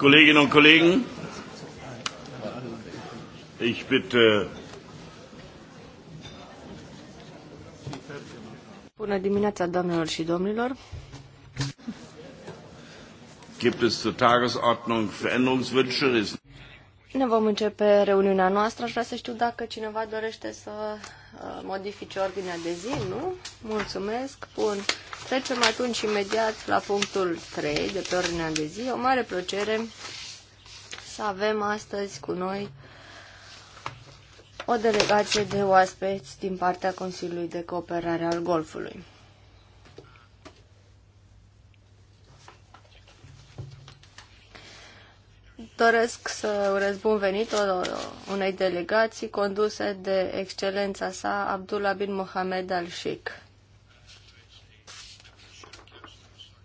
Kolleginnen und Kollegen, ich bitte. Bună dimineața, doamnelor și domnilor. Gibt es zur Tagesordnung Veränderungswünsche? Ne vom începe reuniunea noastră. Aș vrea să știu dacă cineva dorește să uh, modifice ordinea de zi, nu? Mulțumesc. Bun. Trecem atunci imediat la punctul 3 de pe ordinea de zi. O mare plăcere să avem astăzi cu noi o delegație de oaspeți din partea Consiliului de Cooperare al Golfului. doresc să urez bun venit unei delegații conduse de excelența sa Abdullah bin Mohamed al Sheikh.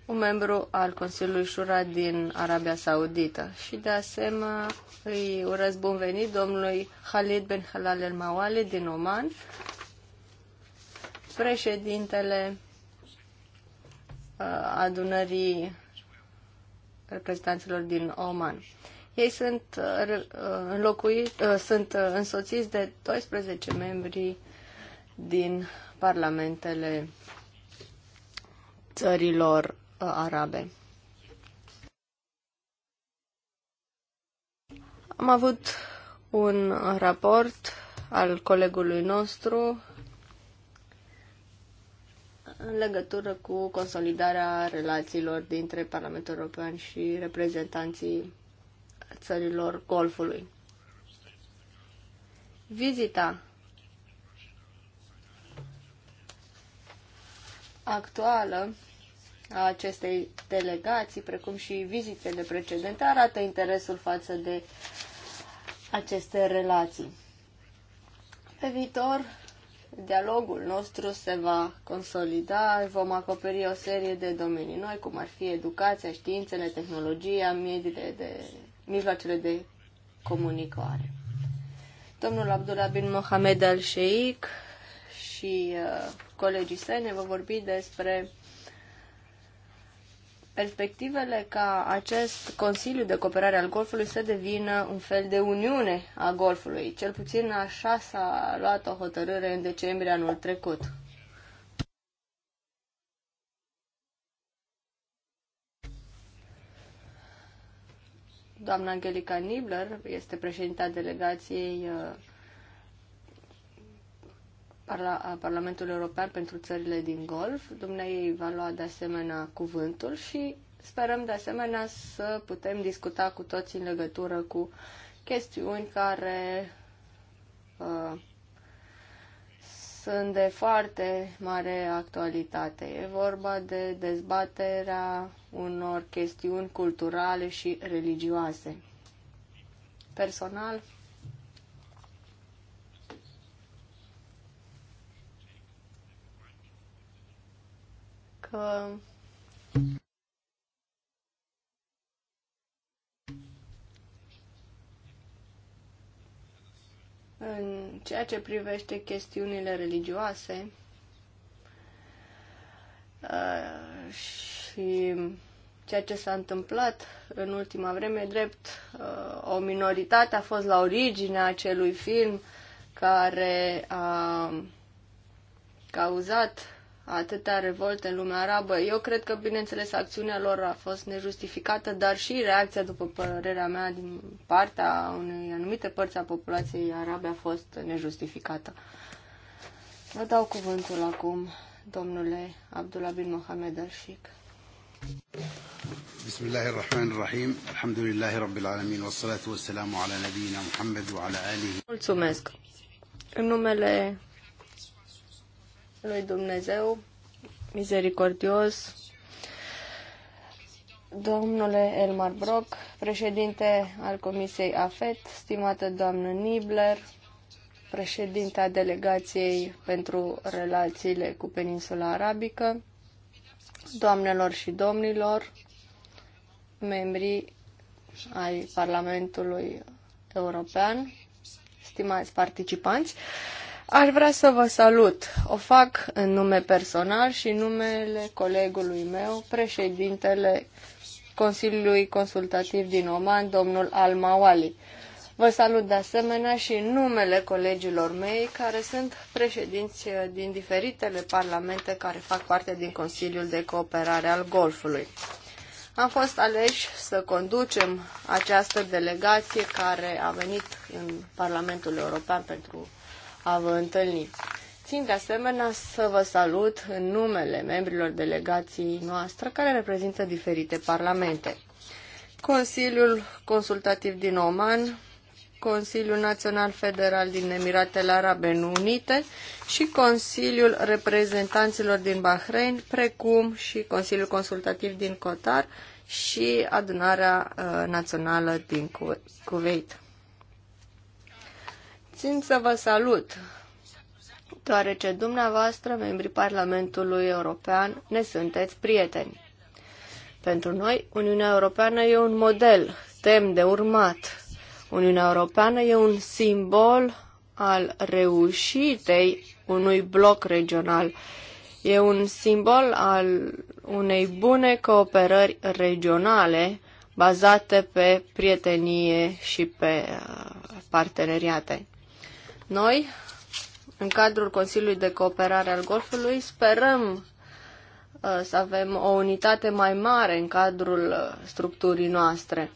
un membru al Consiliului Shura din Arabia Saudită. Și de asemenea îi urez bun venit domnului Khalid Ben Halal El Mawali din Oman, președintele uh, adunării reprezentanților din Oman. Ei sunt, uh, uh, înlocuit, sunt însoțiți de 12 membri din parlamentele țărilor Uh, arabe. Am avut un raport al colegului nostru în legătură cu consolidarea relațiilor dintre Parlamentul European și reprezentanții țărilor Golfului. Vizita actuală a acestei delegații, precum și vizitele precedente, arată interesul față de aceste relații. Pe viitor, dialogul nostru se va consolida, vom acoperi o serie de domenii noi, cum ar fi educația, științele, tehnologia, mediile de, mijloacele de comunicare. Domnul Abdullah bin Mohamed al Sheikh și uh, colegii săi ne vor vorbi despre perspectivele ca acest Consiliu de Cooperare al Golfului să devină un fel de uniune a golfului. Cel puțin așa s-a luat o hotărâre în decembrie anul trecut. Doamna Angelica Nibler este președinta delegației uh, Parla a Parlamentului European pentru țările din Golf. Dumnezeu va lua de asemenea cuvântul și sperăm de asemenea să putem discuta cu toți în legătură cu chestiuni care uh, sunt de foarte mare actualitate. E vorba de dezbaterea unor chestiuni culturale și religioase. Personal, că în ceea ce privește chestiunile religioase și ceea ce s-a întâmplat în ultima vreme, drept o minoritate a fost la originea acelui film care a cauzat atâtea revolte în lumea arabă. Eu cred că, bineînțeles, acțiunea lor a fost nejustificată, dar și reacția, după părerea mea, din partea unei anumite părți a populației arabe a fost nejustificată. Vă dau cuvântul acum, domnule Abdullah bin Mohamed al-Sheikh. بسم الله الرحمن الرحيم الحمد لله رب العالمين والصلاة والسلام على نبينا محمد وعلى آله Mulțumesc. În numele lui Dumnezeu misericordios, domnule Elmar Brock, președinte al Comisiei AFET, stimată doamnă Nibler, președinta delegației pentru relațiile cu peninsula arabică, doamnelor și domnilor, membrii ai Parlamentului European, stimați participanți, Aș vrea să vă salut. O fac în nume personal și în numele colegului meu, președintele Consiliului Consultativ din Oman, domnul Al Mawali. Vă salut de asemenea și în numele colegilor mei, care sunt președinți din diferitele parlamente care fac parte din Consiliul de Cooperare al Golfului. Am fost aleși să conducem această delegație care a venit în Parlamentul European pentru a vă întâlni. Țin de asemenea să vă salut în numele membrilor delegației noastre care reprezintă diferite parlamente. Consiliul Consultativ din Oman, Consiliul Național Federal din Emiratele Arabe Unite și Consiliul Reprezentanților din Bahrain, precum și Consiliul Consultativ din Qatar și Adunarea uh, Națională din Kuwait. Țin să vă salut, deoarece dumneavoastră, membrii Parlamentului European, ne sunteți prieteni. Pentru noi, Uniunea Europeană e un model, tem de urmat. Uniunea Europeană e un simbol al reușitei unui bloc regional. E un simbol al unei bune cooperări regionale bazate pe prietenie și pe uh, parteneriate. Noi, în cadrul Consiliului de Cooperare al Golfului, sperăm uh, să avem o unitate mai mare în cadrul uh, structurii noastre.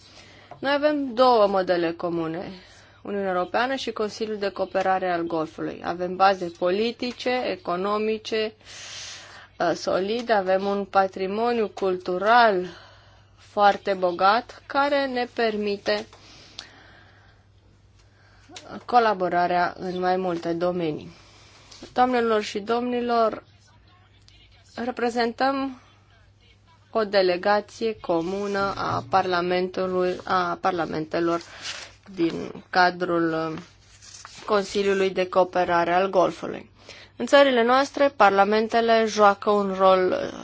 Noi avem două modele comune, Uniunea Europeană și Consiliul de Cooperare al Golfului. Avem baze politice, economice, uh, solide, avem un patrimoniu cultural foarte bogat care ne permite colaborarea în mai multe domenii. Doamnelor și domnilor, reprezentăm o delegație comună a, Parlamentului, a parlamentelor din cadrul Consiliului de Cooperare al Golfului. În țările noastre, parlamentele joacă un rol eh,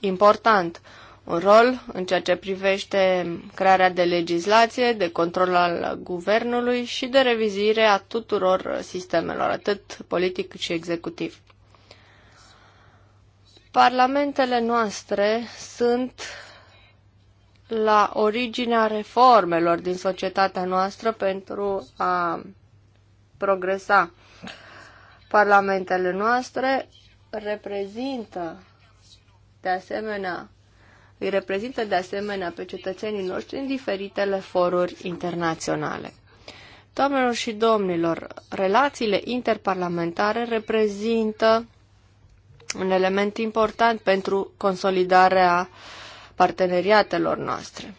important un rol în ceea ce privește crearea de legislație, de control al guvernului și de revizire a tuturor sistemelor, atât politic cât și executiv. Parlamentele noastre sunt la originea reformelor din societatea noastră pentru a progresa. Parlamentele noastre reprezintă, de asemenea, îi reprezintă de asemenea pe cetățenii noștri în diferitele foruri internaționale. Doamnelor și domnilor, relațiile interparlamentare reprezintă un element important pentru consolidarea parteneriatelor noastre.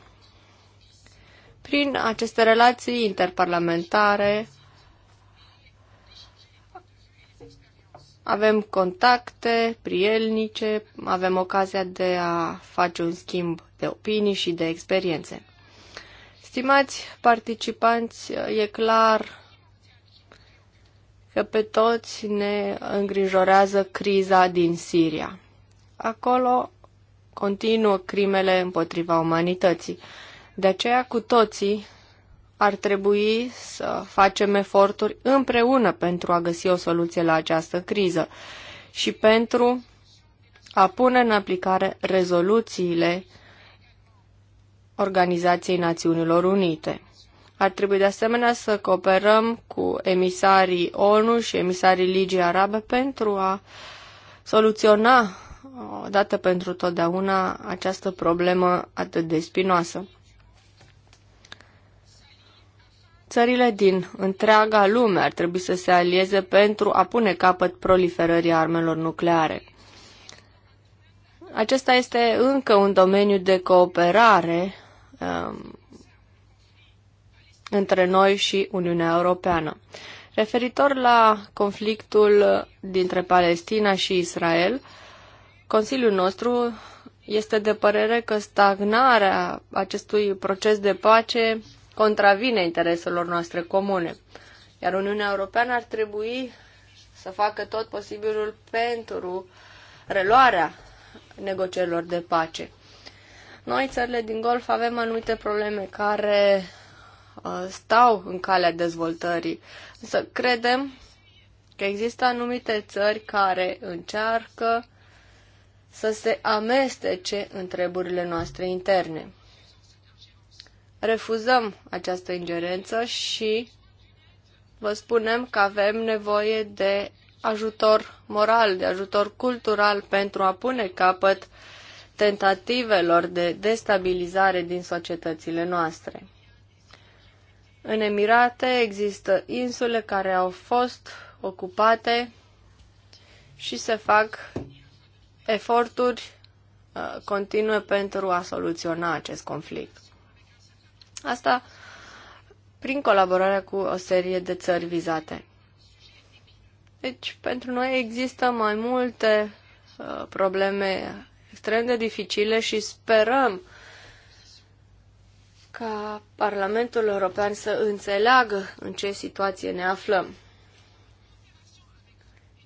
Prin aceste relații interparlamentare, avem contacte prielnice, avem ocazia de a face un schimb de opinii și de experiențe. Stimați participanți, e clar că pe toți ne îngrijorează criza din Siria. Acolo continuă crimele împotriva umanității. De aceea, cu toții, ar trebui să facem eforturi împreună pentru a găsi o soluție la această criză și pentru a pune în aplicare rezoluțiile Organizației Națiunilor Unite. Ar trebui de asemenea să cooperăm cu emisarii ONU și emisarii Ligii Arabe pentru a soluționa dată pentru totdeauna această problemă atât de spinoasă. Țările din întreaga lume ar trebui să se alieze pentru a pune capăt proliferării armelor nucleare. Acesta este încă un domeniu de cooperare um, între noi și Uniunea Europeană. Referitor la conflictul dintre Palestina și Israel, Consiliul nostru este de părere că stagnarea acestui proces de pace contravine intereselor noastre comune. Iar Uniunea Europeană ar trebui să facă tot posibilul pentru reluarea negocierilor de pace. Noi, țările din Golf, avem anumite probleme care uh, stau în calea dezvoltării, însă credem că există anumite țări care încearcă să se amestece în treburile noastre interne refuzăm această ingerență și vă spunem că avem nevoie de ajutor moral, de ajutor cultural pentru a pune capăt tentativelor de destabilizare din societățile noastre. În Emirate există insule care au fost ocupate și se fac eforturi uh, continue pentru a soluționa acest conflict. Asta prin colaborarea cu o serie de țări vizate. Deci, pentru noi există mai multe uh, probleme extrem de dificile și sperăm ca Parlamentul European să înțeleagă în ce situație ne aflăm.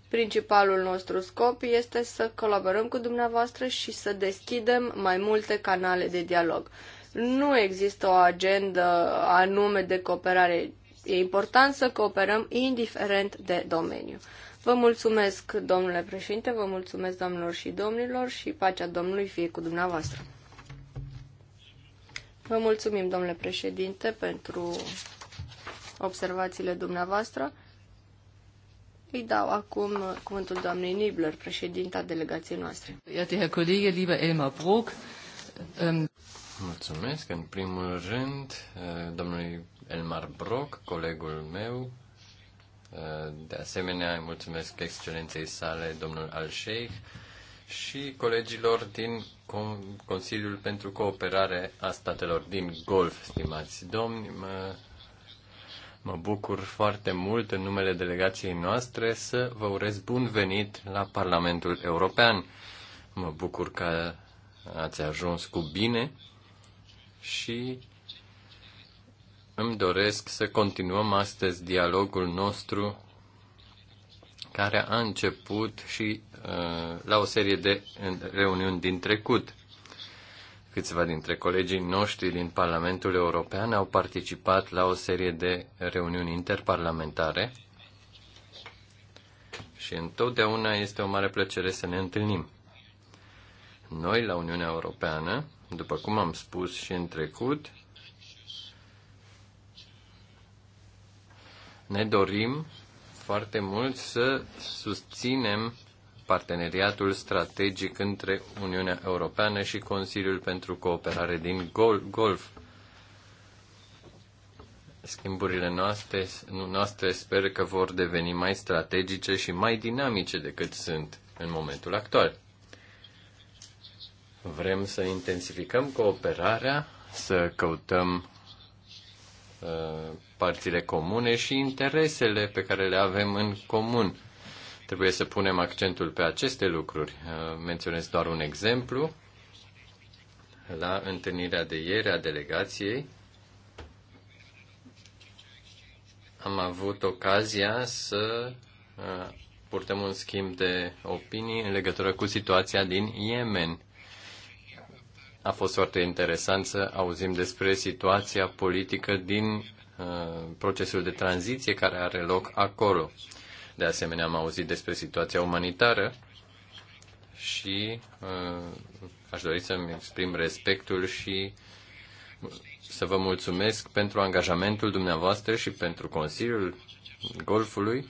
Principalul nostru scop este să colaborăm cu dumneavoastră și să deschidem mai multe canale de dialog. Nu există o agendă anume de cooperare. E important să cooperăm indiferent de domeniu. Vă mulțumesc, domnule președinte, vă mulțumesc, doamnelor și domnilor, și pacea Domnului fie cu dumneavoastră. Vă mulțumim, domnule președinte, pentru observațiile dumneavoastră. Îi dau acum cuvântul doamnei Nibler, președinta delegației noastre. Iată, Herr Kollege, lieber Elmar Brok, ähm, Mulțumesc, în primul rând, eh, domnului Elmar Brock, colegul meu. Eh, de asemenea, îi mulțumesc excelenței sale, domnul Al-Sheikh, și colegilor din Consiliul pentru Cooperare a Statelor din Golf, stimați domni. Mă, mă bucur foarte mult în numele delegației noastre să vă urez bun venit la Parlamentul European. Mă bucur că ați ajuns cu bine și îmi doresc să continuăm astăzi dialogul nostru care a început și uh, la o serie de reuniuni din trecut. Câțiva dintre colegii noștri din Parlamentul European au participat la o serie de reuniuni interparlamentare și întotdeauna este o mare plăcere să ne întâlnim. Noi, la Uniunea Europeană, după cum am spus și în trecut, ne dorim foarte mult să susținem parteneriatul strategic între Uniunea Europeană și Consiliul pentru Cooperare din Gol- Golf. Schimburile noastre, noastre sper că vor deveni mai strategice și mai dinamice decât sunt în momentul actual. Vrem să intensificăm cooperarea, să căutăm uh, părțile comune și interesele pe care le avem în comun. Trebuie să punem accentul pe aceste lucruri. Uh, menționez doar un exemplu. La întâlnirea de ieri a delegației, am avut ocazia să uh, purtăm un schimb de opinii în legătură cu situația din Yemen. A fost foarte interesant să auzim despre situația politică din uh, procesul de tranziție care are loc acolo. De asemenea, am auzit despre situația umanitară și uh, aș dori să-mi exprim respectul și să vă mulțumesc pentru angajamentul dumneavoastră și pentru Consiliul Golfului,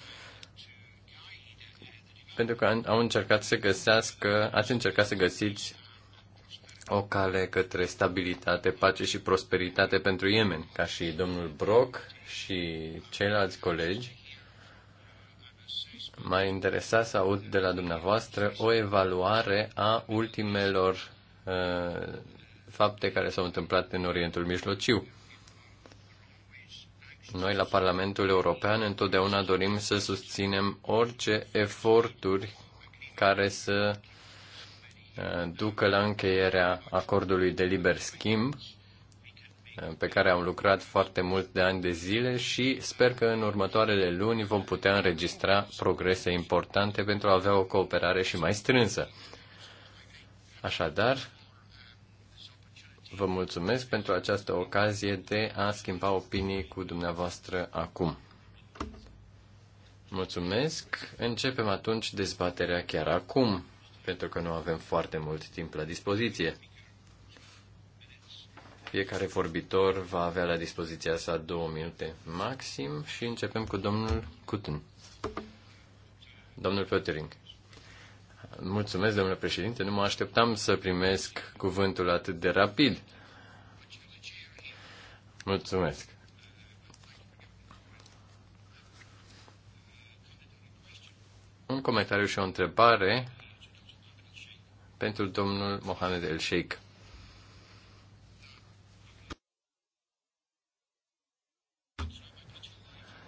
pentru că au încercat să găsească, ați încercat să găsiți o cale către stabilitate, pace și prosperitate pentru Yemen, ca și domnul Brock și ceilalți colegi. M-a interesat să aud de la dumneavoastră o evaluare a ultimelor uh, fapte care s-au întâmplat în Orientul Mijlociu. Noi la Parlamentul European întotdeauna dorim să susținem orice eforturi care să uh, ducă la încheierea acordului de liber schimb pe care am lucrat foarte mult de ani de zile și sper că în următoarele luni vom putea înregistra progrese importante pentru a avea o cooperare și mai strânsă. Așadar, vă mulțumesc pentru această ocazie de a schimba opinii cu dumneavoastră acum. Mulțumesc. Începem atunci dezbaterea chiar acum pentru că nu avem foarte mult timp la dispoziție. Fiecare vorbitor va avea la dispoziția sa două minute maxim și începem cu domnul Cutun. Domnul Pöttering. Mulțumesc, domnule președinte. Nu mă așteptam să primesc cuvântul atât de rapid. Mulțumesc. Un comentariu și o întrebare pentru domnul Mohamed El Sheikh.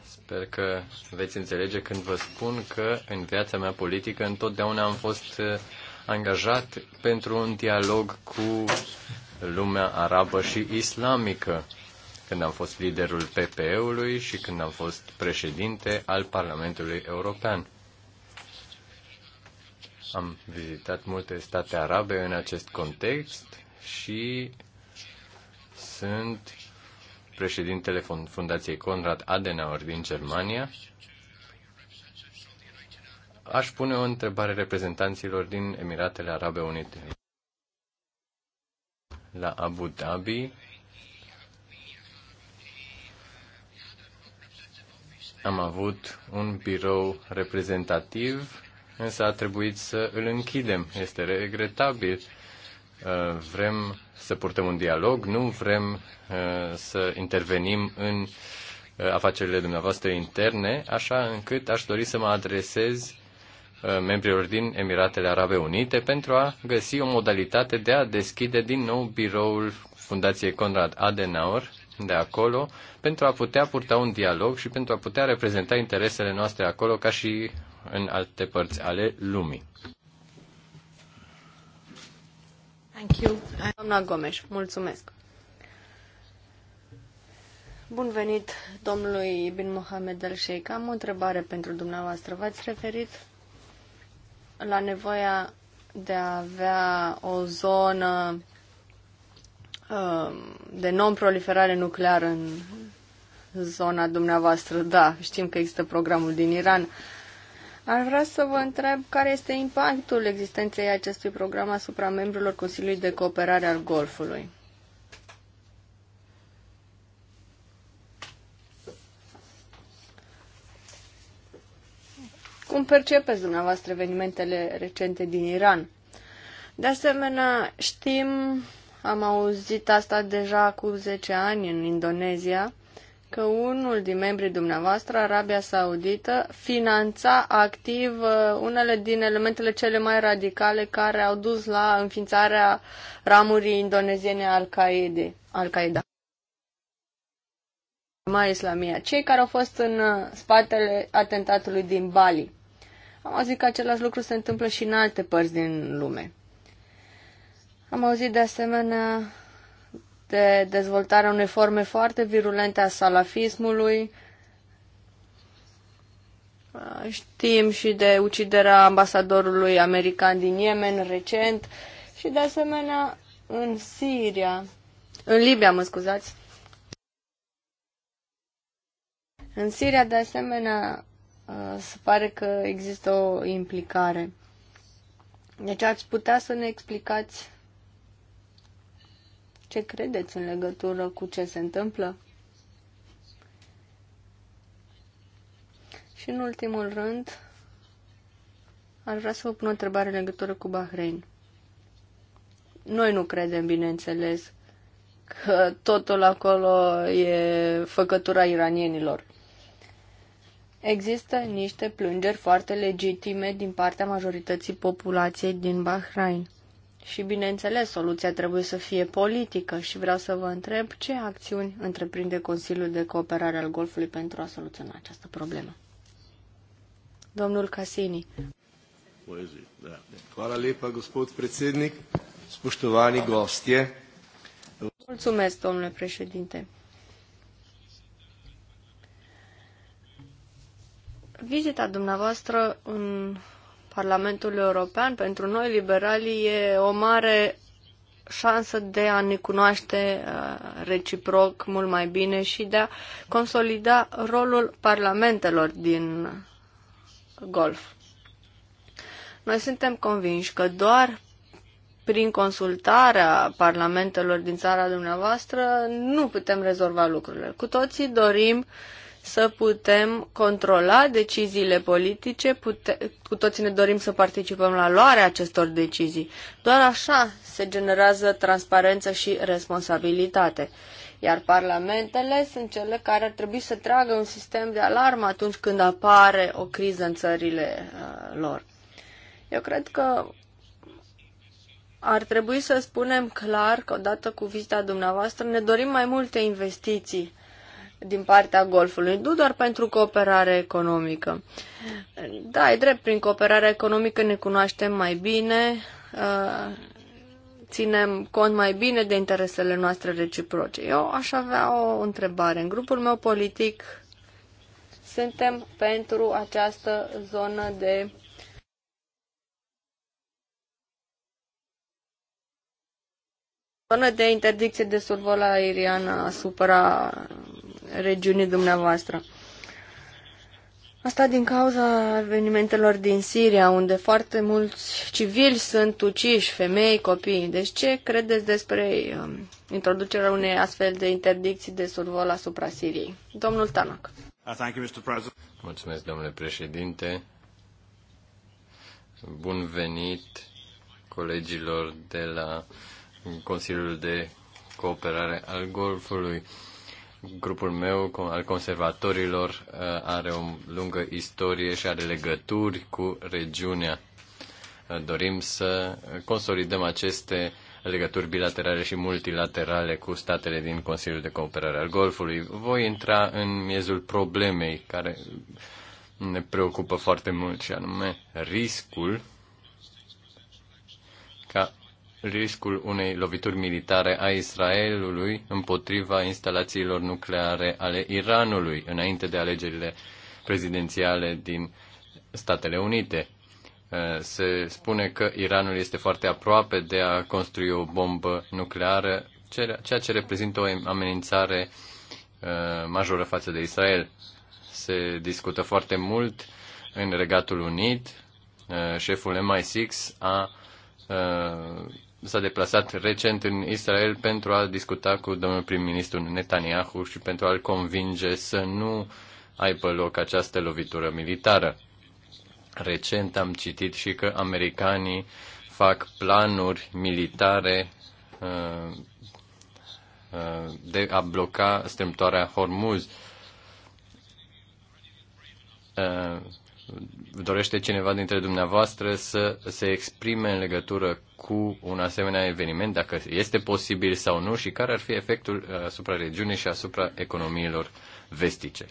Sper că veți înțelege când vă spun că în viața mea politică întotdeauna am fost uh, angajat pentru un dialog cu lumea arabă și islamică, când am fost liderul PPE-ului și când am fost președinte al Parlamentului European. Am vizitat multe state arabe în acest context și sunt președintele Fundației Konrad Adenauer din Germania. Aș pune o întrebare reprezentanților din Emiratele Arabe Unite. La Abu Dhabi am avut un birou reprezentativ însă a trebuit să îl închidem. Este regretabil. Uh, vrem să purtăm un dialog, nu vrem uh, să intervenim în uh, afacerile dumneavoastră interne, așa încât aș dori să mă adresez membrilor din Emiratele Arabe Unite pentru a găsi o modalitate de a deschide din nou biroul Fundației Conrad Adenauer de acolo pentru a putea purta un dialog și pentru a putea reprezenta interesele noastre acolo ca și în alte părți ale lumii. Thank you. Doamna Gomes, mulțumesc. Bun venit domnului Ibn Mohamed al Sheikh. Am o întrebare pentru dumneavoastră. V-ați referit la nevoia de a avea o zonă um, de non-proliferare nucleară în zona dumneavoastră. Da, știm că există programul din Iran. Uh, ar vrea să vă întreb care este impactul existenței acestui program asupra membrilor Consiliului de Cooperare al Golfului. Cum percepeți dumneavoastră evenimentele recente din Iran? De asemenea, știm, am auzit asta deja cu 10 ani în Indonezia, că unul din membrii dumneavoastră, Arabia Saudită, finanța activ uh, unele din elementele cele mai radicale care au dus la înființarea ramurii indoneziene Al-Qaeda. Mai Islamia, cei care au fost în uh, spatele atentatului din Bali. Am auzit că același lucru se întâmplă și în alte părți din lume. Am auzit de asemenea de dezvoltarea unei forme foarte virulente a salafismului. Uh, știm și de uciderea ambasadorului american din Yemen recent și de asemenea în Siria, în Libia, mă scuzați. În Siria, de asemenea, uh, se pare că există o implicare. Deci ați putea să ne explicați ce credeți în legătură cu ce se întâmplă? Și în ultimul rând, ar vrea să vă pun o întrebare în legătură cu Bahrain. Noi nu credem, bineînțeles, că totul acolo e făcătura iranienilor. Există niște plângeri foarte legitime din partea majorității populației din Bahrain. Și, bineînțeles, soluția trebuie să fie politică și vreau să vă întreb ce acțiuni întreprinde Consiliul de Cooperare al Golfului pentru a soluționa această problemă. Domnul Casini. Da. Hvala lepa, gospod predsednik, spoštovani gostje. Mulțumesc, domnule președinte. Vizita dumneavoastră în Parlamentul European, pentru noi liberalii, e o mare șansă de a ne cunoaște uh, reciproc mult mai bine și de a consolida rolul parlamentelor din golf. Noi suntem convinși că doar prin consultarea parlamentelor din țara dumneavoastră nu putem rezolva lucrurile. Cu toții dorim uh, să putem controla deciziile politice, pute- cu toții ne dorim să participăm la luarea acestor decizii. Doar așa se generează transparență și responsabilitate. Iar parlamentele sunt cele care ar trebui să tragă un sistem de alarmă atunci când apare o criză în țările uh, lor. Eu cred că ar trebui să spunem clar că odată cu vizita dumneavoastră ne dorim mai multe investiții din partea Golfului, nu doar pentru cooperare economică. Da, e drept, prin cooperarea economică ne cunoaștem mai bine, uh, ținem cont mai bine de interesele noastre reciproce. Eu aș avea o întrebare. În grupul meu politic suntem pentru această zonă de zonă de interdicție de survol aeriană asupra regiunii dumneavoastră. Asta din cauza evenimentelor din Siria, unde foarte mulți civili sunt uciși, femei, copii. Deci ce credeți despre um, introducerea unei astfel de interdicții de survol asupra Siriei? Domnul Tanak. Uh, Mulțumesc, domnule președinte. Bun venit colegilor de la Consiliul de Cooperare al Golfului. Grupul meu al conservatorilor uh, are o lungă istorie și are legături cu regiunea. Uh, dorim să consolidăm aceste legături bilaterale și multilaterale cu statele din Consiliul de Cooperare al Golfului. Voi intra în miezul problemei care ne preocupă foarte mult și anume riscul riscul unei lovituri militare a Israelului împotriva instalațiilor nucleare ale Iranului înainte de alegerile prezidențiale din Statele Unite. Uh, se spune că Iranul este foarte aproape de a construi o bombă nucleară, ceea ce reprezintă o amenințare uh, majoră față de Israel. Se discută foarte mult în Regatul Unit. Uh, șeful MI6 a s-a deplasat recent în Israel pentru a discuta cu domnul prim-ministru Netanyahu și pentru a-l convinge să nu aibă loc această lovitură militară. Recent am citit și că americanii fac planuri militare uh, uh, de a bloca strâmtoarea Hormuz. Uh, dorește cineva dintre dumneavoastră să se exprime în legătură cu un asemenea eveniment, dacă este posibil sau nu și care ar fi efectul uh, asupra regiunii și asupra economiilor vestice.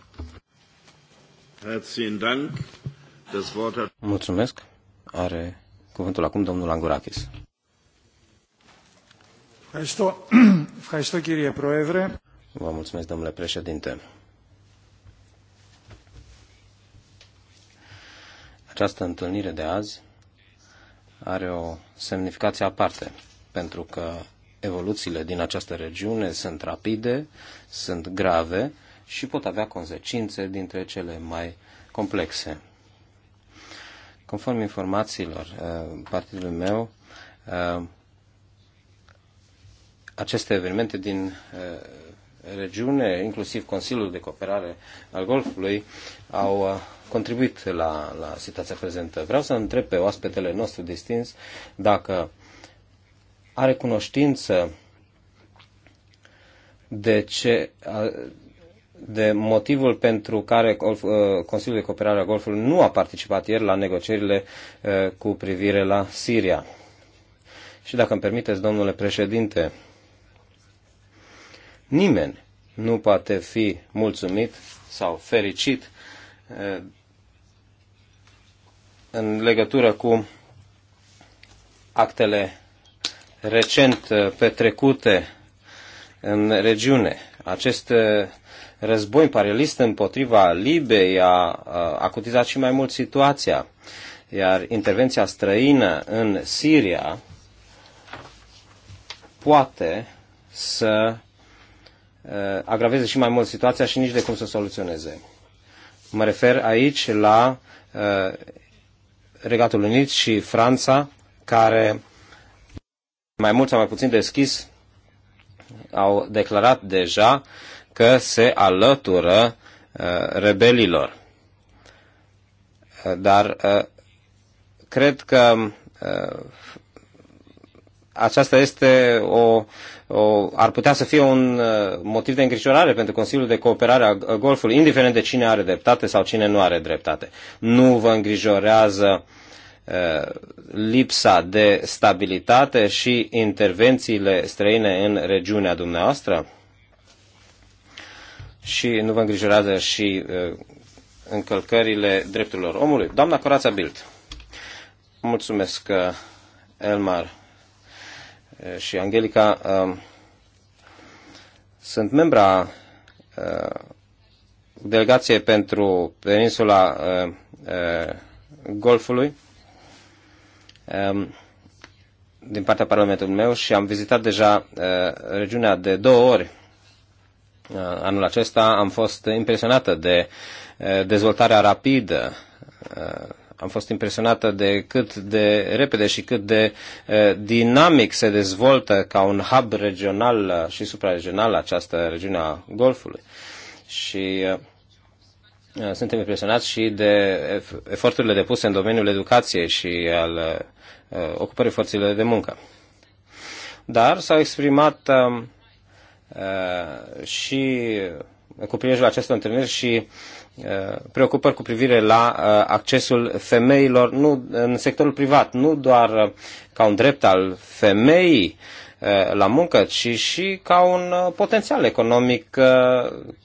Mulțumesc. Are cuvântul acum domnul Angurakis. Vă mulțumesc, domnule președinte. Această întâlnire de azi are o semnificație aparte, pentru că evoluțiile din această regiune sunt rapide, sunt grave și pot avea consecințe dintre cele mai complexe. Conform informațiilor uh, partidului meu, uh, aceste evenimente din uh, regiune, inclusiv Consiliul de Cooperare al Golfului, au contribuit la, la situația prezentă. Vreau să întreb pe oaspetele nostru distins dacă are cunoștință de ce de motivul pentru care uh, Consiliul de Cooperare a Golfului nu a participat ieri la negocierile uh, cu privire la Siria. Și dacă îmi permiteți, domnule președinte, nimeni nu poate fi mulțumit sau fericit uh, în legătură cu actele recent uh, petrecute în regiune. Acest uh, război imperialist împotriva Libei a acutizat și mai mult situația, iar intervenția străină în Siria poate să uh, agraveze și mai mult situația și nici de cum să soluționeze. Mă refer aici la Regatul Unit și Franța, care mai mult sau mai puțin deschis au declarat deja că se alătură uh, rebelilor. Uh, dar uh, cred că aceasta este o, o, ar putea să fie un uh, motiv de îngrijorare pentru Consiliul de Cooperare a Golfului, indiferent de cine are dreptate sau cine nu are dreptate. Nu vă îngrijorează uh, lipsa de stabilitate și intervențiile străine în regiunea dumneavoastră? Și nu vă îngrijorează și uh, încălcările drepturilor omului? Doamna Corața Bild. Mulțumesc, uh, Elmar. Eh, și Angelica ehm, sunt membra eh, delegației pentru peninsula eh, Golfului ehm, din partea Parlamentului meu și am vizitat deja regiunea de două ori anul acesta. Am fost impresionată de dezvoltarea rapidă am fost impresionată de cât de repede și cât de eh, dinamic se dezvoltă ca un hub regional eh, și supraregional această regiune a Golfului. Și eh, suntem impresionați și de eforturile depuse în domeniul educației și al ocupării forțelor de muncă. Dar s-au exprimat și cu prilejul acestor întâlniri și Uh, preocupări cu privire la uh, accesul femeilor nu, în sectorul privat, nu doar uh, ca un drept al femeii la muncă, ci și ca un potențial economic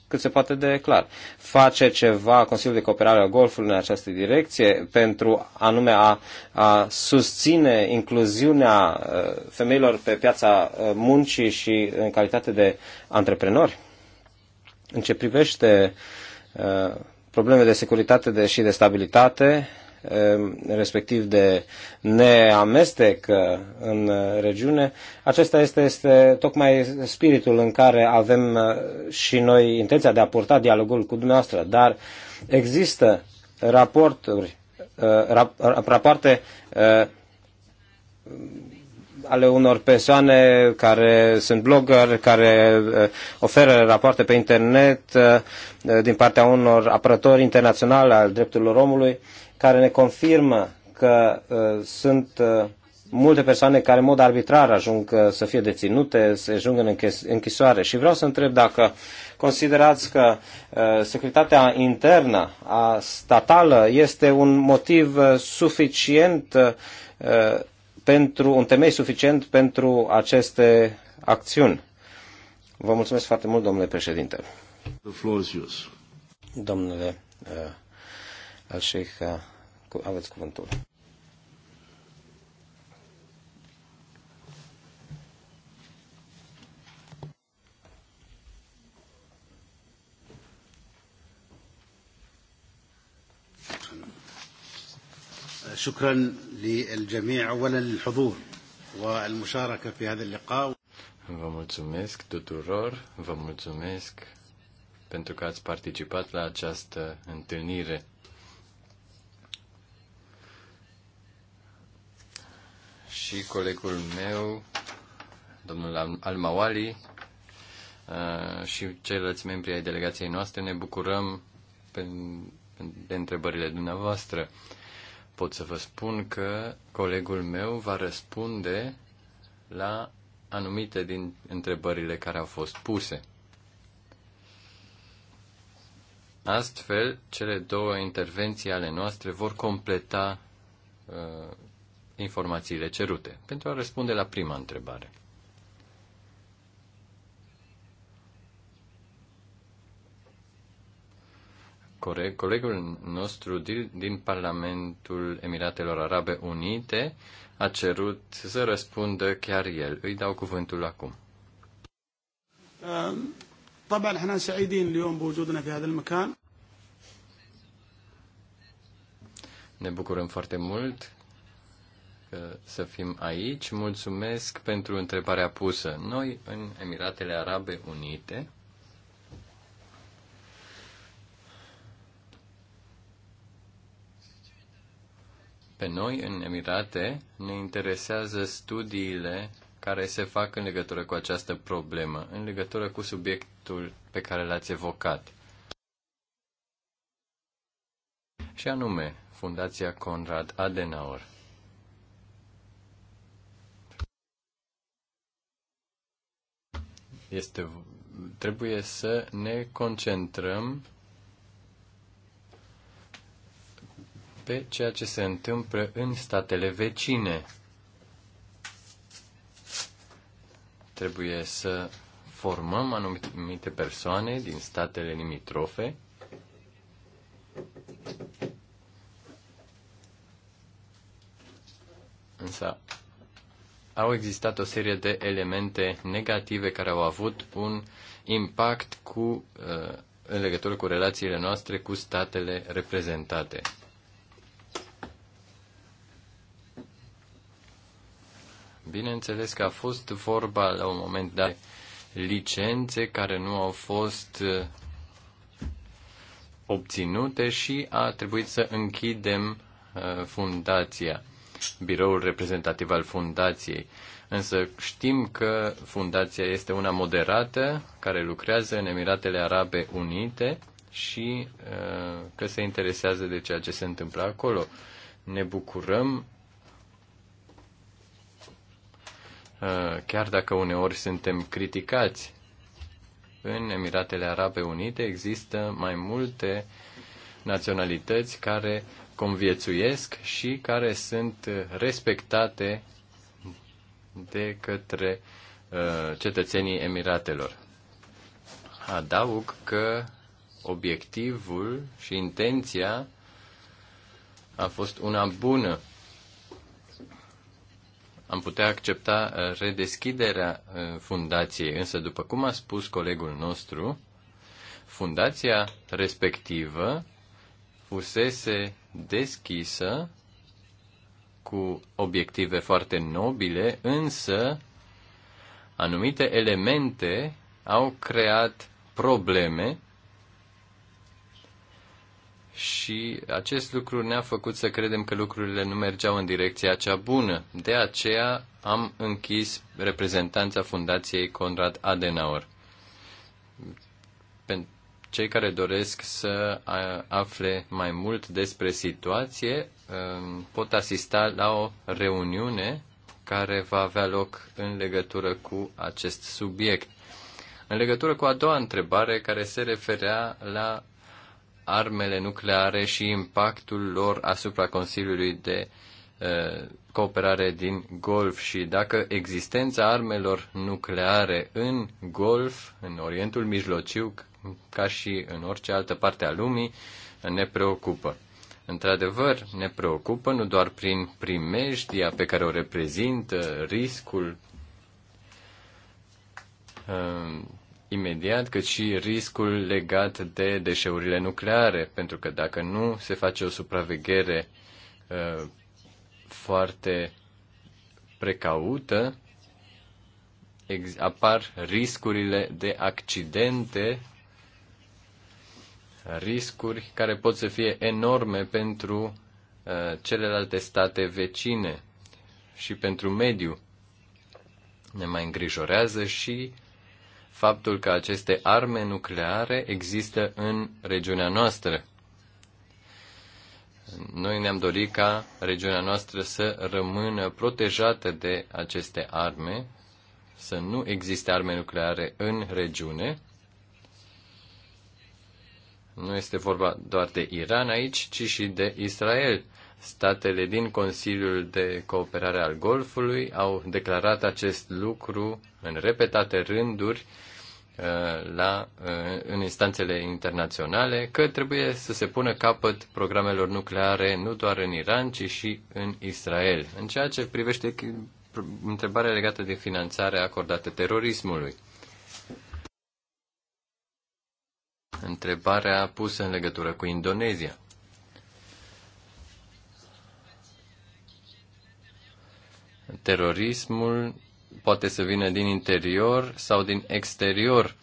cât se poate de clar. Face ceva Consiliul de Cooperare al Golfului în această direcție pentru anume a, a susține incluziunea femeilor pe piața muncii și în calitate de antreprenori? În ce privește uh, probleme de securitate de, și de stabilitate, ehm, respectiv de neamestec eh, în eh, regiune. Acesta este, este tocmai spiritul în care avem eh, și noi intenția de a purta dialogul cu dumneavoastră, dar există raporturi, rapoarte ale unor persoane care sunt blogger, care eh, oferă rapoarte pe internet eh, din partea unor apărători internaționali al drepturilor omului, care ne confirmă că eh, sunt multe persoane care în mod arbitrar ajung să fie deținute, să ajung în închisoare. Și vreau să întreb dacă considerați că securitatea internă a statală este un motiv suficient pentru un temei suficient pentru aceste acțiuni. Vă mulțumesc foarte mult, domnule președinte. The floor is yours. Domnule uh, Al-Sheikh, uh, aveți cuvântul. شكرا للجميع أولا للحضور والمشاركة في هذا اللقاء Vă mulțumesc tuturor, vă mulțumesc pentru că ați participat la această întâlnire. Și colegul meu, domnul Almawali, uh, și ceilalți membri ai delegației noastre, ne bucurăm de întrebările dumneavoastră pot să vă spun că colegul meu va răspunde la anumite din întrebările care au fost puse. Astfel, cele două intervenții ale noastre vor completa uh, informațiile cerute pentru a răspunde la prima întrebare. corect, colegul nostru din, din Parlamentul Emiratelor Arabe Unite a cerut să răspundă chiar el. Îi dau cuvântul acum. Um, ne bucurăm foarte mult că să fim aici. Mulțumesc pentru întrebarea pusă. Noi, în Emiratele Arabe Unite, Pe noi, în Emirate, ne interesează studiile care se fac în legătură cu această problemă, în legătură cu subiectul pe care l-ați evocat. Și anume, Fundația Conrad Adenauer. Este, trebuie să ne concentrăm pe ceea ce se întâmplă în statele vecine. Trebuie să formăm anumite persoane din statele limitrofe Însă au existat o serie de elemente negative care au avut un impact cu, uh, în legătură cu relațiile noastre cu statele reprezentate. Bineînțeles că a fost vorba la un moment dat de licențe care nu au fost uh, obținute și a trebuit să închidem uh, fundația, biroul reprezentativ al fundației. Însă știm că fundația este una moderată care lucrează în Emiratele Arabe Unite și uh, că se interesează de ceea ce se întâmplă acolo. Ne bucurăm Uh, chiar dacă uneori suntem criticați. În Emiratele Arabe Unite există mai multe naționalități care conviețuiesc și care sunt respectate de către uh, cetățenii Emiratelor. Adaug că obiectivul și intenția a fost una bună am putea accepta uh, redeschiderea uh, fundației, însă, după cum a spus colegul nostru, fundația respectivă fusese deschisă cu obiective foarte nobile, însă anumite elemente au creat probleme și acest lucru ne-a făcut să credem că lucrurile nu mergeau în direcția cea bună. De aceea am închis reprezentanța Fundației Conrad Adenauer. Pentru cei care doresc să afle mai mult despre situație um, pot asista la o reuniune care va avea loc în legătură cu acest subiect. În legătură cu a doua întrebare care se referea la armele nucleare și impactul lor asupra Consiliului de uh, cooperare din Golf și dacă existența armelor nucleare în Golf, în Orientul Mijlociu, ca și în orice altă parte a lumii, ne preocupă. Într-adevăr, ne preocupă nu doar prin primejdia pe care o reprezintă riscul uh, imediat, cât și riscul legat de deșeurile nucleare, pentru că dacă nu se face o supraveghere uh, foarte precaută, apar riscurile de accidente, riscuri care pot să fie enorme pentru uh, celelalte state vecine și pentru mediu. Ne mai îngrijorează și faptul că aceste arme nucleare există în regiunea noastră. Noi ne-am dorit ca regiunea noastră să rămână protejată de aceste arme, să nu existe arme nucleare în regiune. Nu este vorba doar de Iran aici, ci și de Israel. Statele din Consiliul de Cooperare al Golfului au declarat acest lucru în repetate rânduri uh, la, uh, în instanțele internaționale că trebuie să se pună capăt programelor nucleare nu doar în Iran, ci și în Israel, în ceea ce privește întrebarea legată de finanțarea acordată terorismului. Întrebarea pusă în legătură cu Indonezia. Terorismul poate să vină din interior sau din exterior.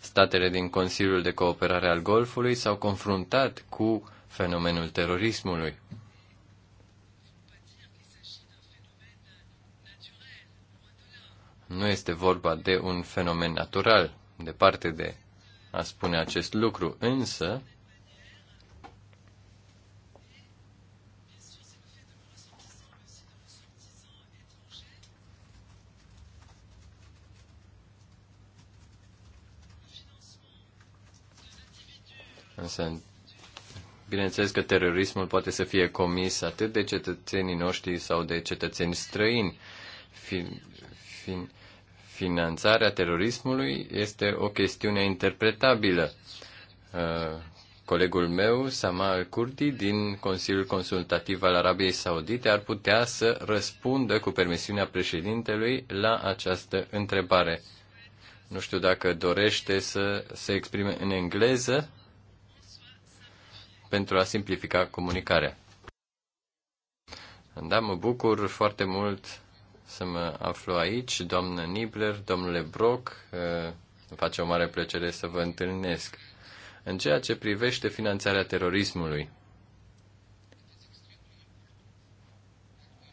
Statele din Consiliul de Cooperare al Golfului s-au confruntat cu fenomenul terorismului. Nu este vorba de un fenomen natural, departe de a spune acest lucru, însă Însă, bineînțeles că terorismul poate să fie comis atât de cetățenii noștri sau de cetățeni străini. Fin, fin, finanțarea terorismului este o chestiune interpretabilă. Uh, colegul meu, Samal Kurdi, din Consiliul Consultativ al Arabiei Saudite, ar putea să răspundă cu permisiunea președintelui la această întrebare. Nu știu dacă dorește să se exprime în engleză pentru a simplifica comunicarea. Da, mă bucur foarte mult să mă aflu aici, doamnă Nibler, domnule Brock, îmi face o mare plăcere să vă întâlnesc. În ceea ce privește finanțarea terorismului,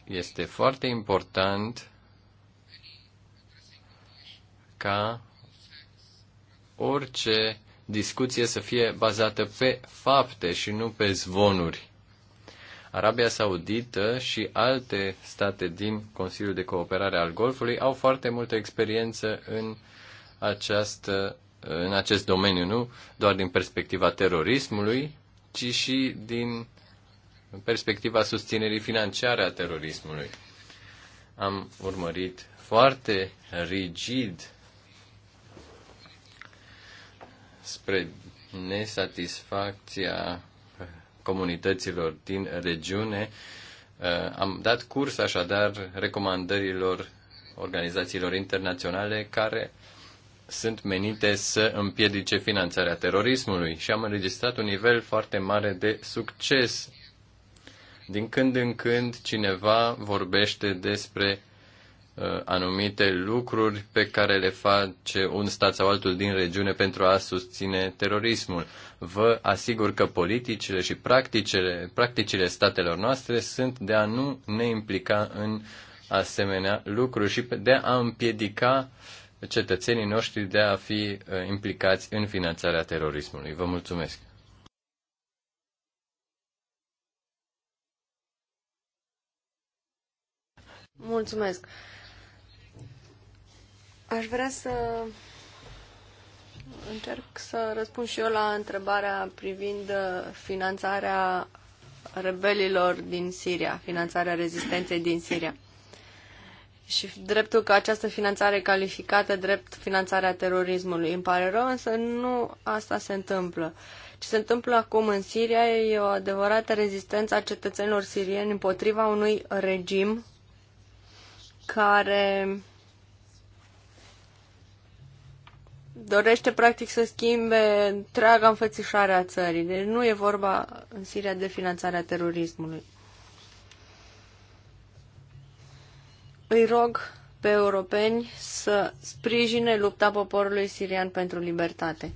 este foarte important ca orice discuție să fie bazată pe fapte și nu pe zvonuri. Arabia Saudită și alte state din Consiliul de Cooperare al Golfului au foarte multă experiență în, această, în acest domeniu, nu doar din perspectiva terorismului, ci și din perspectiva susținerii financiare a terorismului. Am urmărit foarte rigid spre nesatisfacția comunităților din regiune, uh, am dat curs așadar recomandărilor organizațiilor internaționale care sunt menite să împiedice finanțarea terorismului și am înregistrat un nivel foarte mare de succes. Din când în când cineva vorbește despre Uh, anumite lucruri pe care le face un stat sau altul din regiune pentru a susține terorismul. Vă asigur că politicile și practicile, practicile statelor noastre sunt de a nu ne implica în asemenea lucruri și de a împiedica cetățenii noștri de a fi uh, implicați în finanțarea terorismului. Vă mulțumesc! Mulțumesc! Aș vrea să încerc să răspund și eu la întrebarea privind finanțarea rebelilor din Siria, finanțarea rezistenței din Siria. Și dreptul că această finanțare calificată drept finanțarea terorismului îmi pare rău, însă nu asta se întâmplă. Ce se întâmplă acum în Siria e o adevărată rezistență a cetățenilor sirieni împotriva unui regim care dorește practic să schimbe întreaga înfățișare a țării. Deci nu e vorba în Siria de finanțarea terorismului. Îi rog pe europeni să sprijine lupta poporului sirian pentru libertate.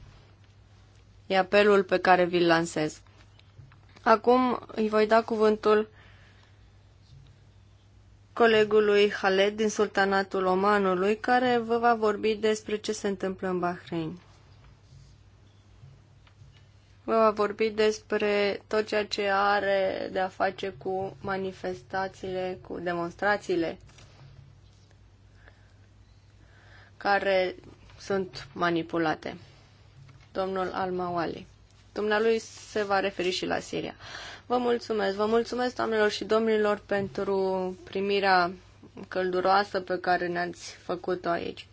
E apelul pe care vi-l lansez. Acum îi voi da cuvântul colegului Khaled din Sultanatul Omanului, care vă va vorbi despre ce se întâmplă în Bahrain. Vă va vorbi despre tot ceea ce are de a face cu manifestațiile, cu demonstrațiile care sunt manipulate. Domnul Al Domnul Dumnealui se va referi și la Siria. Vă mulțumesc. Vă mulțumesc, doamnelor și domnilor, pentru primirea călduroasă pe care ne-ați făcut-o aici.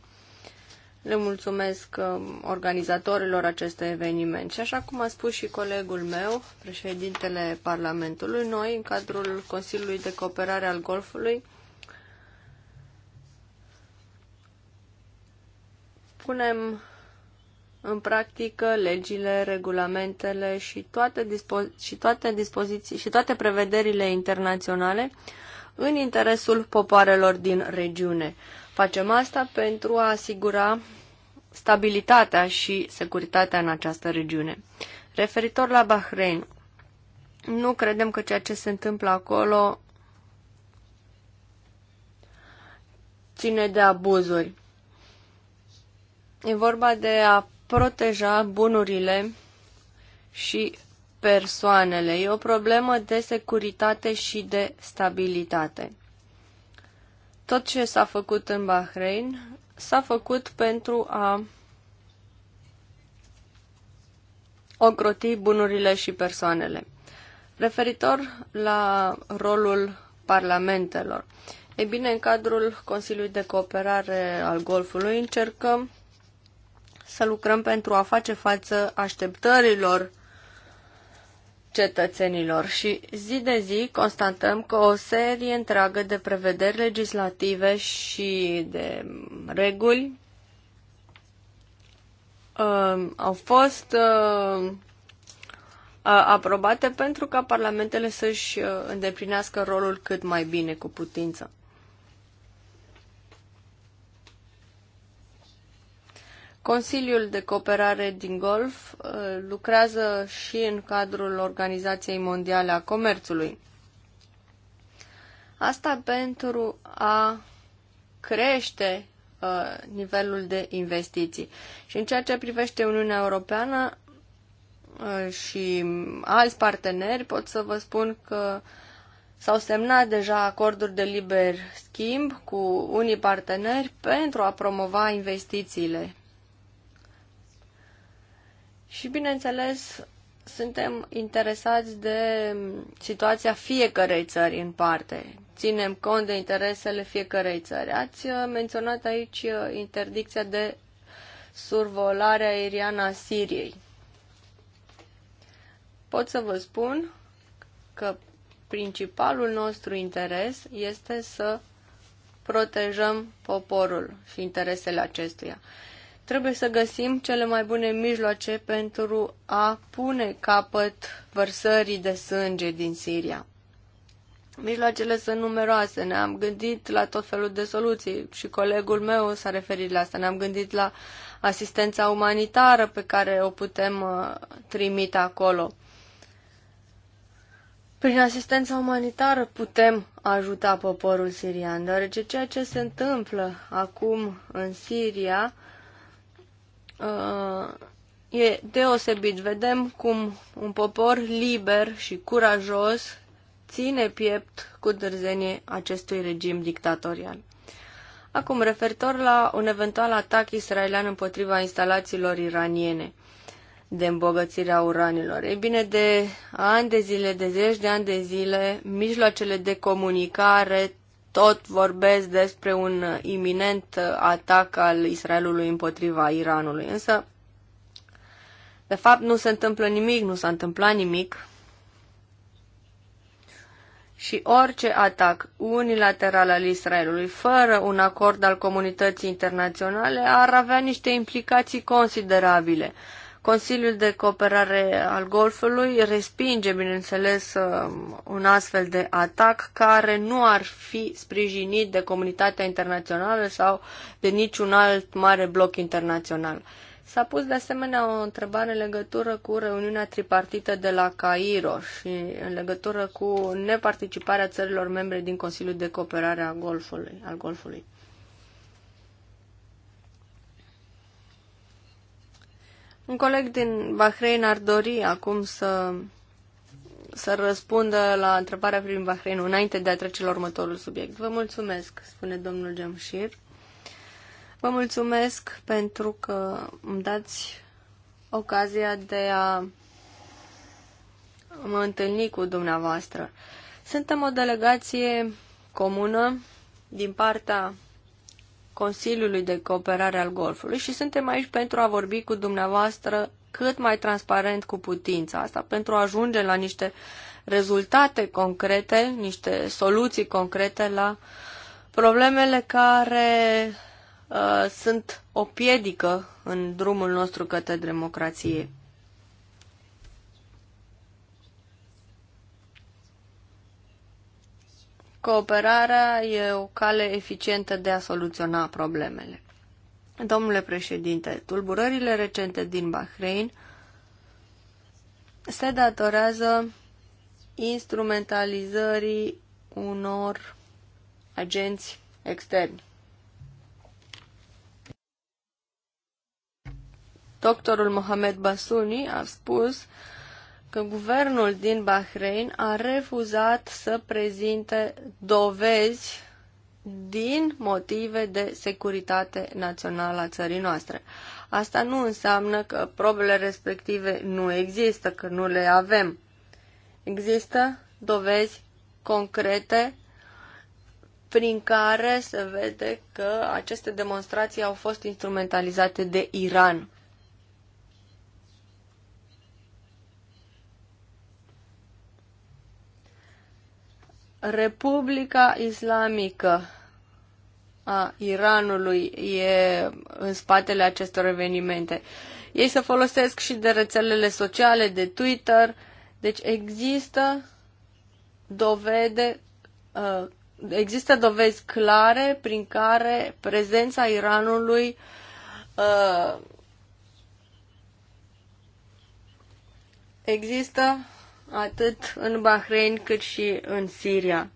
Le mulțumesc um, organizatorilor acestui eveniment și așa cum a spus și colegul meu, președintele Parlamentului, noi, în cadrul Consiliului de Cooperare al Golfului, punem în practică legile, regulamentele și toate, dispo- și toate dispoziții și toate prevederile internaționale în interesul popoarelor din regiune. Facem asta pentru a asigura stabilitatea și securitatea în această regiune. Referitor la Bahrain, nu credem că ceea ce se întâmplă acolo ține de abuzuri. E vorba de a proteja bunurile și persoanele. E o problemă de securitate și de stabilitate. Tot ce s-a făcut în Bahrain s-a făcut pentru a ocroti bunurile și persoanele. Referitor la rolul parlamentelor. Ei bine, în cadrul Consiliului de Cooperare al Golfului încercăm să lucrăm pentru a face față așteptărilor cetățenilor și zi de zi constatăm că o serie întreagă de prevederi legislative și de reguli uh, au fost uh, aprobate pentru ca parlamentele să-și uh, îndeplinească rolul cât mai bine cu putință. Consiliul de Cooperare din Golf uh, lucrează și în cadrul Organizației Mondiale a Comerțului. Asta pentru a crește uh, nivelul de investiții. Și în ceea ce privește Uniunea Europeană uh, și alți parteneri, pot să vă spun că s-au semnat deja acorduri de liber schimb cu unii parteneri pentru a promova investițiile și, bineînțeles, suntem interesați de situația fiecărei țări în parte. Ținem cont de interesele fiecărei țări. Ați uh, menționat aici uh, interdicția de survolare aeriană a Siriei. Pot să vă spun că principalul nostru interes este să protejăm poporul și interesele acestuia. Trebuie să găsim cele mai bune mijloace pentru a pune capăt vărsării de sânge din Siria. Mijloacele sunt numeroase, ne-am gândit la tot felul de soluții și colegul meu s-a referit la asta, ne-am gândit la asistența umanitară pe care o putem uh, trimite acolo. Prin asistența umanitară putem ajuta poporul sirian, deoarece ceea ce se întâmplă acum în Siria Uh, e deosebit. Vedem cum un popor liber și curajos ține piept cu dârzenie acestui regim dictatorial. Acum, referitor la un eventual atac israelian împotriva instalațiilor iraniene de îmbogățirea uranilor. Ei bine, de ani de zile, de zeci de ani de zile, mijloacele de comunicare, tot vorbesc despre un iminent atac al Israelului împotriva Iranului. Însă, de fapt, nu se întâmplă nimic, nu s-a întâmplat nimic. Și orice atac unilateral al Israelului, fără un acord al comunității internaționale, ar avea niște implicații considerabile Consiliul de Cooperare al Golfului respinge, bineînțeles, um, un astfel de atac care nu ar fi sprijinit de comunitatea internațională sau de niciun alt mare bloc internațional. S-a pus de asemenea o întrebare în legătură cu reuniunea tripartită de la Cairo și în legătură cu neparticiparea țărilor membre din Consiliul de Cooperare Golfului, al Golfului. Un coleg din Bahrein ar dori acum să, să răspundă la întrebarea privind Bahrein înainte de a trece la următorul subiect. Vă mulțumesc, spune domnul Gemșir. Vă mulțumesc pentru că îmi dați ocazia de a mă întâlni cu dumneavoastră. Suntem o delegație comună din partea Consiliului de Cooperare al Golfului și suntem aici pentru a vorbi cu dumneavoastră cât mai transparent cu putința asta, pentru a ajunge la niște rezultate concrete, niște soluții concrete la problemele care uh, sunt o piedică în drumul nostru către democrație. Cooperarea e o cale eficientă de a soluționa problemele. Domnule președinte, tulburările recente din Bahrain se datorează instrumentalizării unor agenți externi. Doctorul Mohamed Basuni a spus că guvernul din Bahrain a refuzat să prezinte dovezi din motive de securitate națională a țării noastre. Asta nu înseamnă că probele respective nu există, că nu le avem. Există dovezi concrete prin care se vede că aceste demonstrații au fost instrumentalizate de Iran. Republica Islamică a Iranului e în spatele acestor evenimente. Ei se folosesc și de rețelele sociale, de Twitter, deci există dovede, uh, există dovezi clare prin care prezența Iranului uh, există atât în Bahrain cât și în Siria.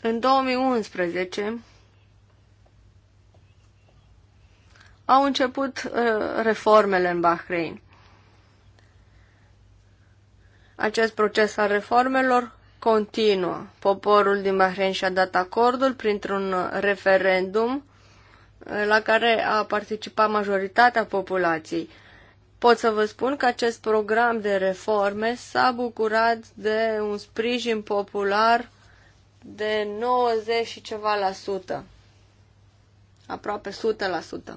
În 2011 au început uh, reformele în Bahrain. Acest proces al reformelor continuă. Poporul din Bahrain și-a dat acordul printr-un referendum uh, la care a participat majoritatea populației pot să vă spun că acest program de reforme s-a bucurat de un sprijin popular de 90 și ceva la sută, aproape 100%.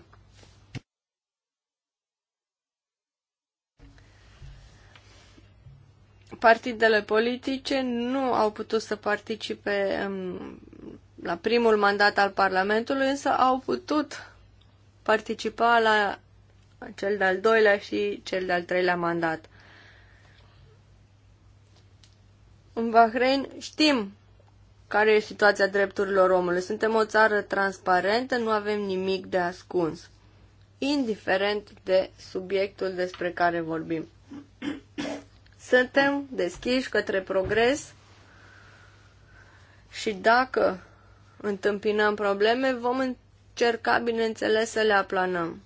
Partidele politice nu au putut să participe în, um, la primul mandat al Parlamentului, însă au putut participa la cel de-al doilea și cel de-al treilea mandat. În Bahrain știm care e situația drepturilor omului. Suntem o țară transparentă, nu avem nimic de ascuns, indiferent de subiectul despre care vorbim. Suntem deschiși către progres și dacă întâmpinăm probleme, vom încerca, bineînțeles, să le aplanăm.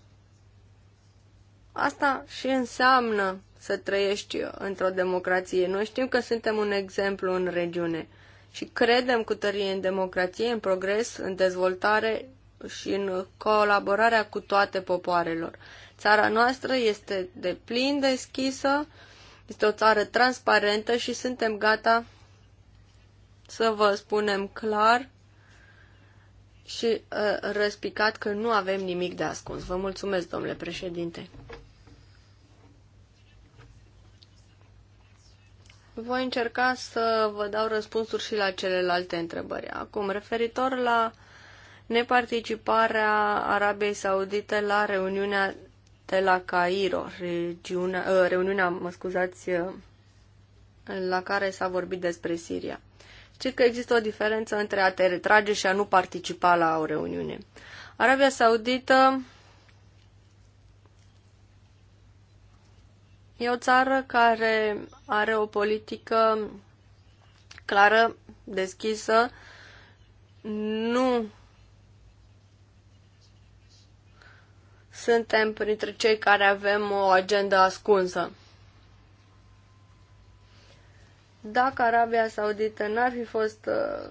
Asta și înseamnă să trăiești într-o democrație. Noi știm că suntem un exemplu în regiune și credem cu tărie în democrație, în progres, în dezvoltare și în colaborarea cu toate popoarelor. Țara noastră este de plin deschisă, este o țară transparentă și suntem gata să vă spunem clar și uh, răspicat că nu avem nimic de ascuns. Vă mulțumesc, domnule președinte. Voi încerca să vă dau răspunsuri și la celelalte întrebări. Acum, referitor la neparticiparea Arabiei Saudite la reuniunea de la Cairo, regiunea, ă, reuniunea, mă scuzați, ă, la care s-a vorbit despre Siria. Știți că există o diferență între a te retrage și a nu participa la o reuniune. Arabia Saudită E o țară care are o politică clară, deschisă, nu suntem printre cei care avem o agendă ascunsă. Dacă Arabia Saudită n-ar fi fost uh,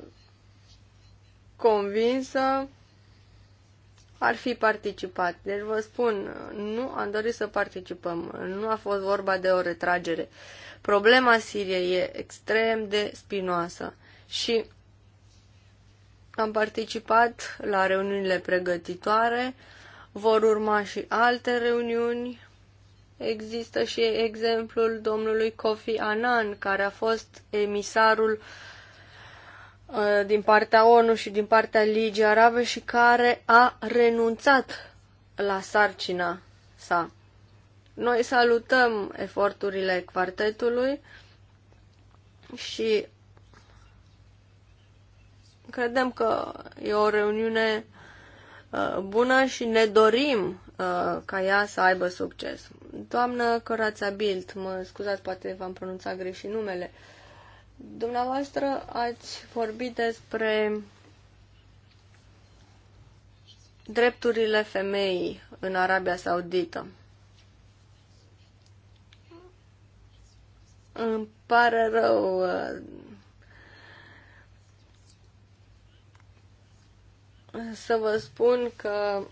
convinsă, ar fi participat. Deci vă spun, nu am dorit să participăm, nu a fost vorba de o retragere. Problema Siriei e extrem de spinoasă și am participat la reuniunile pregătitoare, vor urma și alte reuniuni. Există și exemplul domnului Kofi Annan, care a fost emisarul uh, Uh, din partea ONU și din partea Ligii Arabe și care a renunțat la sarcina sa. Noi salutăm eforturile quartetului și credem că e o reuniune uh, bună și ne dorim uh, ca ea să aibă succes. Doamnă Corața Bilt, mă scuzați, poate v-am pronunțat greșit numele, uh, Dumneavoastră ați vorbit despre drepturile femeii în Arabia Saudită. Îmi pare rău. Uh, să vă spun că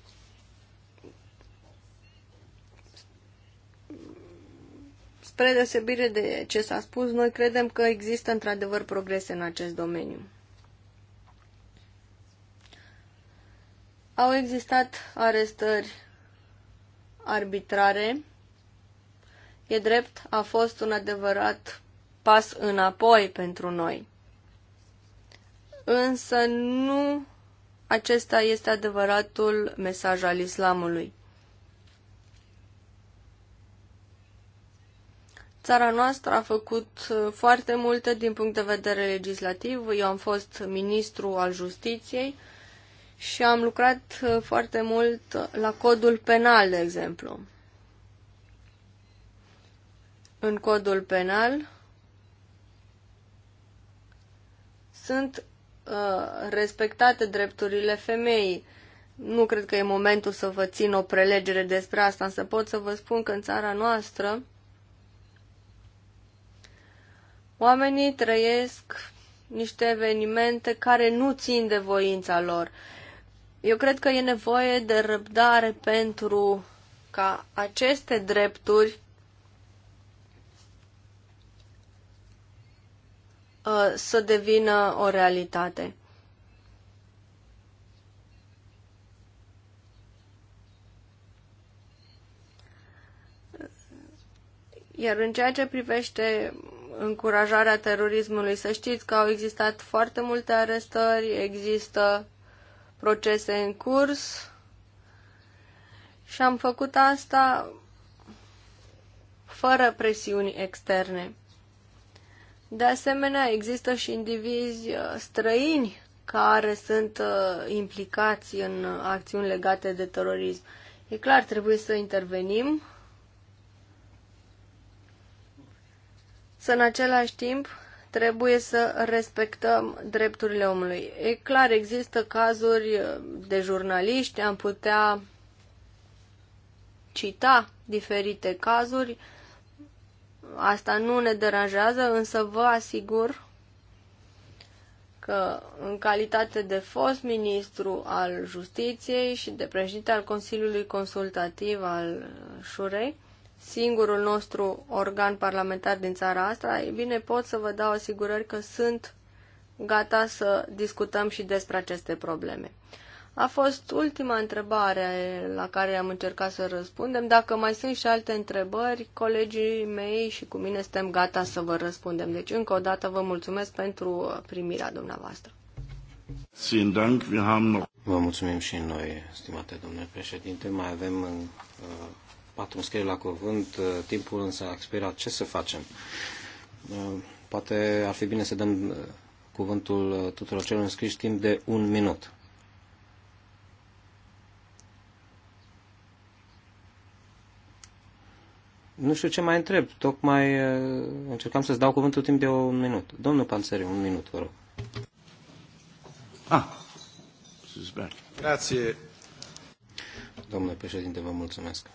Spre deosebire de ce s-a spus, noi credem că există într-adevăr progrese în acest domeniu. Au existat arestări arbitrare. E drept, a fost un adevărat pas înapoi pentru noi. Însă nu acesta este adevăratul mesaj al islamului. Țara noastră a făcut uh, foarte multe din punct de vedere legislativ. Eu am fost ministru al justiției și am lucrat uh, foarte mult la codul penal, de exemplu. În codul penal sunt uh, respectate drepturile femeii. Nu cred că e momentul să vă țin o prelegere despre asta, însă pot să vă spun că în țara noastră Oamenii trăiesc niște evenimente care nu țin de voința lor. Eu cred că e nevoie de răbdare pentru ca aceste drepturi uh, să devină o realitate. Iar în ceea ce privește încurajarea terorismului. Să știți că au existat foarte multe arestări, există procese în curs și am făcut asta fără presiuni externe. De asemenea, există și indivizi uh, străini care sunt uh, implicați în uh, acțiuni legate de terorism. E clar, trebuie să intervenim însă în același timp trebuie să respectăm drepturile omului. E clar, există cazuri uh, de jurnaliști, am putea cita diferite cazuri, asta nu ne deranjează, însă vă asigur că în calitate de fost ministru al justiției și de președinte al Consiliului Consultativ al Șurei, singurul nostru organ parlamentar din țara asta, e bine, pot să vă dau asigurări că sunt gata să discutăm și despre aceste probleme. A fost ultima întrebare la care am încercat să răspundem. Dacă mai sunt și alte întrebări, colegii mei și cu mine suntem gata să vă răspundem. Deci, încă o dată, vă mulțumesc pentru primirea dumneavoastră. Vă mulțumim și noi, stimate domnule președinte. Mai avem în, uh, patru înscrieri la cuvânt, uh, timpul însă a expirat. Ce să facem? Uh, poate ar fi bine să dăm uh, cuvântul tuturor celor înscriși timp de un minut. Nu știu ce mai întreb. Tocmai încercam să-ți dau cuvântul timp de un minut. Domnul Panțări, un minut, vă rog. Ah, Grazie. Domnule președinte, vă mulțumesc.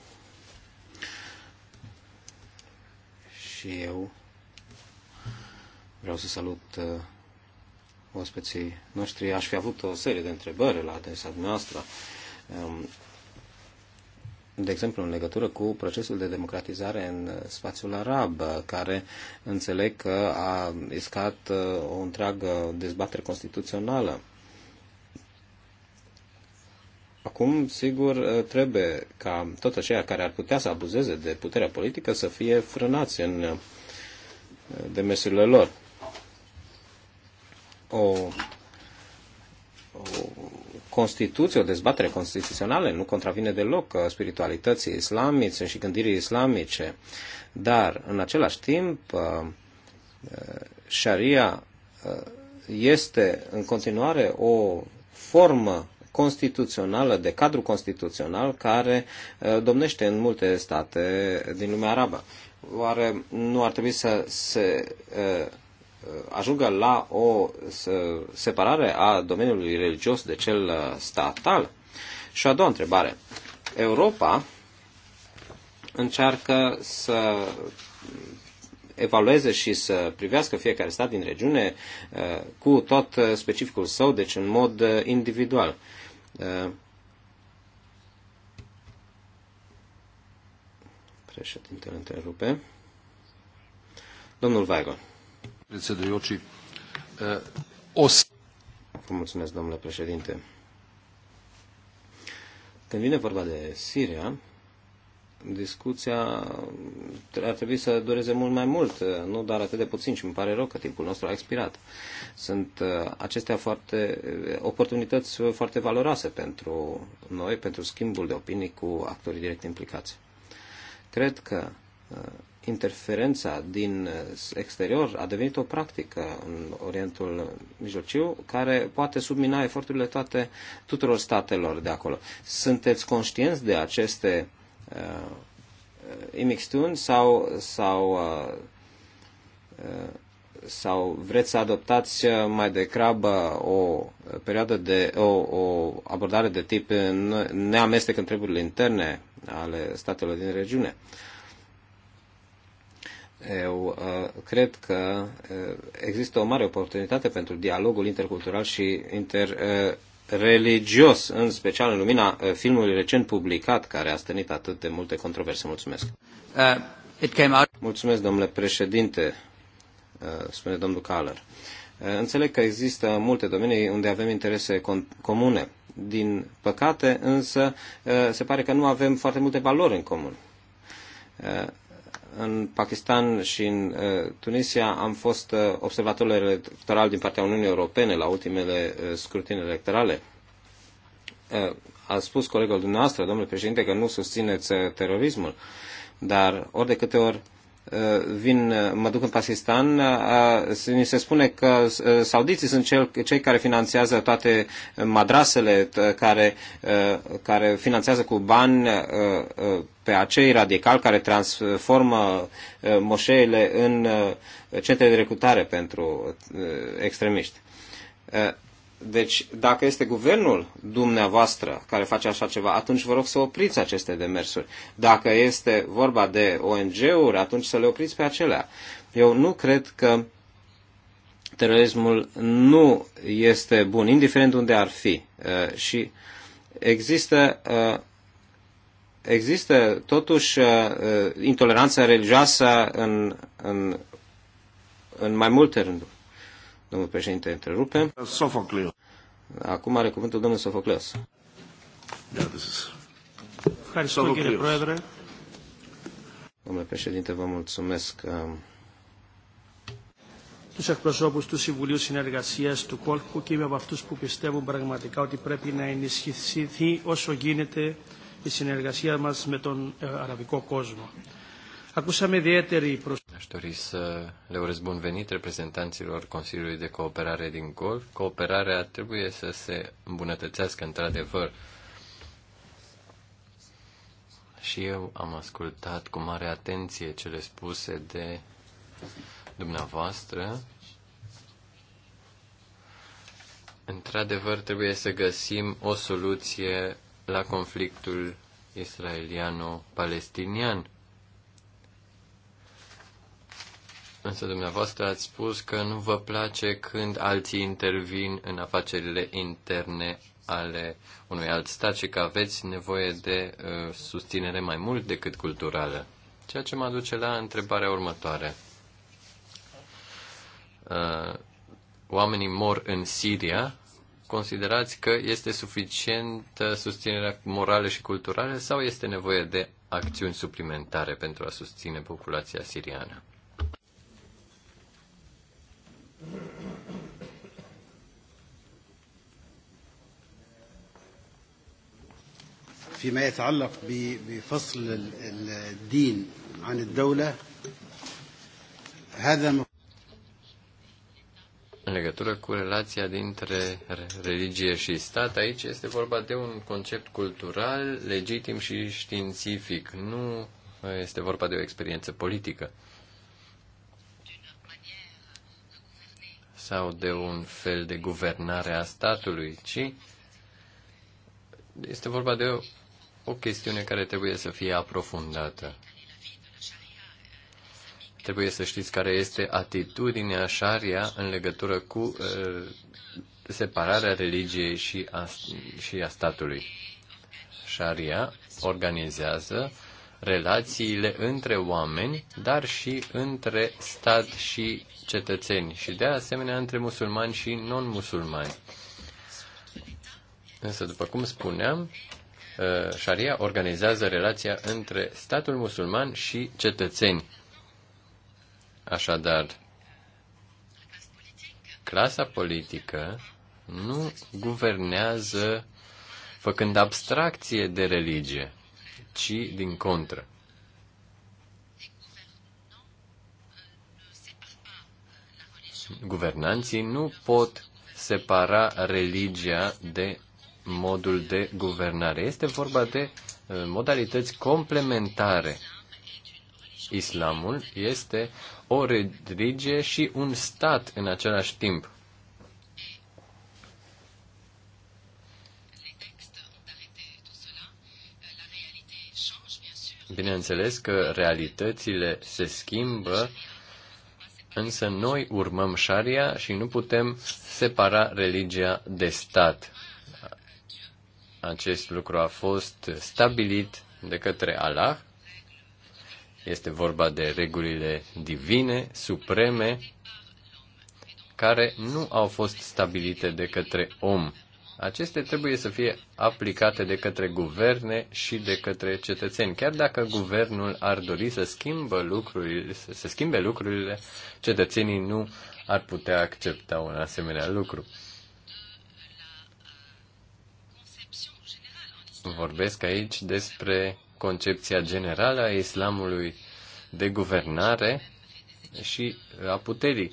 și eu vreau să salut uh, oaspeții noștri. Aș fi avut o serie de întrebări la adresa Um, De exemplu, în legătură cu procesul de democratizare în uh, spațiul arab, uh, care înțeleg că a iscat o întreagă dezbatere constituțională. Acum, sigur, ă, trebuie ca toți aceia care ar putea să abuzeze de puterea politică să fie frânați în ă, demersurile lor. O, o Constituție, o dezbatere constituțională nu contravine deloc ă, spiritualității islamice și gândirii islamice, dar în același timp șaria este în continuare o formă constituțională, de cadru constituțional care uh, domnește în multe state din lumea arabă. Oare nu ar trebui să se uh, ajungă la o separare a domeniului religios de cel uh, statal? Și a doua întrebare. Europa încearcă să evalueze și să privească fiecare stat din regiune cu tot specificul său, deci în mod individual. Președintele întrerupe. Domnul Vagon. Predsedujoči, eh, o Vă mulțumesc, domnule președinte. Când vine vorba de Siria, discuția mm, ar trebui să dureze mult mai mult, nu doar atât de puțin și îmi pare rău că timpul nostru a expirat. Sunt uh, acestea foarte, uh, oportunități foarte valoroase pentru noi, pentru schimbul de opinii cu actorii direct implicați. Cred că uh, interferența din exterior a devenit o practică în Orientul Mijlociu care poate submina eforturile toate tuturor statelor de acolo. Sunteți conștienți de aceste uh, uh, imixtiuni sau, sau, uh, uh, sau vreți să adoptați uh, mai degrabă o perioadă de o, o abordare de tip uh, neamestec în treburile interne ale statelor din regiune. Eu uh, cred că uh, există o mare oportunitate pentru dialogul intercultural și inter, uh, religios, în special în lumina uh, filmului recent publicat, care a stănit atât de multe controverse. Mulțumesc. Uh, it came out. Mulțumesc, domnule președinte, uh, spune domnul Kaller. Uh, înțeleg că există multe domenii unde avem interese comune. Din păcate, însă, se pare că nu avem foarte multe valori în comun în Pakistan și în uh, Tunisia am fost uh, observator electoral din partea Uniunii Europene la ultimele uh, scrutine electorale. A spus colegul dumneavoastră, domnule președinte, că nu susțineți terorismul, dar ori de câte ori Uh, vin, uh, mă duc în Pakistan, uh, ni se spune că saudiții sunt cei care finanțează toate madrasele, care, care finanțează cu bani pe acei radicali care transformă moșeile în centre de recrutare pentru extremiști. Deci, dacă este guvernul dumneavoastră care face așa ceva, atunci vă rog să opriți aceste demersuri. Dacă este vorba de ONG-uri, atunci să le opriți pe acelea. Eu nu cred că terorismul nu este bun, indiferent unde ar fi. Uh, și există, uh, există totuși uh, intoleranța religioasă în, în, în mai multe rânduri. Domnul președinte, întrerupe. Sofocleos. Acum are cuvântul domnul Sofocleos. Da, Domnule președinte, vă mulțumesc. Τους εκπροσώπους του Συμβουλίου Συνεργασίας του Κόλκου και είμαι από αυτούς που πιστεύουν πραγματικά ότι πρέπει να ενισχυθεί όσο γίνεται η συνεργασία μας με τον αραβικό κόσμο. Acusăm Aș dori să le urez bun venit reprezentanților Consiliului de Cooperare din Golf. Cooperarea trebuie să se îmbunătățească într-adevăr. Și eu am ascultat cu mare atenție cele spuse de dumneavoastră. Într-adevăr, trebuie să găsim o soluție la conflictul israeliano-palestinian Însă dumneavoastră ați spus că nu vă place când alții intervin în afacerile interne ale unui alt stat și că aveți nevoie de uh, susținere mai mult decât culturală. Ceea ce mă duce la întrebarea următoare. Uh, oamenii mor în Siria. Considerați că este suficientă susținerea morală și culturală sau este nevoie de acțiuni suplimentare pentru a susține populația siriană? فيما يتعلق بفصل الدين عن الدولة هذا în legătură cu relația dintre religie și stat, aici este vorba de un concept cultural, legitim și științific. Nu este vorba de o experiență politică sau de un fel de guvernare a statului, ci este vorba de o chestiune care trebuie să fie aprofundată. Trebuie să știți care este atitudinea șaria în legătură cu uh, separarea religiei și a, și a statului. Sharia organizează relațiile între oameni, dar și între stat și cetățeni și de asemenea între musulmani și non-musulmani. Însă, după cum spuneam, Uh, Sharia organizează relația între statul musulman și cetățeni. Așadar, clasa politică nu guvernează făcând abstracție de religie, ci din contră. Guvernanții nu pot separa religia de modul de guvernare. Este vorba de uh, modalități complementare. Islamul este o religie și un stat în același timp. Bineînțeles că realitățile se schimbă, însă noi urmăm șaria și nu putem separa religia de stat. Acest lucru a fost stabilit de către Allah. Este vorba de regulile divine, supreme, care nu au fost stabilite de către om. Aceste trebuie să fie aplicate de către guverne și de către cetățeni. Chiar dacă guvernul ar dori să, schimbă lucrurile, să, să schimbe lucrurile, cetățenii nu ar putea accepta un asemenea lucru. vorbesc aici despre concepția generală a islamului de guvernare și a puterii.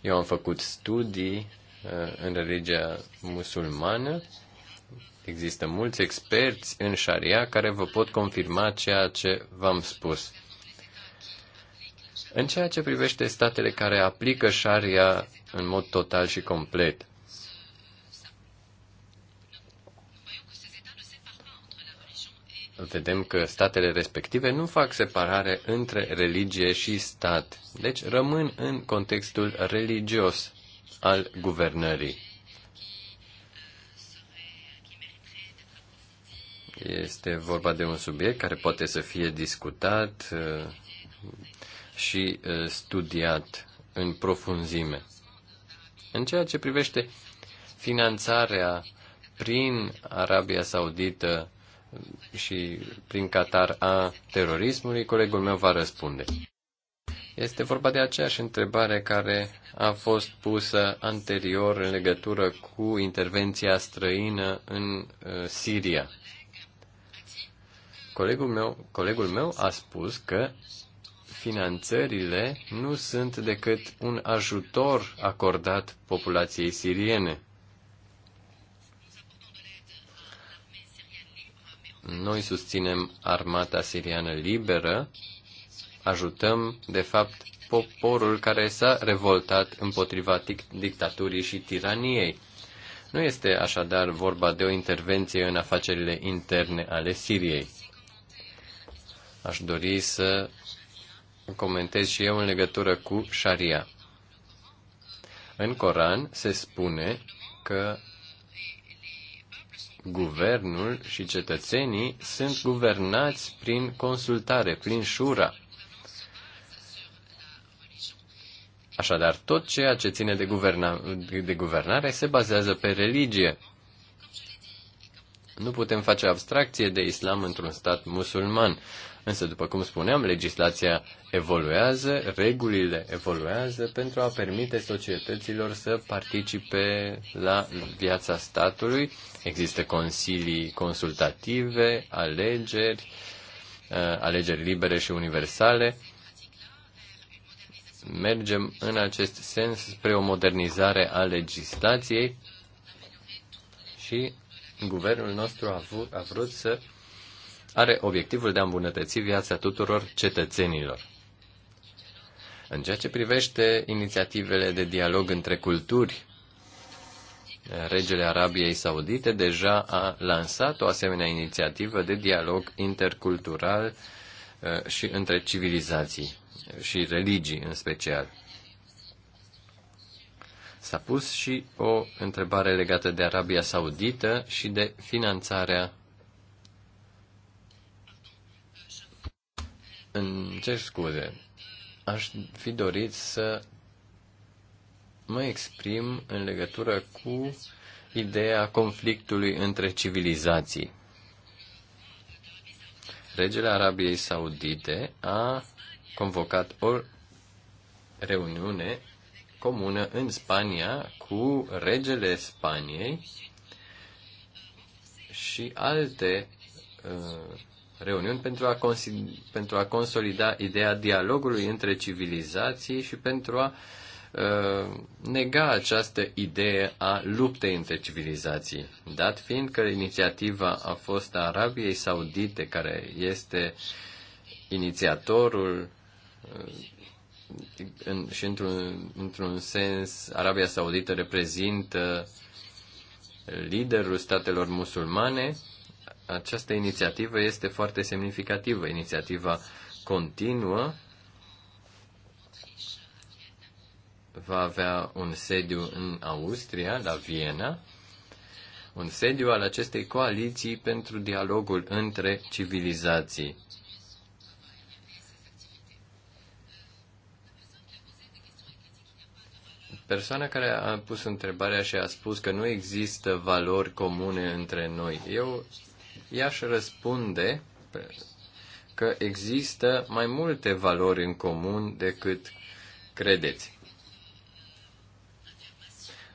Eu am făcut studii uh, în religia musulmană. Există mulți experți în șaria care vă pot confirma ceea ce v-am spus. În ceea ce privește statele care aplică șaria în mod total și complet, vedem că statele respective nu fac separare între religie și stat, deci rămân în contextul religios al guvernării. Este vorba de un subiect care poate să fie discutat uh, și uh, studiat în profunzime. În ceea ce privește finanțarea prin Arabia Saudită și prin Qatar a terorismului, colegul meu va răspunde. Este vorba de aceeași întrebare care a fost pusă anterior în legătură cu intervenția străină în uh, Siria. Colegul meu, colegul meu a spus că finanțările nu sunt decât un ajutor acordat populației siriene. Noi susținem armata siriană liberă, ajutăm, de fapt, poporul care s-a revoltat împotriva dictaturii și tiraniei. Nu este așadar vorba de o intervenție în afacerile interne ale Siriei. Aș dori să comentez și eu în legătură cu Sharia. În Coran se spune că guvernul și cetățenii sunt guvernați prin consultare, prin șura. Așadar, tot ceea ce ține de, guverna, de guvernare se bazează pe religie. Nu putem face abstracție de islam într-un stat musulman. Însă, după cum spuneam, legislația evoluează, regulile evoluează pentru a permite societăților să participe la viața statului. Există consilii consultative, alegeri, uh, alegeri libere și universale. Mergem în acest sens spre o modernizare a legislației și guvernul nostru a, vrut, a vrut să are obiectivul de a îmbunătăți viața tuturor cetățenilor. În ceea ce privește inițiativele de dialog între culturi, regele Arabiei Saudite deja a lansat o asemenea inițiativă de dialog intercultural uh, și între civilizații și religii în special. S-a pus și o întrebare legată de Arabia Saudită și de finanțarea Îmi cer scuze. Aș fi dorit să mă exprim în legătură cu ideea conflictului între civilizații. Regele Arabiei Saudite a convocat o reuniune comună în Spania cu regele Spaniei și alte uh, reuniuni pentru a, pentru a consolida ideea dialogului între civilizații și pentru a ă, nega această idee a luptei între civilizații. Dat fiind că inițiativa a fost a Arabiei Saudite, care este inițiatorul ă, în, și într-un, într-un sens Arabia Saudită reprezintă liderul statelor musulmane, această inițiativă este foarte semnificativă. Inițiativa continuă va avea un sediu în Austria, la Viena, un sediu al acestei coaliții pentru dialogul între civilizații. Persoana care a pus întrebarea și a spus că nu există valori comune între noi. Eu ea își răspunde că există mai multe valori în comun decât credeți.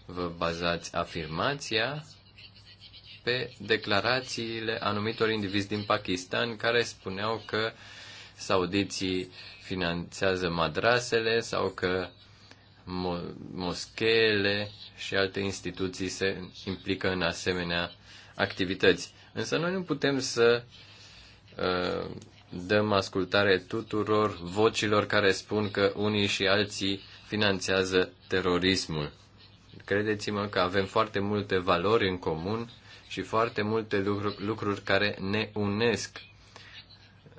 Vă bazați afirmația pe declarațiile anumitor indivizi din Pakistan care spuneau că saudiții finanțează madrasele sau că mo- moscheele și alte instituții se implică în asemenea activități. Însă noi nu putem să uh, dăm ascultare tuturor vocilor care spun că unii și alții finanțează terorismul. Credeți-mă că avem foarte multe valori în comun și foarte multe lucruri, lucruri care ne unesc.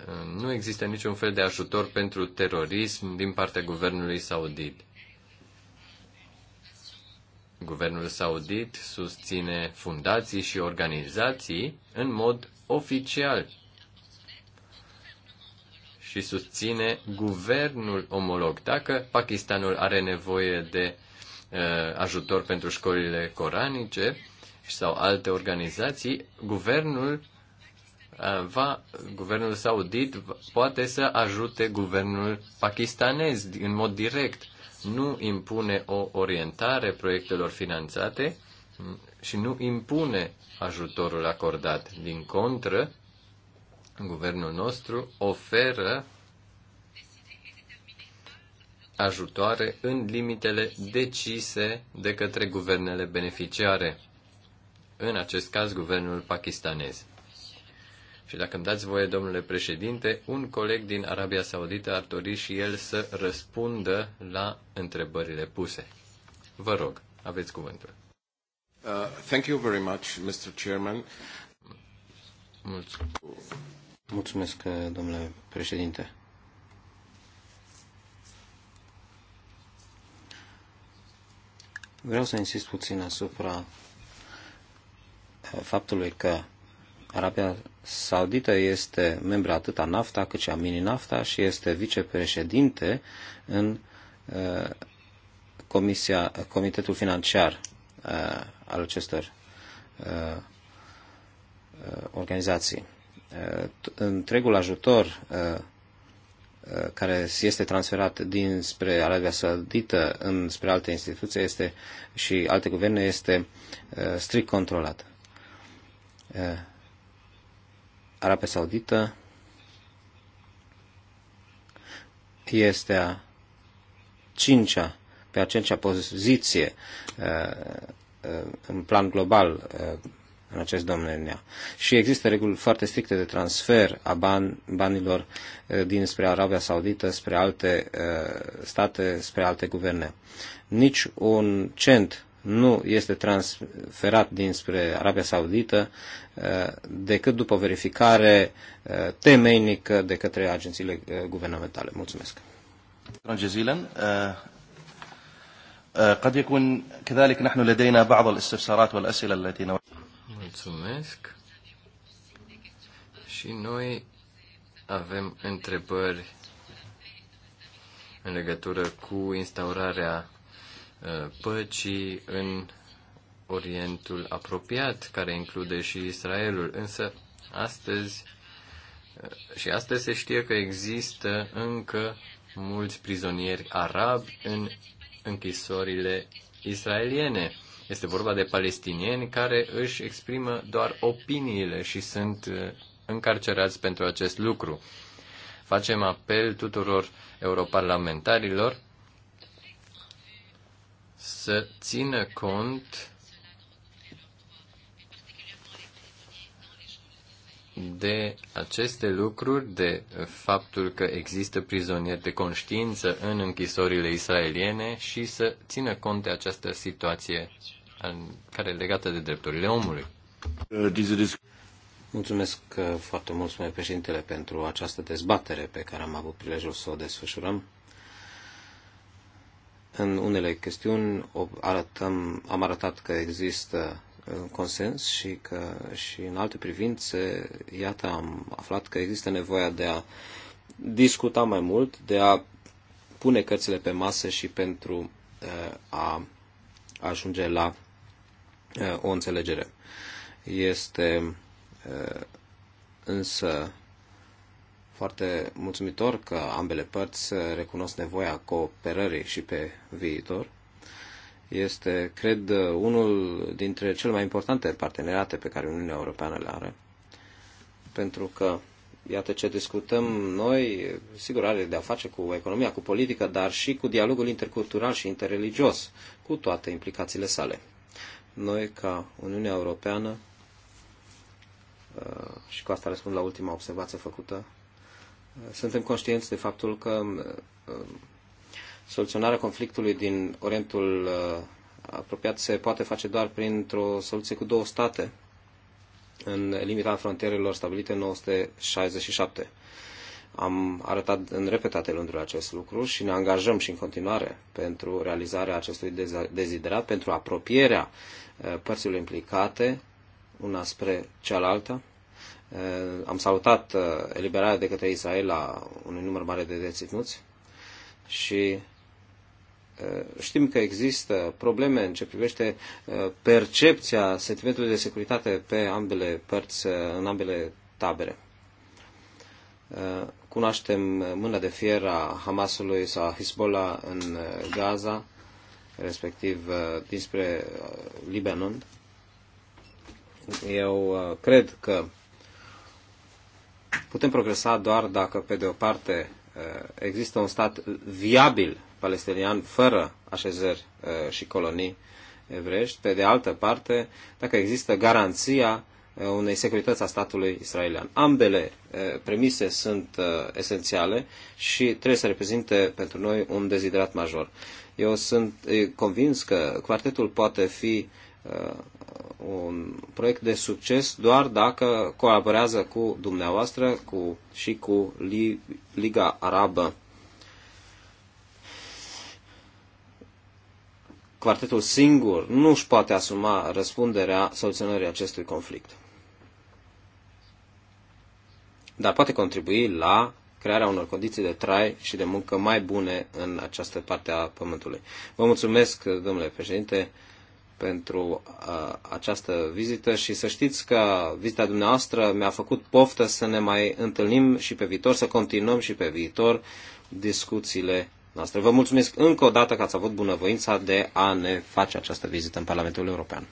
Uh, nu există niciun fel de ajutor pentru terorism din partea guvernului saudit. Guvernul saudit susține fundații și organizații în mod oficial și susține guvernul omolog. Dacă Pakistanul are nevoie de uh, ajutor pentru școlile coranice sau alte organizații, guvernul uh, va, guvernul saudit poate să ajute guvernul pakistanez în mod direct nu impune o orientare proiectelor finanțate și nu impune ajutorul acordat. Din contră, guvernul nostru oferă ajutoare în limitele decise de către guvernele beneficiare, în acest caz guvernul pakistanez. Și dacă îmi dați voie, domnule președinte, un coleg din Arabia Saudită ar dori și el să răspundă la întrebările puse. Vă rog, aveți cuvântul. Uh, thank you very much, Mr. Chairman. Mulțumesc. Mulțumesc, uh, domnule președinte. Vreau să insist puțin asupra uh, faptului că Arabia Saudită este membru atât a NAFTA cât și a mini-NAFTA și este vicepreședinte în uh, comisia, Comitetul Financiar uh, al acestor uh, uh organizații. Uh, întregul ajutor uh, care este transferat dinspre Arabia Saudită înspre alte instituții este, și alte guverne este strict controlat Arabia Saudită este a cincea, pe a cincea poziție uh, uh, în plan global uh, în acest domeniu. Și există reguli foarte stricte de transfer a ban, banilor dinspre Arabia Saudită, spre alte state, spre alte guverne. Nici un cent nu este transferat dinspre Arabia Saudită eh, decât după verificare eh, temeinică de către agențiile eh, guvernamentale. Mulțumesc. Mulțumesc. Și noi avem întrebări în legătură cu instaurarea Uh, păcii în Orientul apropiat, care include și Israelul. Însă, astăzi, uh, și astăzi se știe că există încă mulți prizonieri arabi în închisorile israeliene. Este vorba de palestinieni care își exprimă doar opiniile și sunt uh, încarcerați pentru acest lucru. Facem apel tuturor europarlamentarilor să țină cont de aceste lucruri, de faptul că există prizonieri de conștiință în închisorile israeliene și să țină cont de această situație care e legată de drepturile omului. Mulțumesc uh, foarte mult, domnule președintele, pentru această dezbatere pe care am avut prilejul să o desfășurăm. În unele chestiuni arătăm, am arătat că există uh, consens și că și în alte privințe, iată, am aflat că există nevoia de a discuta mai mult, de a pune cărțile pe masă și pentru uh, a ajunge la uh, o înțelegere. Este însă foarte mulțumitor că ambele părți eh, recunosc nevoia cooperării și pe viitor. Este, cred, eh, unul dintre cele mai importante parteneriate pe care Uniunea Europeană le are. Pentru că, iată ce discutăm noi, sigur are de a face cu economia, cu politică, dar și cu dialogul intercultural și interreligios, cu toate implicațiile sale. Noi, ca Uniunea Europeană, eh, și cu asta răspund la ultima observație făcută suntem conștienți de faptul că uh, soluționarea conflictului din Orientul uh, apropiat se poate face doar printr-o soluție cu două state în limita frontierelor stabilite în 1967. Am arătat în repetate rânduri acest lucru și ne angajăm și în continuare pentru realizarea acestui deziderat, pentru apropierea uh, părților implicate una spre cealaltă, Eh, am salutat eh, eliberarea de către Israel a unui număr mare de deținuți și eh, știm că există probleme în ce privește percepția sentimentului de securitate pe ambele părți, în ambele tabere. Cunoaștem mâna de fier a Hamasului sau Hezbollah în Gaza, respectiv dinspre Libanon. Eu cred că putem progresa doar dacă, pe de o parte, există un stat viabil palestinian fără așezări și colonii evrești, pe de altă parte, dacă există garanția unei securități a statului israelian. Ambele premise sunt esențiale și trebuie să reprezinte pentru noi un deziderat major. Eu sunt convins că quartetul poate fi Uh, un proiect de succes doar dacă colaborează cu dumneavoastră cu, și cu Liga Arabă. Quartetul singur nu își poate asuma răspunderea soluționării acestui conflict. Dar poate contribui la crearea unor condiții de trai și de muncă mai bune în această parte a pământului. Vă mulțumesc, domnule președinte pentru uh, această vizită și să știți că vizita dumneavoastră mi-a făcut poftă să ne mai întâlnim și pe viitor, să continuăm și pe viitor discuțiile noastre. Vă mulțumesc încă o dată că ați avut bunăvoința de a ne face această vizită în Parlamentul European.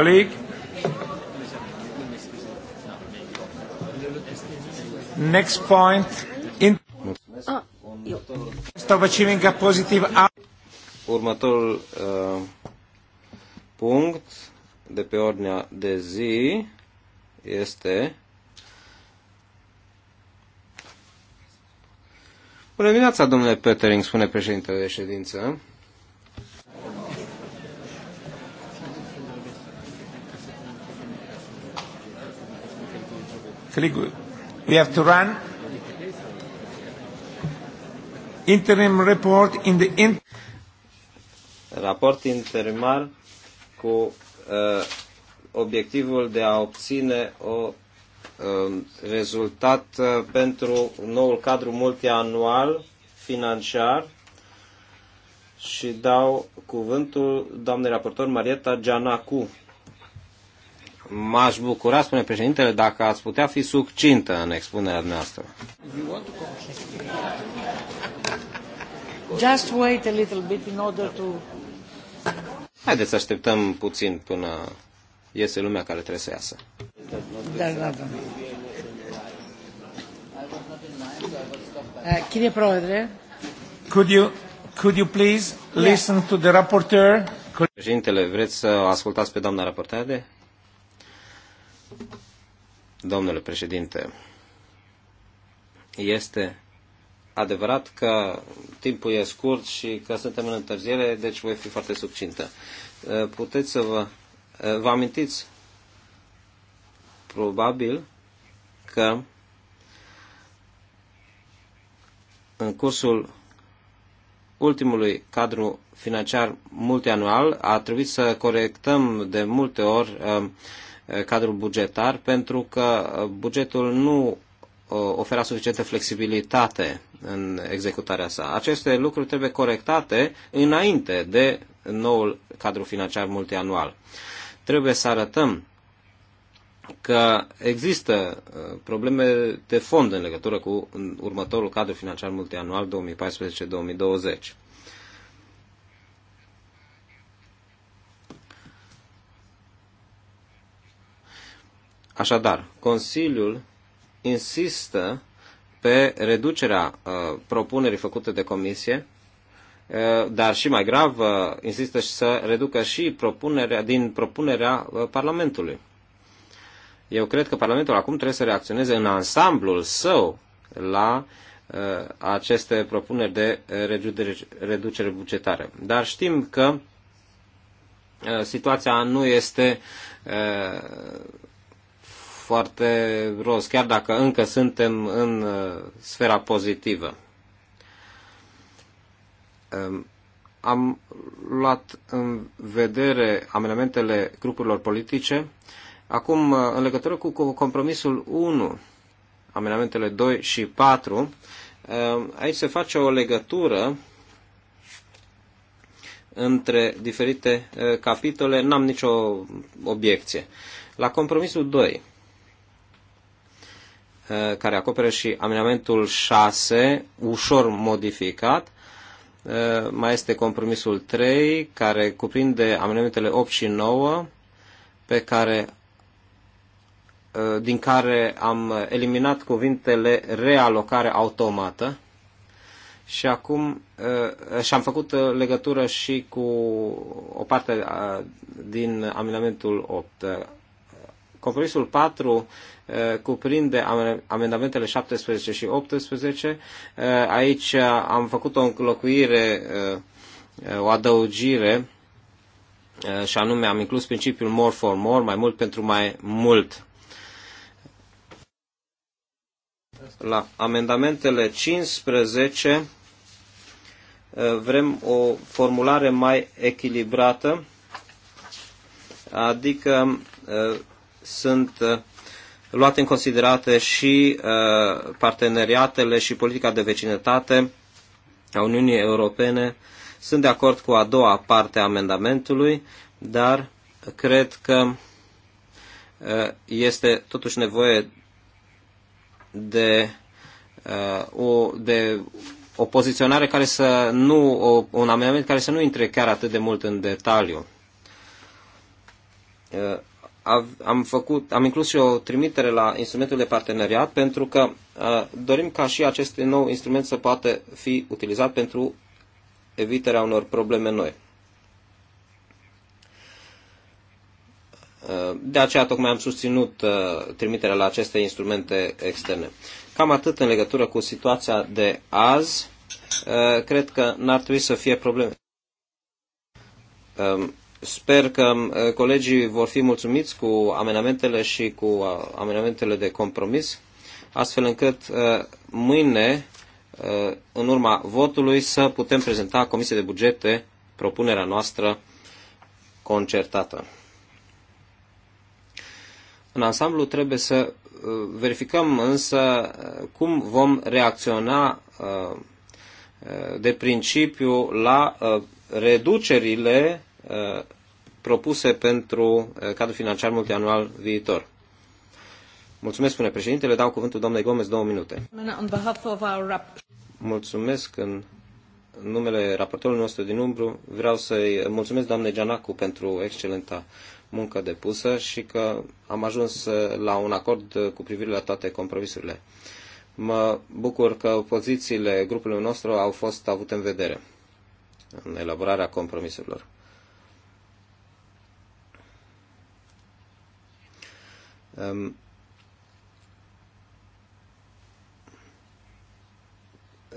colleague. Next point. In ah, of achieving a positive Următorul uh, punct de pe ordinea de zi este Bună dimineața, domnule Petering, spune președintele de ședință. We have to run. Interim report in the in Raport interimar cu uh, obiectivul de a obține o uh, rezultat uh, pentru noul cadru multianual financiar și dau cuvântul doamnei raportor Marieta Gianacu. M-aș bucura, spune președintele, dacă ați putea fi succintă în expunerea noastră. Just wait a little bit in order to... Haideți să așteptăm puțin până iese lumea care trebuie să iasă. Da, da, da. Uh, proedre. could you, could you please listen to the rapporteur? Președintele, vreți să ascultați pe doamna raportare? domnule președinte. Este adevărat că timpul e scurt și că suntem în întârziere, deci voi fi foarte subțintă. Uh, puteți să vă, uh, vă amintiți probabil că în cursul ultimului cadru financiar multianual a trebuit să corectăm de multe ori uh, Eh, cadrul bugetar pentru că eh, bugetul nu eh, oferă suficientă flexibilitate în executarea sa. Aceste lucruri trebuie corectate înainte de noul cadru financiar multianual. Trebuie să arătăm că există probleme de fond în legătură cu următorul cadru financiar multianual 2014-2020. Așadar, Consiliul insistă pe reducerea uh, propunerii făcute de comisie, uh, dar și mai grav uh, insistă să reducă și propunerea din propunerea uh, Parlamentului. Eu cred că Parlamentul acum trebuie să reacționeze în ansamblul său la uh, aceste propuneri de uh, reducere, reducere bugetare. Dar știm că uh, situația nu este uh, foarte roz, chiar dacă încă suntem în uh, sfera pozitivă. Um, am luat în vedere amenamentele grupurilor politice. Acum, uh, în legătură cu compromisul 1, amenamentele 2 și 4, um, aici se face o legătură între diferite uh, capitole, n-am nicio obiecție. La compromisul 2, Eh, care acoperă și amenamentul 6, ușor modificat. Eh, mai este compromisul 3, care cuprinde amenamentele 8 și 9, pe care, eh, din care am eliminat cuvintele realocare automată. Și acum și am făcut legătură și cu o parte din amenamentul 8 Compromisul 4 uh, cuprinde amendamentele 17 și 18. Uh, aici uh, am făcut o înlocuire, o adăugire și anume am inclus principiul more for more, mai mult pentru mai mult. La amendamentele 15 vrem o formulare mai echilibrată, adică sunt uh, luate în considerate și uh, parteneriatele și politica de vecinătate a Uniunii Europene. Sunt de acord cu a doua parte a amendamentului, dar cred că uh, este totuși nevoie de o, de o poziționare care să nu, o, un amendament care să nu intre chiar atât de mult în detaliu am, făcut, am inclus și o trimitere la instrumentul de parteneriat pentru că uh, dorim ca și acest nou instrument să poată fi utilizat pentru evitarea unor probleme noi. Uh, de aceea tocmai am susținut uh, trimiterea la aceste instrumente externe. Cam atât în legătură cu situația de azi. Cred că n-ar trebui să fie probleme um, Sper că uh, colegii vor fi mulțumiți cu amenamentele și cu uh, amenamentele de compromis, astfel încât uh, mâine, în urma votului, să putem prezenta Comisiei de Bugete propunerea noastră concertată. În ansamblu trebuie să verificăm însă cum vom reacționa de principiu la reducerile Uh, propuse pentru uh, cadrul financiar multianual viitor. Mulțumesc, spune președintele. Dau cuvântul doamnei Gomez două minute. Mulțumesc în numele raportorului nostru din umbru. Vreau să-i mulțumesc doamnei Gianacu pentru excelenta muncă depusă și că am ajuns la un acord cu privire la toate compromisurile. Mă bucur că pozițiile grupului nostru au fost avute în vedere în elaborarea compromisurilor. Um,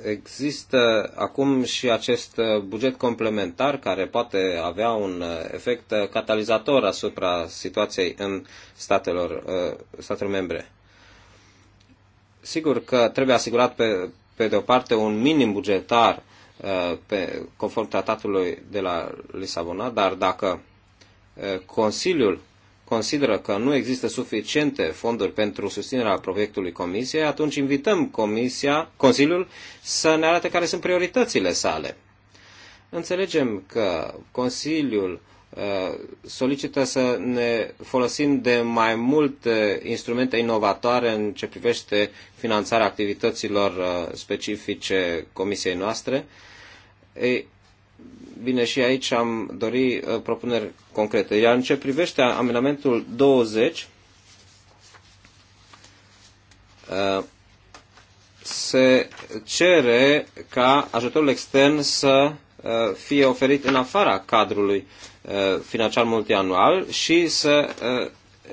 există acum și acest uh, buget complementar care poate avea un uh, efect uh, catalizator asupra situației în statelor, statelor membre. Sigur că trebuie asigurat pe, pe de o parte un minim bugetar pe, conform tratatului de la Lisabona, dar dacă Consiliul consideră că nu există suficiente fonduri pentru susținerea proiectului Comisiei, atunci invităm Comisia, Consiliul să ne arate care sunt prioritățile sale. Înțelegem că Consiliul uh, solicită să ne folosim de mai multe instrumente inovatoare în ce privește finanțarea activităților uh, specifice comisiei noastre bine, și aici am dori uh, propuneri concrete. Iar în ce privește amendamentul 20, uh, se cere ca ajutorul extern să uh, fie oferit în afara cadrului financiar multianual și să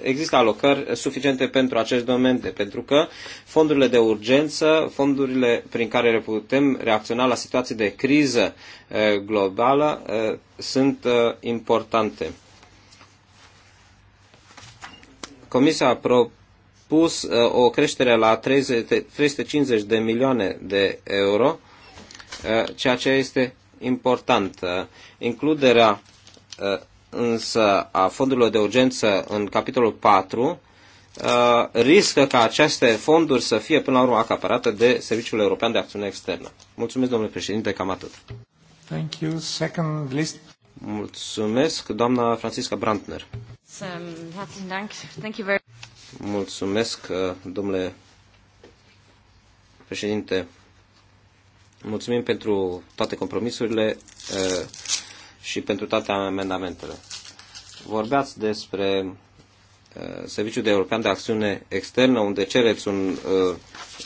există alocări suficiente pentru acest domeniu, pentru că fondurile de urgență, fondurile prin care putem reacționa la situații de criză eh, globală, eh, sunt eh, importante. Comisia a propus o creștere la 350 de milioane de euro, ceea ce este important. Includerea însă a fondurilor de urgență în capitolul 4 uh, riscă ca aceste fonduri să fie până la urmă acaparate de Serviciul European de Acțiune Externă. Mulțumesc, domnule președinte, cam atât. Thank you. Second list. Mulțumesc, doamna Francisca Brandner. Um, Thank you very... Mulțumesc, uh, domnule președinte. Mulțumim pentru toate compromisurile uh, și pentru toate amendamentele. Vorbeați despre uh, Serviciul de European de Acțiune Externă, unde cereți un, uh,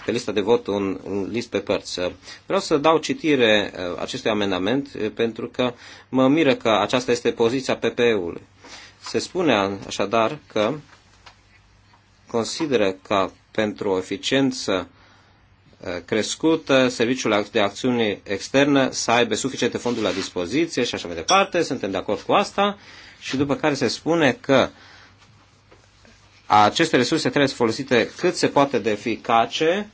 pe lista de vot un, un list pe părți. Vreau să dau citire uh, acestui amendament pentru că mă miră că aceasta este poziția PPE-ului. Se spune așadar că consideră că pentru o eficiență uh, Uh, crescut, serviciul de acțiune externă să aibă suficiente fonduri la dispoziție și așa mai departe, suntem de acord cu asta și după care se spune că aceste resurse trebuie să folosite cât se poate de eficace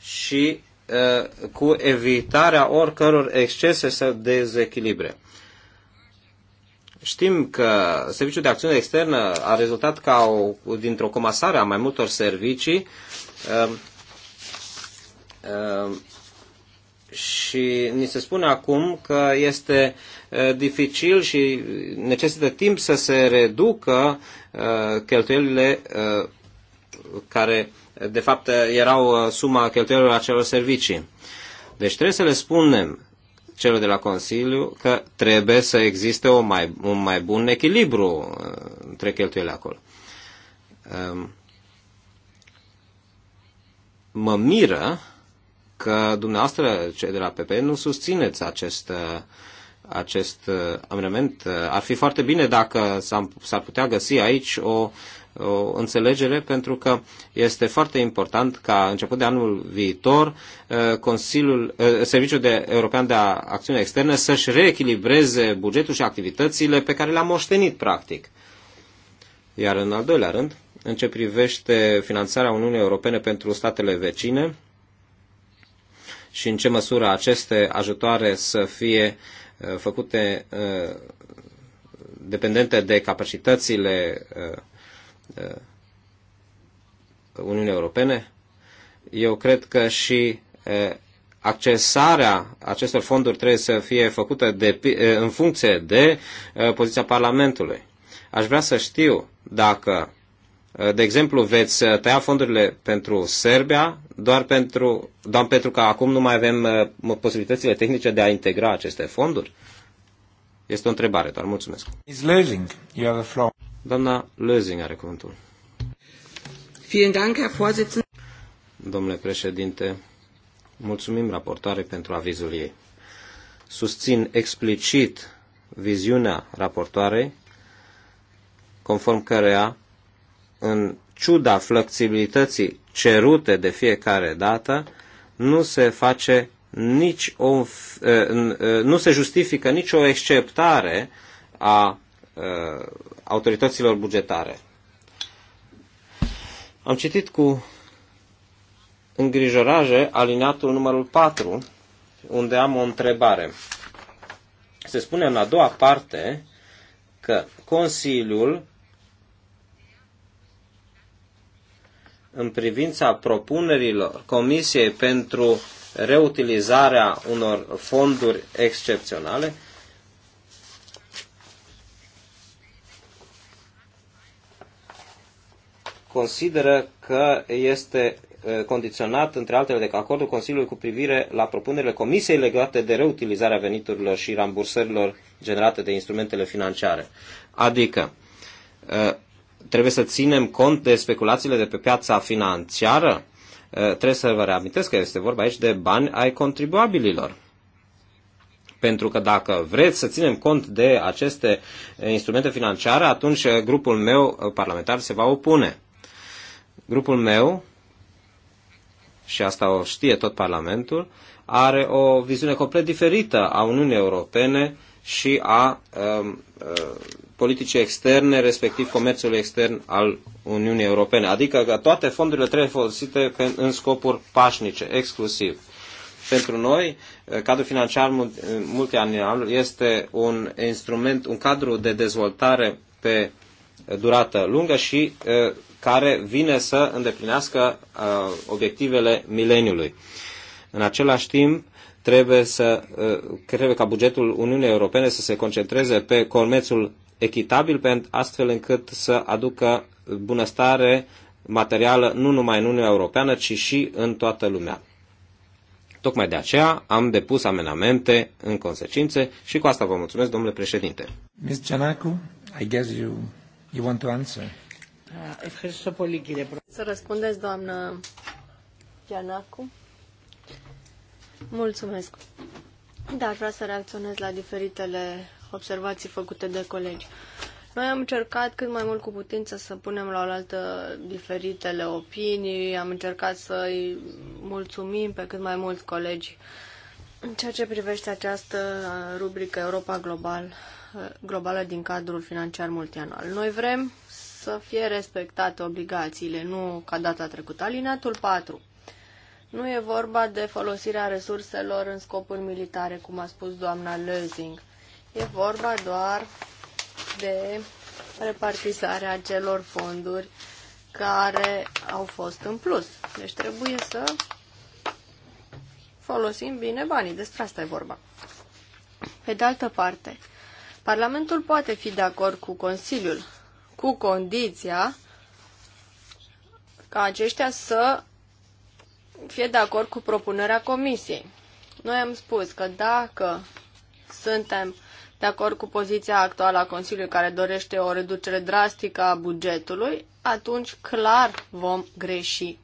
și uh, cu evitarea oricăror excese sau dezechilibre. Știm că Serviciul de Acțiune Externă a rezultat ca o, dintr-o comasare a mai multor servicii uh, Ehm, și ni se spune acum că este dificil și necesită timp să se reducă cheltuielile care de fapt erau suma cheltuielilor acelor servicii. Deci trebuie să le spunem celor de la Consiliu că trebuie să existe o mai, un mai bun echilibru între cheltuielile acolo. Ehm, mă miră că dumneavoastră, cei de la PP, nu susțineți acest, acest amendament. Ar fi foarte bine dacă s-ar putea găsi aici o, o înțelegere, pentru că este foarte important ca început de anul viitor eh, Consiliul, eh, Serviciul de European de Acțiune Externă să-și reechilibreze bugetul și activitățile pe care le-a moștenit practic. Iar în al doilea rând, în ce privește finanțarea Uniunii Europene pentru statele vecine, și în ce măsură aceste ajutoare să fie uh, făcute uh, dependente de capacitățile uh, Uniunii Europene. Eu cred că și accesarea acestor fonduri trebuie să fie făcută de, în funcție de poziția Parlamentului. Aș vrea să știu dacă, de exemplu, veți tăia fondurile pentru Serbia doar pentru, doar pentru că acum nu mai avem uh, posibilitățile tehnice de a integra aceste fonduri? Este o întrebare doar. Mulțumesc. Doamna Lezing are cuvântul. Domnule președinte, mulțumim raportare pentru avizul ei. Susțin explicit viziunea raportoarei, conform căreia, în ciuda flexibilității cerute de fiecare dată, nu se face nici o, uh, uh, nu se justifică nicio exceptare a uh, autorităților bugetare. Am citit cu îngrijorare alineatul numărul 4, unde am o întrebare. Se spune în a doua parte că Consiliul în privința propunerilor Comisiei pentru reutilizarea unor fonduri excepționale, consideră că este condiționat, între altele, de acordul Consiliului cu privire la propunerile Comisiei legate de reutilizarea veniturilor și rambursărilor generate de instrumentele financiare. Adică, trebuie să ținem cont de speculațiile de pe piața financiară? Eh, trebuie să vă reamintesc că este vorba aici de bani ai contribuabililor. Pentru că dacă vreți să ținem cont de aceste eh, instrumente financiare, atunci eh, grupul meu parlamentar se va opune. Grupul meu, și asta o știe tot Parlamentul, are o viziune complet diferită a Uniunii Europene și a politicii externe, respectiv comerțului extern al Uniunii Europene. Adică că toate fondurile trebuie folosite în scopuri pașnice, exclusiv. Pentru noi, eh, cadrul financiar eh, multianual este un instrument, un cadru de dezvoltare pe eh, durată lungă și care vine să îndeplinească obiectivele mileniului. În același timp, trebuie, să, trebuie ca bugetul Uniunii Europene să se concentreze pe comerțul echitabil, astfel încât să aducă bunăstare materială nu numai în Uniunea Europeană, ci și în toată lumea. Tocmai de aceea am depus amenamente în consecințe și cu asta vă mulțumesc, domnule președinte. Ms. Gianacu, I guess you, you want to answer. Uh, să răspundeți, doamnă Gianacu. Mulțumesc. Dar vreau să reacționez la diferitele observații făcute de colegi. Noi am încercat cât mai mult cu putință să punem la oaltă diferitele opinii, am încercat să-i mulțumim pe cât mai mulți colegi în ceea ce privește această rubrică Europa Global, globală din cadrul financiar multianual. Noi vrem să fie respectate obligațiile, nu ca data trecută. Alineatul 4. Nu e vorba de folosirea resurselor în scopuri militare, cum a spus doamna Lözing. E vorba doar de repartizarea acelor fonduri care au fost în plus. Deci trebuie să folosim bine banii. Despre asta e vorba. Pe de altă parte, Parlamentul poate fi de acord cu Consiliul, cu condiția ca aceștia să fie de acord cu propunerea Comisiei. Noi am spus că dacă suntem de acord cu poziția actuală a Consiliului care dorește o reducere drastică a bugetului, atunci clar vom greși.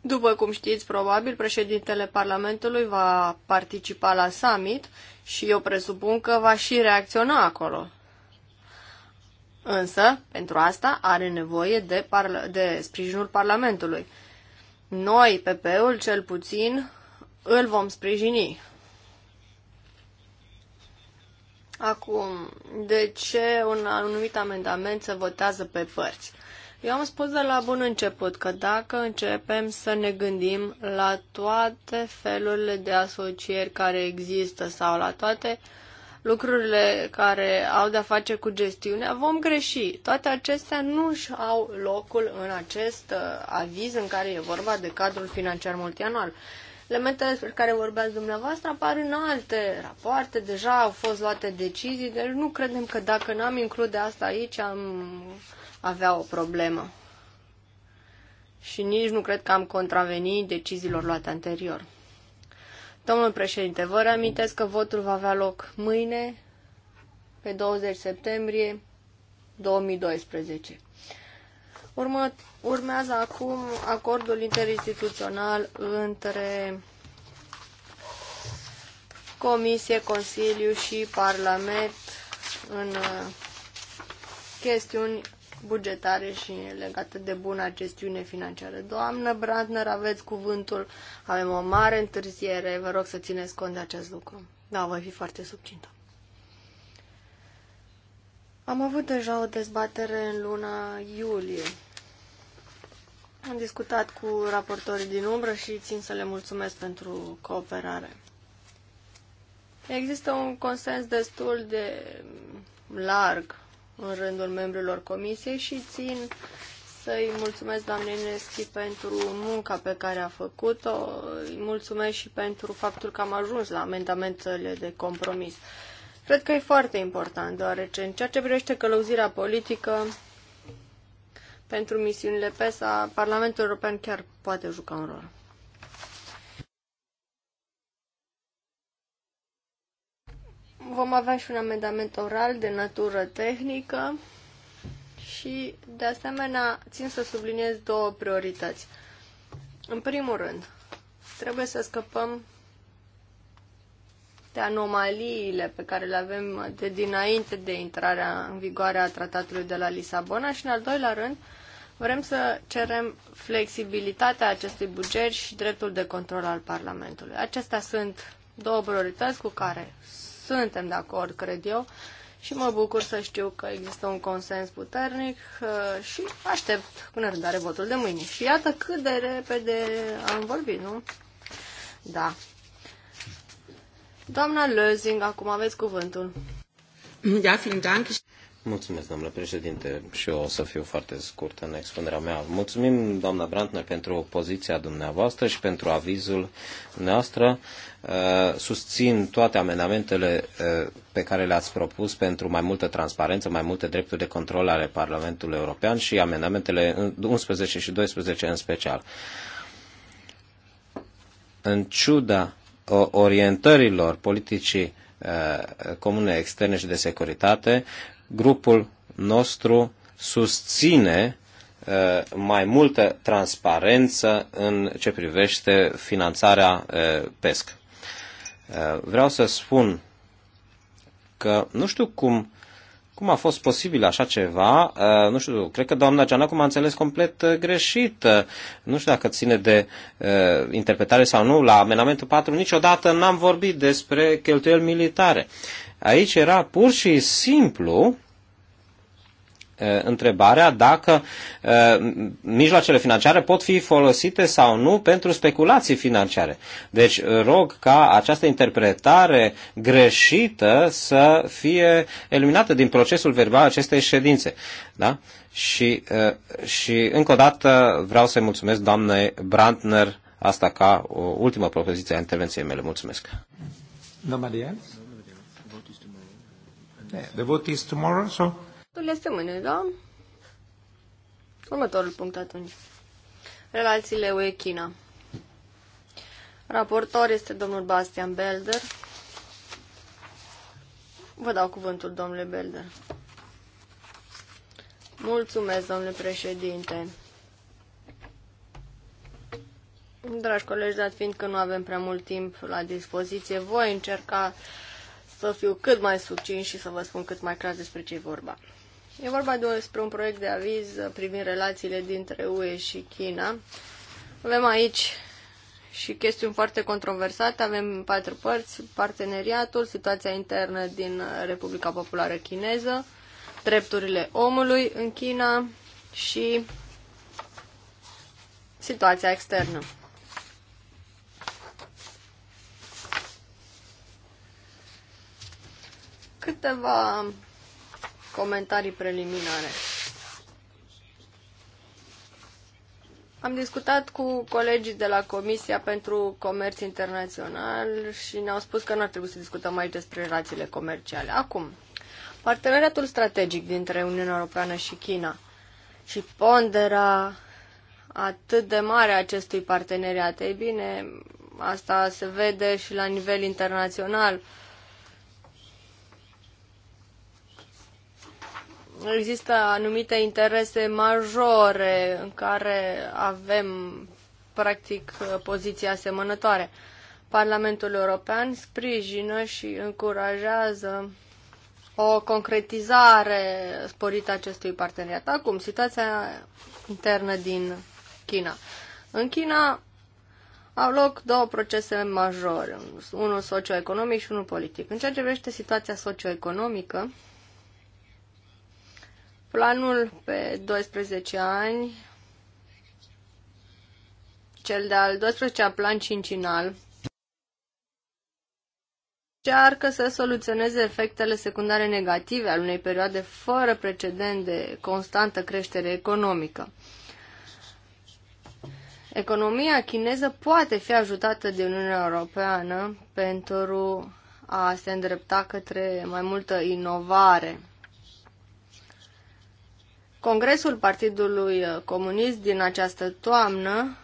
După cum știți, probabil președintele Parlamentului va participa la summit și eu presupun că va și reacționa acolo. Însă, pentru asta are nevoie de, parla- de sprijinul Parlamentului. Noi, PP-ul, cel puțin, îl vom sprijini. Acum, de ce un anumit amendament se votează pe părți? Eu am spus de la bun început că dacă începem să ne gândim la toate felurile de asocieri care există sau la toate lucrurile care au de-a face cu gestiunea, vom greși. Toate acestea nu își au locul în acest uh, aviz în care e vorba de cadrul financiar multianual. Elementele despre care vorbeați dumneavoastră apar în alte rapoarte, deja au fost luate decizii, deci nu credem că dacă n-am include asta aici am avea o problemă. Și nici nu cred că am contravenit deciziilor luate anterior. Domnul președinte, vă reamintesc că votul va avea loc mâine, pe 20 septembrie 2012. Următ Urmează acum acordul interinstituțional între Comisie, Consiliu și Parlament în uh, chestiuni bugetare și legate de buna gestiune financiară. Doamnă Brandner, aveți cuvântul. Avem o mare întârziere. Vă rog să țineți cont de acest lucru. Da, voi fi foarte subțintă. Am avut deja o dezbatere în luna iulie am discutat cu raportorii din umbră și țin să le mulțumesc pentru cooperare. Există un consens destul de larg în rândul membrilor comisiei și țin să-i mulțumesc doamnei Neschi pentru munca pe care a făcut-o. Îi mulțumesc și pentru faptul că am ajuns la amendamentele de compromis. Cred că e foarte important, deoarece în ceea ce privește călăuzirea politică, pentru misiunile PESA, Parlamentul European chiar poate juca un rol. Vom avea și un amendament oral de natură tehnică și, de asemenea, țin să subliniez două priorități. În primul rând, trebuie să scăpăm de anomaliile pe care le avem de dinainte de intrarea în vigoare a tratatului de la Lisabona și, în al doilea rând, Vrem să cerem flexibilitatea acestui buget și dreptul de control al Parlamentului. Acestea sunt două priorități cu care suntem de acord, cred eu, și mă bucur să știu că există un consens puternic uh, și aștept cu nerăbdare votul de mâine. Și iată cât de repede am vorbit, nu? Da. Doamna Lözing, acum aveți cuvântul. Da, fiind Dank. Mulțumesc, domnule președinte, și eu o să fiu foarte scurt în expunerea mea. Mulțumim, doamna Brantner, pentru poziția dumneavoastră și pentru avizul noastră. Uh, susțin toate amendamentele uh, pe care le-ați propus pentru mai multă transparență, mai multe drepturi de control ale Parlamentului European și amendamentele 11 și 12 în special. În ciuda orientărilor politicii uh, comune externe și de securitate, grupul nostru susține uh, mai multă transparență în ce privește finanțarea uh, PESC. Uh, vreau să spun că nu știu cum, cum a fost posibil așa ceva, nu știu, cred că doamna Gianacu m-a înțeles complet greșit. Nu știu dacă ține de interpretare sau nu, la amenamentul 4 niciodată n-am vorbit despre cheltuieli militare. Aici era pur și simplu întrebarea dacă mijloacele financiare pot fi folosite sau nu pentru speculații financiare. Deci rog ca această interpretare greșită să fie eliminată din procesul verbal acestei ședințe. Da? Și, și încă o dată vreau să-i mulțumesc doamnei Brandner asta ca o ultimă propoziție a intervenției mele. Mulțumesc. Nobody else? The vote is tomorrow, eh, so Votul este mâine, da? Următorul punct atunci. Relațiile UE-China. Raportor este domnul Bastian Belder. Vă dau cuvântul, domnule Belder. Mulțumesc, domnule președinte. Dragi colegi, dat fiind că nu avem prea mult timp la dispoziție, voi încerca să fiu cât mai subțin și să vă spun cât mai clar despre ce e vorba. E vorba despre un proiect de aviz privind relațiile dintre UE și China. Avem aici și chestiuni foarte controversate. Avem patru părți, parteneriatul, situația internă din Republica Populară Chineză, drepturile omului în China și situația externă. Câteva comentarii preliminare. Am discutat cu colegii de la Comisia pentru Comerț Internațional și ne-au spus că nu ar trebui să discutăm aici despre relațiile comerciale. Acum, parteneriatul strategic dintre Uniunea Europeană și China și pondera atât de mare a acestui parteneriat. Ei bine, asta se vede și la nivel internațional. Uh, există anumite interese majore în care avem practic poziții asemănătoare. Parlamentul European sprijină și încurajează o concretizare sporită acestui parteneriat. Acum, situația internă din China. În China au loc două procese majore, unul socioeconomic și unul politic. În ceea ce privește situația socioeconomică, Planul pe 12 ani, cel de-al 12-a plan cincinal, încearcă să soluționeze efectele secundare negative al unei perioade fără precedent de constantă creștere economică. Economia chineză poate fi ajutată de Uniunea Europeană pentru a se îndrepta către mai multă inovare Congresul Partidului Comunist din această toamnă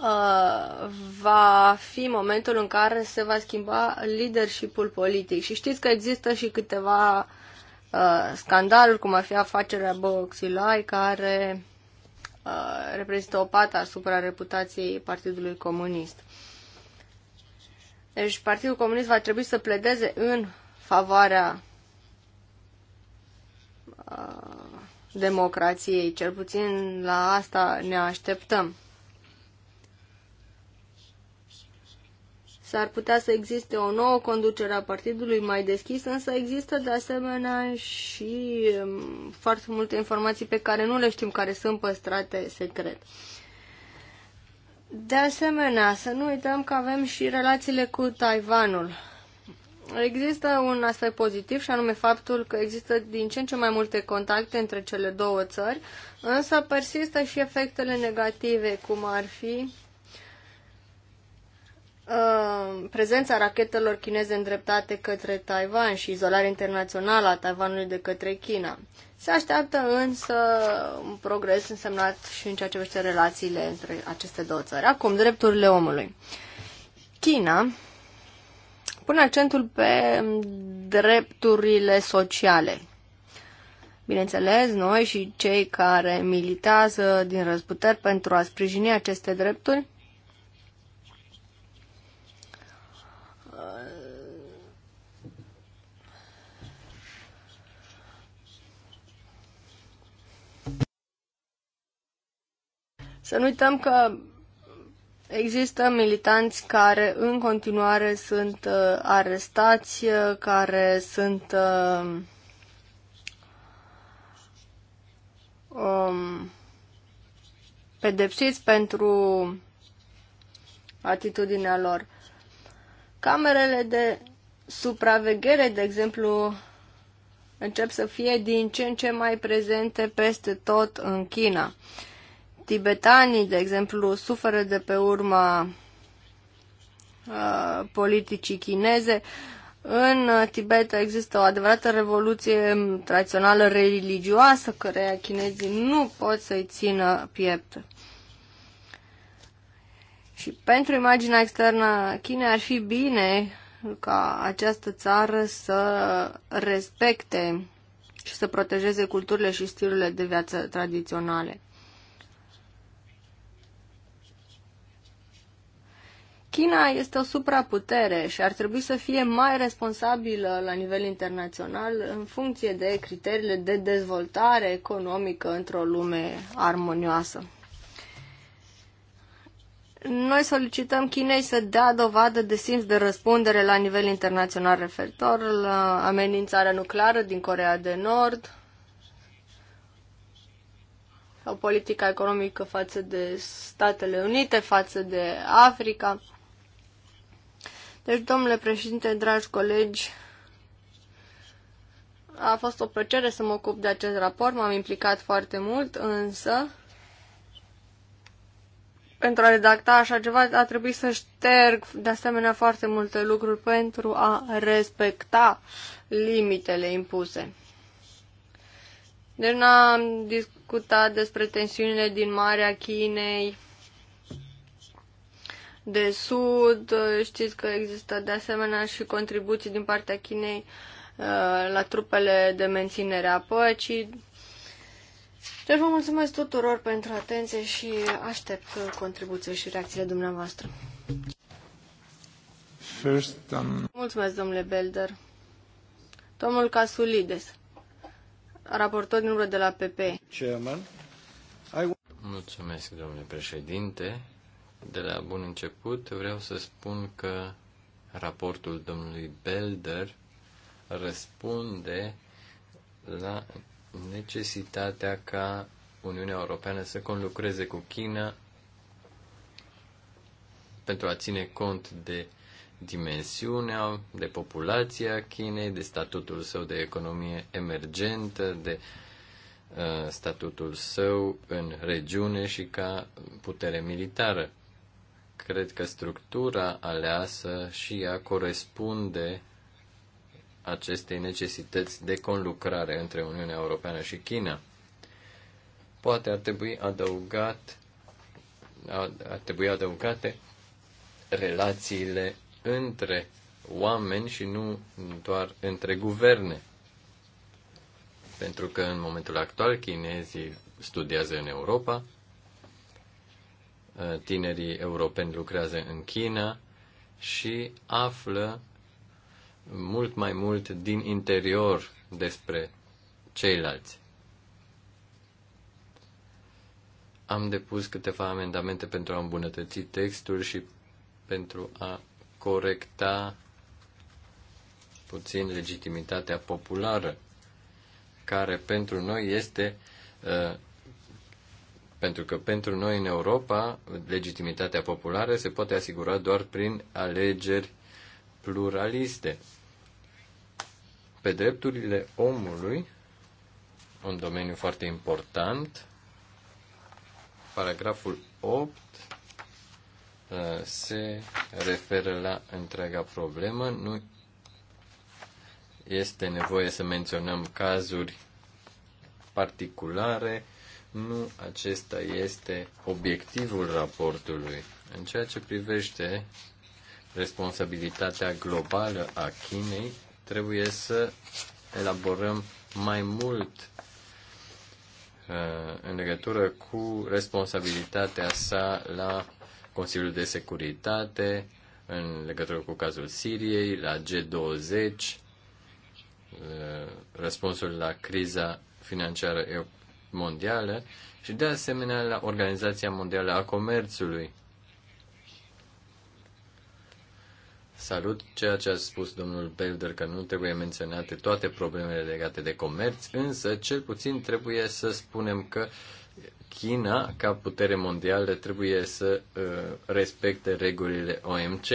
uh, va fi momentul în care se va schimba leadershipul politic. Și știți că există și câteva uh, scandaluri, cum ar fi afacerea Boxilai, care uh, reprezintă o pată asupra reputației Partidului Comunist. Deci Partidul Comunist va trebui să pledeze în favoarea democrației. Cel puțin la asta ne așteptăm. S-ar putea să existe o nouă conducere a partidului mai deschis, însă există de asemenea și um, foarte multe informații pe care nu le știm, care sunt păstrate secret. De asemenea, să nu uităm că avem și relațiile cu Taiwanul. Există un aspect pozitiv și anume faptul că există din ce în ce mai multe contacte între cele două țări, însă persistă și efectele negative, cum ar fi uh, prezența rachetelor chineze îndreptate către Taiwan și izolarea internațională a Taiwanului de către China. Se așteaptă însă un progres însemnat și în ceea ce privește relațiile între aceste două țări. Acum, drepturile omului. China pune accentul pe drepturile sociale. Bineînțeles, noi și cei care militează din răzputeri pentru a sprijini aceste drepturi, Să nu uităm că Există militanți care în continuare sunt uh, arestați, uh, care sunt uh, um, pedepsiți pentru atitudinea lor. Camerele de supraveghere, de exemplu, încep să fie din ce în ce mai prezente peste tot în China. Uh, Tibetanii, de exemplu, suferă de pe urma uh, politicii chineze. În uh, Tibet există o adevărată revoluție mm, tradițională religioasă, care chinezii nu pot să-i țină piept. Și pentru imaginea externă a Chinei ar fi bine ca această țară să respecte și să protejeze culturile și stilurile de viață tradiționale. China este o supraputere și ar trebui să fie mai responsabilă la nivel internațional în funcție de criteriile de dezvoltare economică într-o lume armonioasă. Noi solicităm Chinei să dea dovadă de simț de răspundere la nivel internațional referitor la amenințarea nucleară din Corea de Nord, o politică economică față de Statele Unite, față de Africa. Deci, domnule președinte, dragi colegi, a fost o plăcere să mă ocup de acest raport, m-am implicat foarte mult, însă pentru a redacta așa ceva a trebuit să șterg de asemenea foarte multe lucruri pentru a respecta limitele impuse. Deci n-am discutat despre tensiunile din Marea Chinei, de Sud. Știți că există de asemenea și contribuții din partea Chinei uh, la trupele de menținere a păcii. Deci vă mulțumesc tuturor pentru atenție și aștept contribuțiile și reacțiile dumneavoastră. First, um... Mulțumesc, domnule Belder. Domnul Casulides, raportor din urmă de la PP. Chairman, I... Mulțumesc, domnule președinte. De la bun început vreau să spun că raportul domnului Belder răspunde la necesitatea ca Uniunea Europeană să conlucreze cu China pentru a ține cont de dimensiunea, de populația Chinei, de statutul său de economie emergentă, de uh, statutul său în regiune și ca putere militară. Cred că structura aleasă și ea corespunde acestei necesități de conlucrare între Uniunea Europeană și China. Poate ar trebui adăugat ar trebui adăugate relațiile între oameni și nu doar între guverne. Pentru că în momentul actual chinezii studiază în Europa, Uh, tinerii europeni lucrează în China și află mult mai mult din interior despre ceilalți. Am depus câteva amendamente pentru a îmbunătăți textul și pentru a corecta puțin legitimitatea populară, care pentru noi este uh, pentru că pentru noi în Europa, legitimitatea populară se poate asigura doar prin alegeri pluraliste. Pe drepturile omului, un domeniu foarte important, paragraful 8 uh, se referă la întreaga problemă. Nu este nevoie să menționăm cazuri particulare, nu acesta este obiectivul raportului. În ceea ce privește responsabilitatea globală a Chinei, trebuie să elaborăm mai mult uh, în legătură cu responsabilitatea sa la Consiliul de Securitate, în legătură cu cazul Siriei, la G20, uh, răspunsul la criza financiară Mondială și de asemenea la Organizația Mondială a Comerțului. Salut ceea ce a spus domnul Belder că nu trebuie menționate toate problemele legate de comerț, însă cel puțin trebuie să spunem că China, ca putere mondială, trebuie să uh, respecte regulile OMC.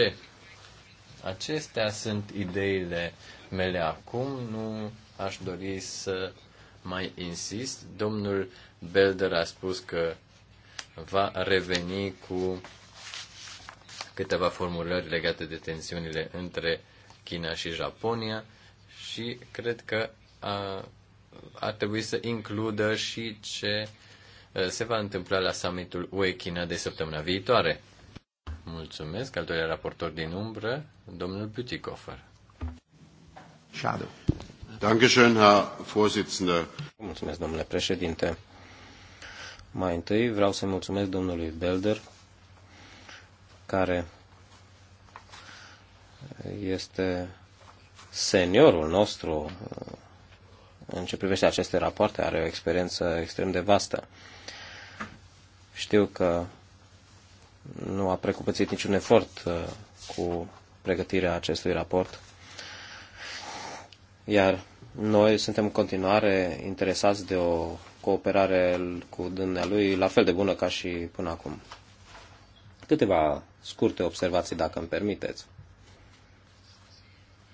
Acestea sunt ideile mele acum. Nu aș dori să mai insist. Domnul Belder a spus că va reveni cu câteva formulări legate de tensiunile între China și Japonia și cred că a, ar trebui să includă și ce se va întâmpla la summitul UE-China de săptămâna viitoare. Mulțumesc. Al doilea raportor din umbră, domnul Putikofer. Shadow. Mulțumesc, domnule președinte. Mai întâi vreau să mulțumesc domnului Belder, care este seniorul nostru uh, în ce privește aceste rapoarte, are o experiență extrem de vastă. Știu că nu a precupățit niciun efort uh, cu pregătirea acestui raport iar noi suntem în continuare interesați de o cooperare cu dumnealui la fel de bună ca și până acum. Câteva scurte observații, dacă îmi permiteți.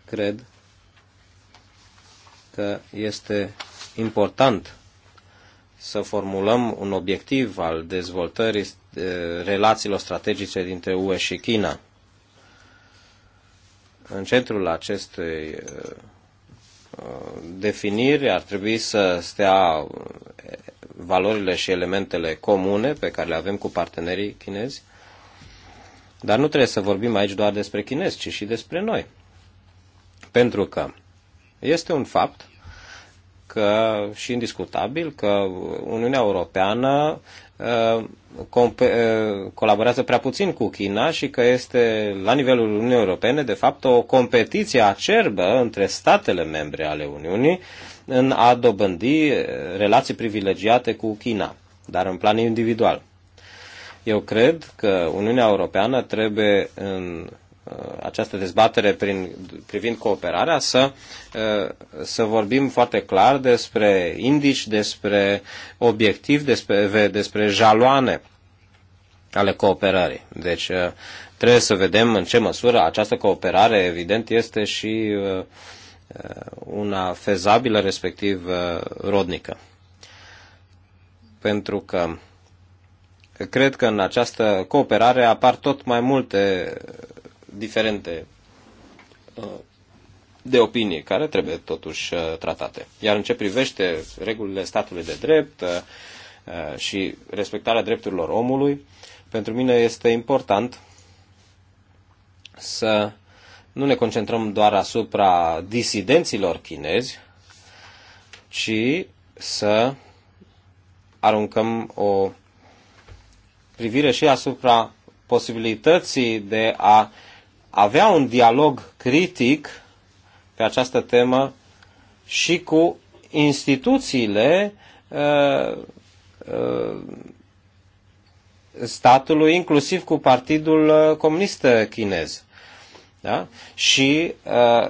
Cred că este important să formulăm un obiectiv al dezvoltării eh, relațiilor strategice dintre UE și China. În centrul acestui eh, definiri ar trebui să stea valorile și elementele comune pe care le avem cu partenerii chinezi. Dar nu trebuie să vorbim aici doar despre chinezi, ci și despre noi. Pentru că este un fapt că și indiscutabil că Uniunea Europeană uh, uh, colaborează prea puțin cu China și că este la nivelul Uniunii Europene de fapt o competiție acerbă între statele membre ale Uniunii în a dobândi uh, relații privilegiate cu China, dar în plan individual. Eu cred că Uniunea Europeană trebuie în Uh, această dezbatere prin, privind cooperarea, să, uh, să vorbim foarte clar despre indici, despre obiectiv, despre, despre jaloane ale cooperării. Deci uh, trebuie să vedem în ce măsură această cooperare, evident, este și una fezabilă, respectiv rodnică. Pentru că cred că în această cooperare apar tot mai multe diferente uh, de opinie care trebuie totuși uh, tratate. Iar în ce privește regulile statului de drept uh, și respectarea drepturilor omului, pentru mine este important să nu ne concentrăm doar asupra disidenților chinezi, ci să aruncăm o privire și asupra posibilității de a uh, avea un dialog critic pe această temă și cu instituțiile uh, uh, statului, inclusiv cu Partidul uh, Comunist Chinez. Da? Și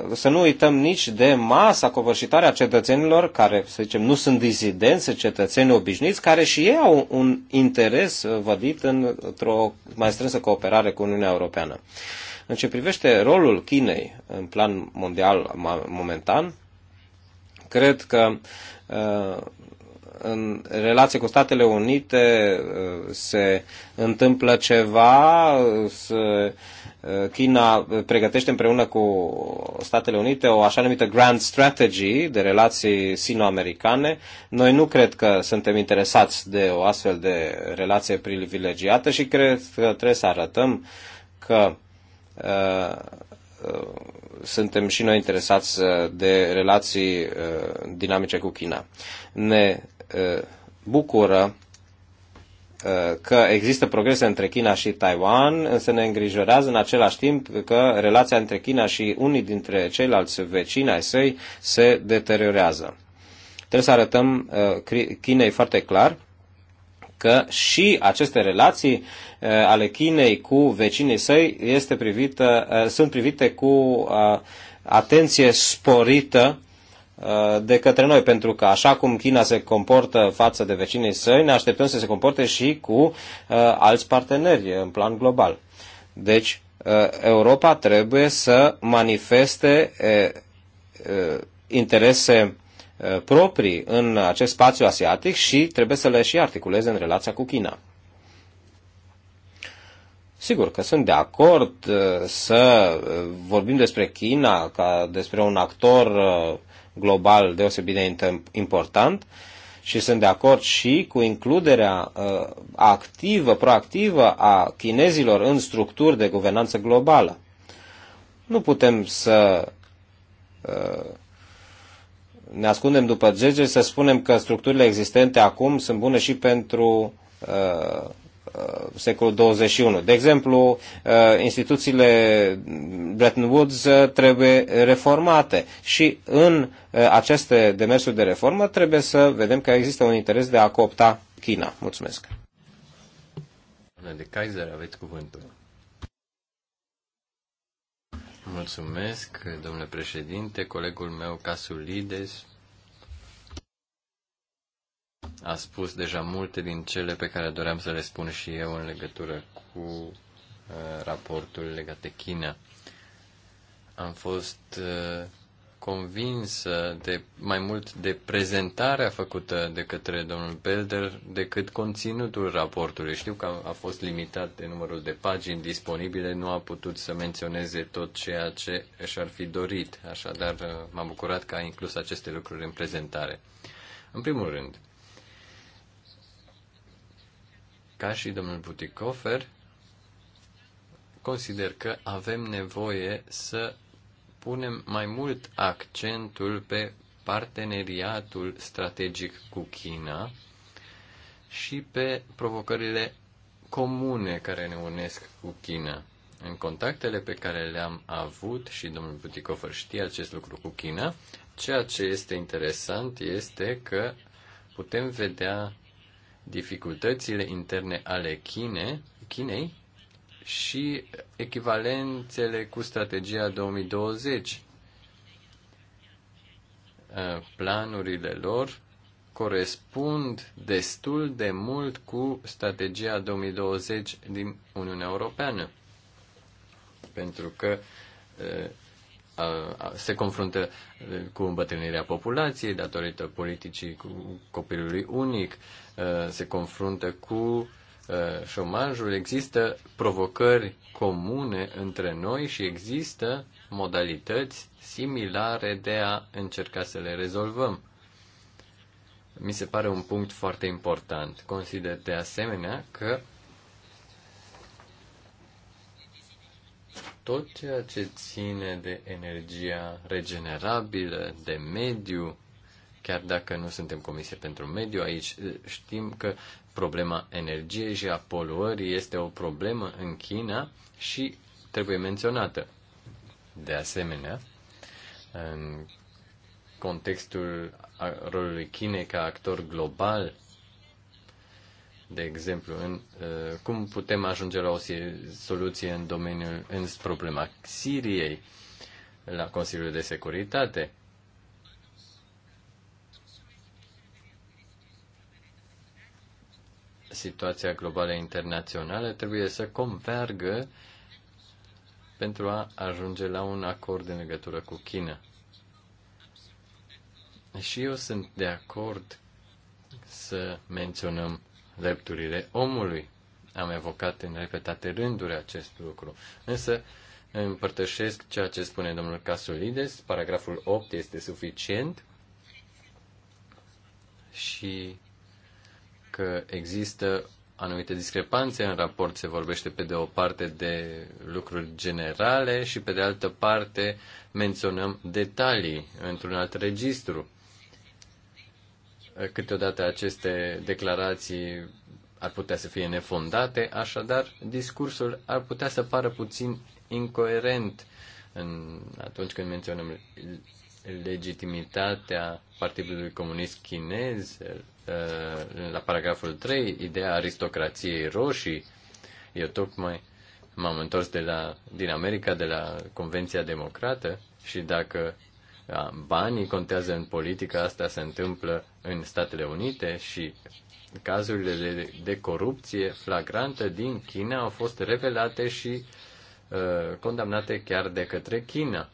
uh, să nu uităm nici de masa covârșitoare a cetățenilor care, să zicem, nu sunt dizidenți, sunt cetățeni obișnuiți, care și ei au un interes vădit într-o mai strânsă cooperare cu Uniunea Europeană. Uh, în ce privește rolul Chinei în plan mondial momentan, cred că uh, în relație cu Statele Unite uh, se întâmplă ceva, se, uh, China pregătește împreună cu Statele Unite o așa numită grand strategy de relații sino-americane. Noi nu cred că suntem interesați de o astfel de relație privilegiată și cred că trebuie să arătăm că Uh, uh, suntem și noi interesați uh, de relații dinamice cu China. Ne bucură că există progrese între China și Taiwan, însă ne îngrijorează în același timp că relația între China și unii dintre ceilalți vecini ai săi se deteriorează. Trebuie să arătăm Chinei foarte clar că și aceste relații uh, ale Chinei cu vecinii săi este privită, uh, sunt privite cu uh, atenție sporită de către noi, pentru că așa cum China se comportă față de vecinii săi, ne așteptăm să se comporte și cu uh, alți parteneri în plan global. Deci, uh, Europa trebuie să manifeste uh, interese Uh, proprii în acest spațiu asiatic și trebuie să le și articuleze în relația cu China. Sigur că sunt de acord uh, să uh, vorbim despre China ca despre un actor global deosebit de important și sunt de acord și cu includerea activă, proactivă a chinezilor în structuri de guvernanță globală. Nu putem să ne ascundem după gege, să spunem că structurile existente acum sunt bune și pentru uh, uh secolul 21. De exemplu, uh, instituțiile Bretton Woods trebuie reformate și în uh, aceste demersuri de reformă trebuie să vedem că există un interes de a coopta China. Mulțumesc. De Kaiser, aveți cuvântul. Mulțumesc, domnule președinte. Colegul meu, Casulides, a spus deja multe din cele pe care doream să le spun și eu în legătură cu uh, raportul legat de China. Am fost uh, convinsă de mai mult de prezentarea făcută de către domnul Belder decât conținutul raportului. Știu că a fost limitat de numărul de pagini disponibile, nu a putut să menționeze tot ceea ce și-ar fi dorit, așadar m-am bucurat că a inclus aceste lucruri în prezentare. În primul rând, ca și domnul Buticofer, consider că avem nevoie să punem mai mult accentul pe parteneriatul strategic cu China și pe provocările comune care ne unesc cu China. În contactele pe care le-am avut, și domnul Buticofer știe acest lucru cu China, ceea ce este interesant este că putem vedea dificultățile interne ale Chine, Chinei și echivalențele cu strategia 2020. Uh, planurile lor corespund destul de mult cu strategia 2020 din Uniunea Europeană, pentru că uh, se confruntă uh, cu îmbătrânirea populației datorită politicii cu copilului unic, se confruntă cu uh, Uh, șomajul, există provocări comune între noi și există modalități similare de a încerca să le rezolvăm. Mi se pare un punct foarte important. Consider de asemenea că tot ceea ce ține de energia regenerabilă, de mediu, chiar dacă nu suntem comisie pentru mediu aici, uh, știm că Problema energiei și a poluării este o problemă în China și trebuie menționată. De asemenea, în contextul rolului Chinei ca actor global, de exemplu, în, uh, cum putem ajunge la o soluție în domeniul, în problema Siriei, la Consiliul de Securitate, situația globală internațională trebuie să convergă pentru a ajunge la un acord în legătură cu China. Și eu sunt de acord să menționăm drepturile omului. Am evocat în repetate rânduri acest lucru. Însă împărtășesc ceea ce spune domnul Casulides, paragraful 8 este suficient și că există anumite discrepanțe în raport. Se vorbește pe de o parte de lucruri generale și pe de altă parte menționăm detalii într-un alt registru. Câteodată aceste declarații ar putea să fie nefondate, așadar discursul ar putea să pară puțin incoerent în, atunci când menționăm legitimitatea Partidului Comunist Chinez, Uh, la paragraful 3, ideea aristocrației roșii. Eu tocmai m-am întors de la, din America, de la Convenția Democrată și dacă banii contează în politică, asta se întâmplă în Statele Unite și cazurile de, de corupție flagrantă din China au fost revelate și uh, condamnate chiar de către China.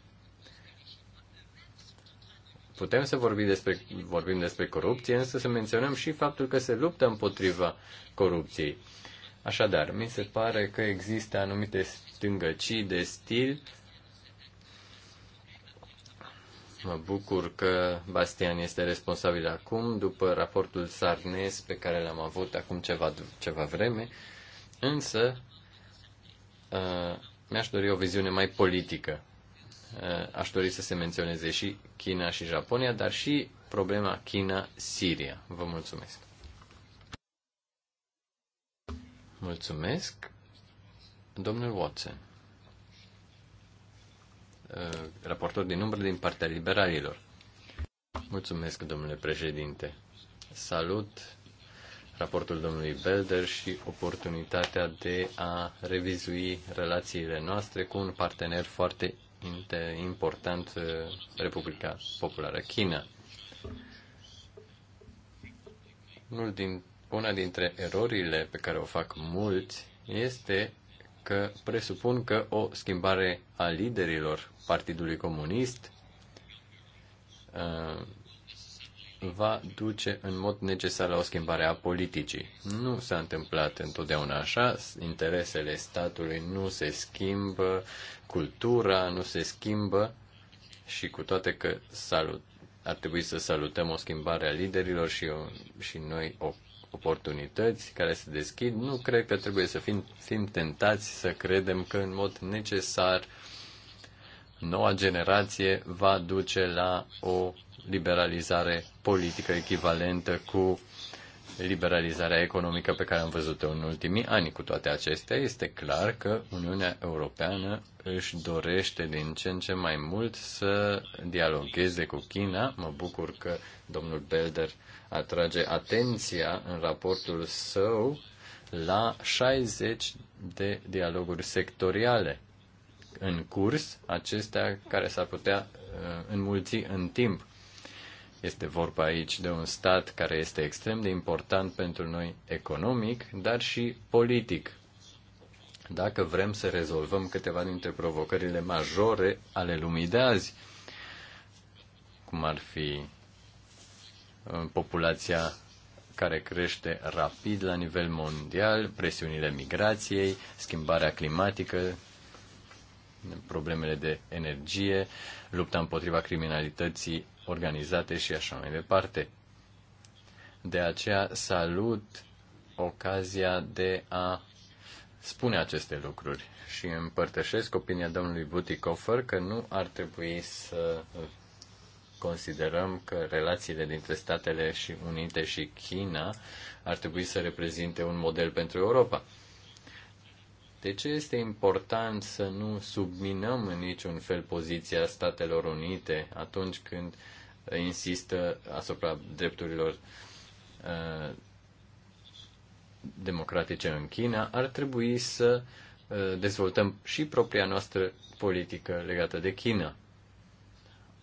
Putem să vorbim despre, vorbim despre corupție, însă să menționăm și faptul că se luptă împotriva corupției. Așadar, mi se pare că există anumite stângăcii de stil. Mă bucur că Bastian este responsabil acum, după raportul Sarnes pe care l-am avut acum ceva, ceva vreme, însă uh, mi-aș dori o viziune mai politică aș dori să se menționeze și China și Japonia, dar și problema China-Siria. Vă mulțumesc. Mulțumesc. Domnul Watson, uh, raportor din număr din partea liberalilor. Mulțumesc, domnule președinte. Salut raportul domnului Belder și oportunitatea de a revizui relațiile noastre cu un partener foarte de important eh, Republica Populară China. Unul din, una dintre erorile pe care o fac mulți este că presupun că o schimbare a liderilor Partidului Comunist eh, va duce în mod necesar la o schimbare a politicii. Nu s-a întâmplat întotdeauna așa, interesele statului nu se schimbă, cultura nu se schimbă și cu toate că salut, ar trebui să salutăm o schimbare a liderilor și, o, și noi o oportunități care se deschid, nu cred că trebuie să fim, fim tentați să credem că în mod necesar noua generație va duce la o liberalizare politică echivalentă cu liberalizarea economică pe care am văzut-o în ultimii ani. Cu toate acestea, este clar că Uniunea Europeană își dorește din ce în ce mai mult să dialogueze cu China. Mă bucur că domnul Belder atrage atenția în raportul său la 60 de dialoguri sectoriale în curs, acestea care s-ar putea uh, înmulți în timp. Este vorba aici de un stat care este extrem de important pentru noi economic, dar și politic. Dacă vrem să rezolvăm câteva dintre provocările majore ale lumii de azi, cum ar fi uh, populația care crește rapid la nivel mondial, presiunile migrației, schimbarea climatică, problemele de energie, lupta împotriva criminalității organizate și așa mai departe. De aceea salut ocazia de a spune aceste lucruri și împărtășesc opinia domnului Butikofer că nu ar trebui să considerăm că relațiile dintre Statele și Unite și China ar trebui să reprezinte un model pentru Europa. De ce este important să nu subminăm în niciun fel poziția Statelor Unite atunci când uh, insistă asupra drepturilor uh, democratice în China, ar trebui să uh, dezvoltăm și propria noastră politică legată de China.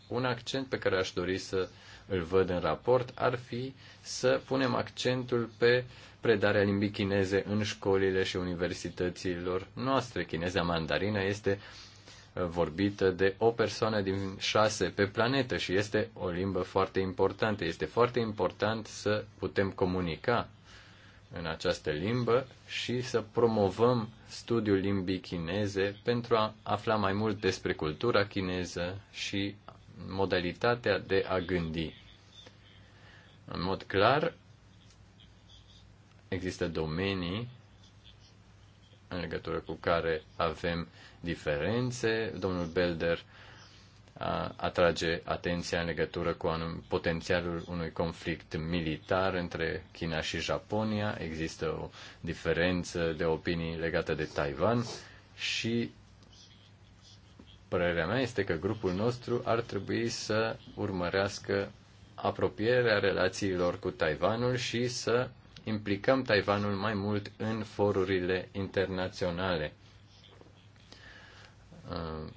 Un accent pe care aș dori să îl văd în raport ar fi să punem accentul pe predarea limbii chineze în școlile și universităților noastre. Chineza mandarină este uh, vorbită de o persoană din șase pe planetă și este o limbă foarte importantă. Este foarte important să putem comunica în această limbă și să promovăm studiul limbii chineze pentru a afla mai mult despre cultura chineză și modalitatea de a gândi. În mod clar, există domenii în legătură cu care avem diferențe. Domnul Belder atrage atenția în legătură cu anum, potențialul unui conflict militar între China și Japonia. Există o diferență de opinii legată de Taiwan și părerea mea este că grupul nostru ar trebui să urmărească apropierea relațiilor cu Taiwanul și să implicăm Taiwanul mai mult în forurile internaționale Uh,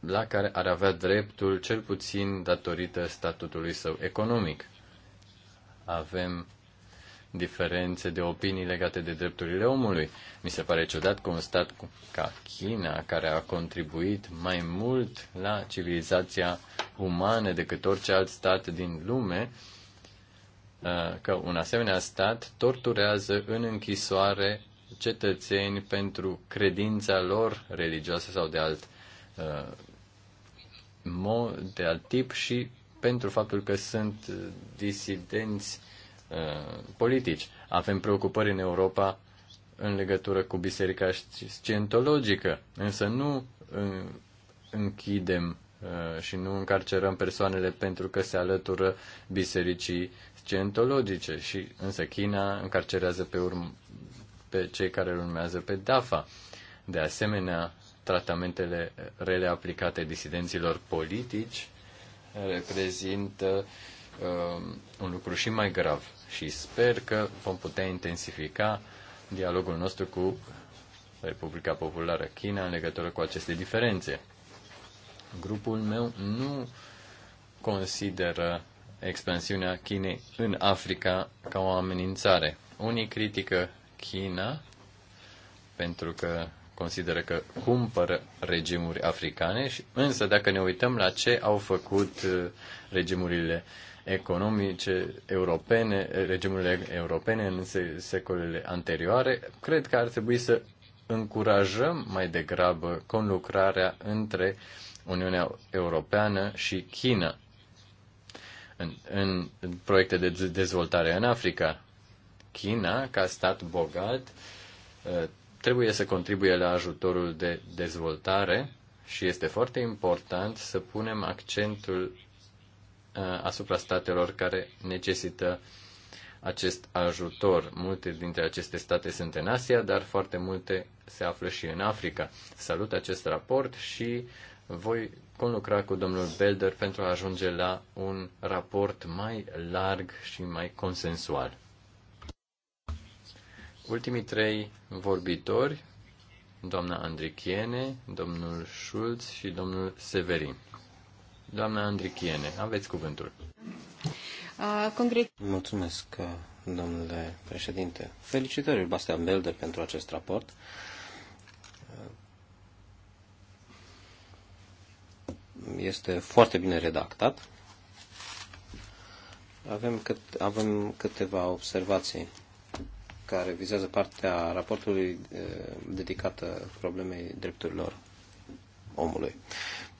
la care ar avea dreptul cel puțin datorită statutului său economic. Avem diferențe de opinii legate de drepturile omului. Mi se pare ciudat că un stat ca China, care a contribuit mai mult la civilizația umană decât orice alt stat din lume, uh, că un asemenea stat torturează în închisoare cetățeni pentru credința lor religioasă sau de alt uh, mod, de alt tip și pentru faptul că sunt disidenți uh, politici. Avem preocupări în Europa în legătură cu biserica scientologică, însă nu uh, închidem și nu încarcerăm persoanele pentru că se alătură bisericii scientologice și însă China încarcerează pe urmă pe cei care îl urmează pe DAFA. De asemenea, tratamentele rele aplicate disidenților politici reprezintă um, un lucru și mai grav și sper că vom putea intensifica dialogul nostru cu Republica Populară China în legătură cu aceste diferențe. Grupul meu nu consideră expansiunea Chinei în Africa ca o amenințare. Unii critică China pentru că consideră că cumpără regimuri africane, și, însă dacă ne uităm la ce au făcut uh, regimurile economice europene, uh, regimurile europene în secolele anterioare, cred că ar trebui să încurajăm mai degrabă conlucrarea între Uniunea Europeană și China în, în proiecte de dezvoltare în Africa. China, ca stat bogat, ă, trebuie să contribuie la ajutorul de dezvoltare și este foarte important să punem accentul ă, asupra statelor care necesită acest ajutor. Multe dintre aceste state sunt în Asia, dar foarte multe se află și în Africa. Salut acest raport și voi conlucra cu domnul Belder pentru a ajunge la un raport mai larg și mai consensual. Ultimii trei vorbitori, doamna Andrichiene, domnul Schulz și domnul Severin. Doamna Andrichiene, aveți cuvântul. Uh, Mulțumesc, uh, domnule președinte. Felicitări, Bastian Belder, pentru acest raport. Uh, este foarte bine redactat. Avem, cât, avem câteva observații care vizează partea raportului eh, dedicată problemei drepturilor omului,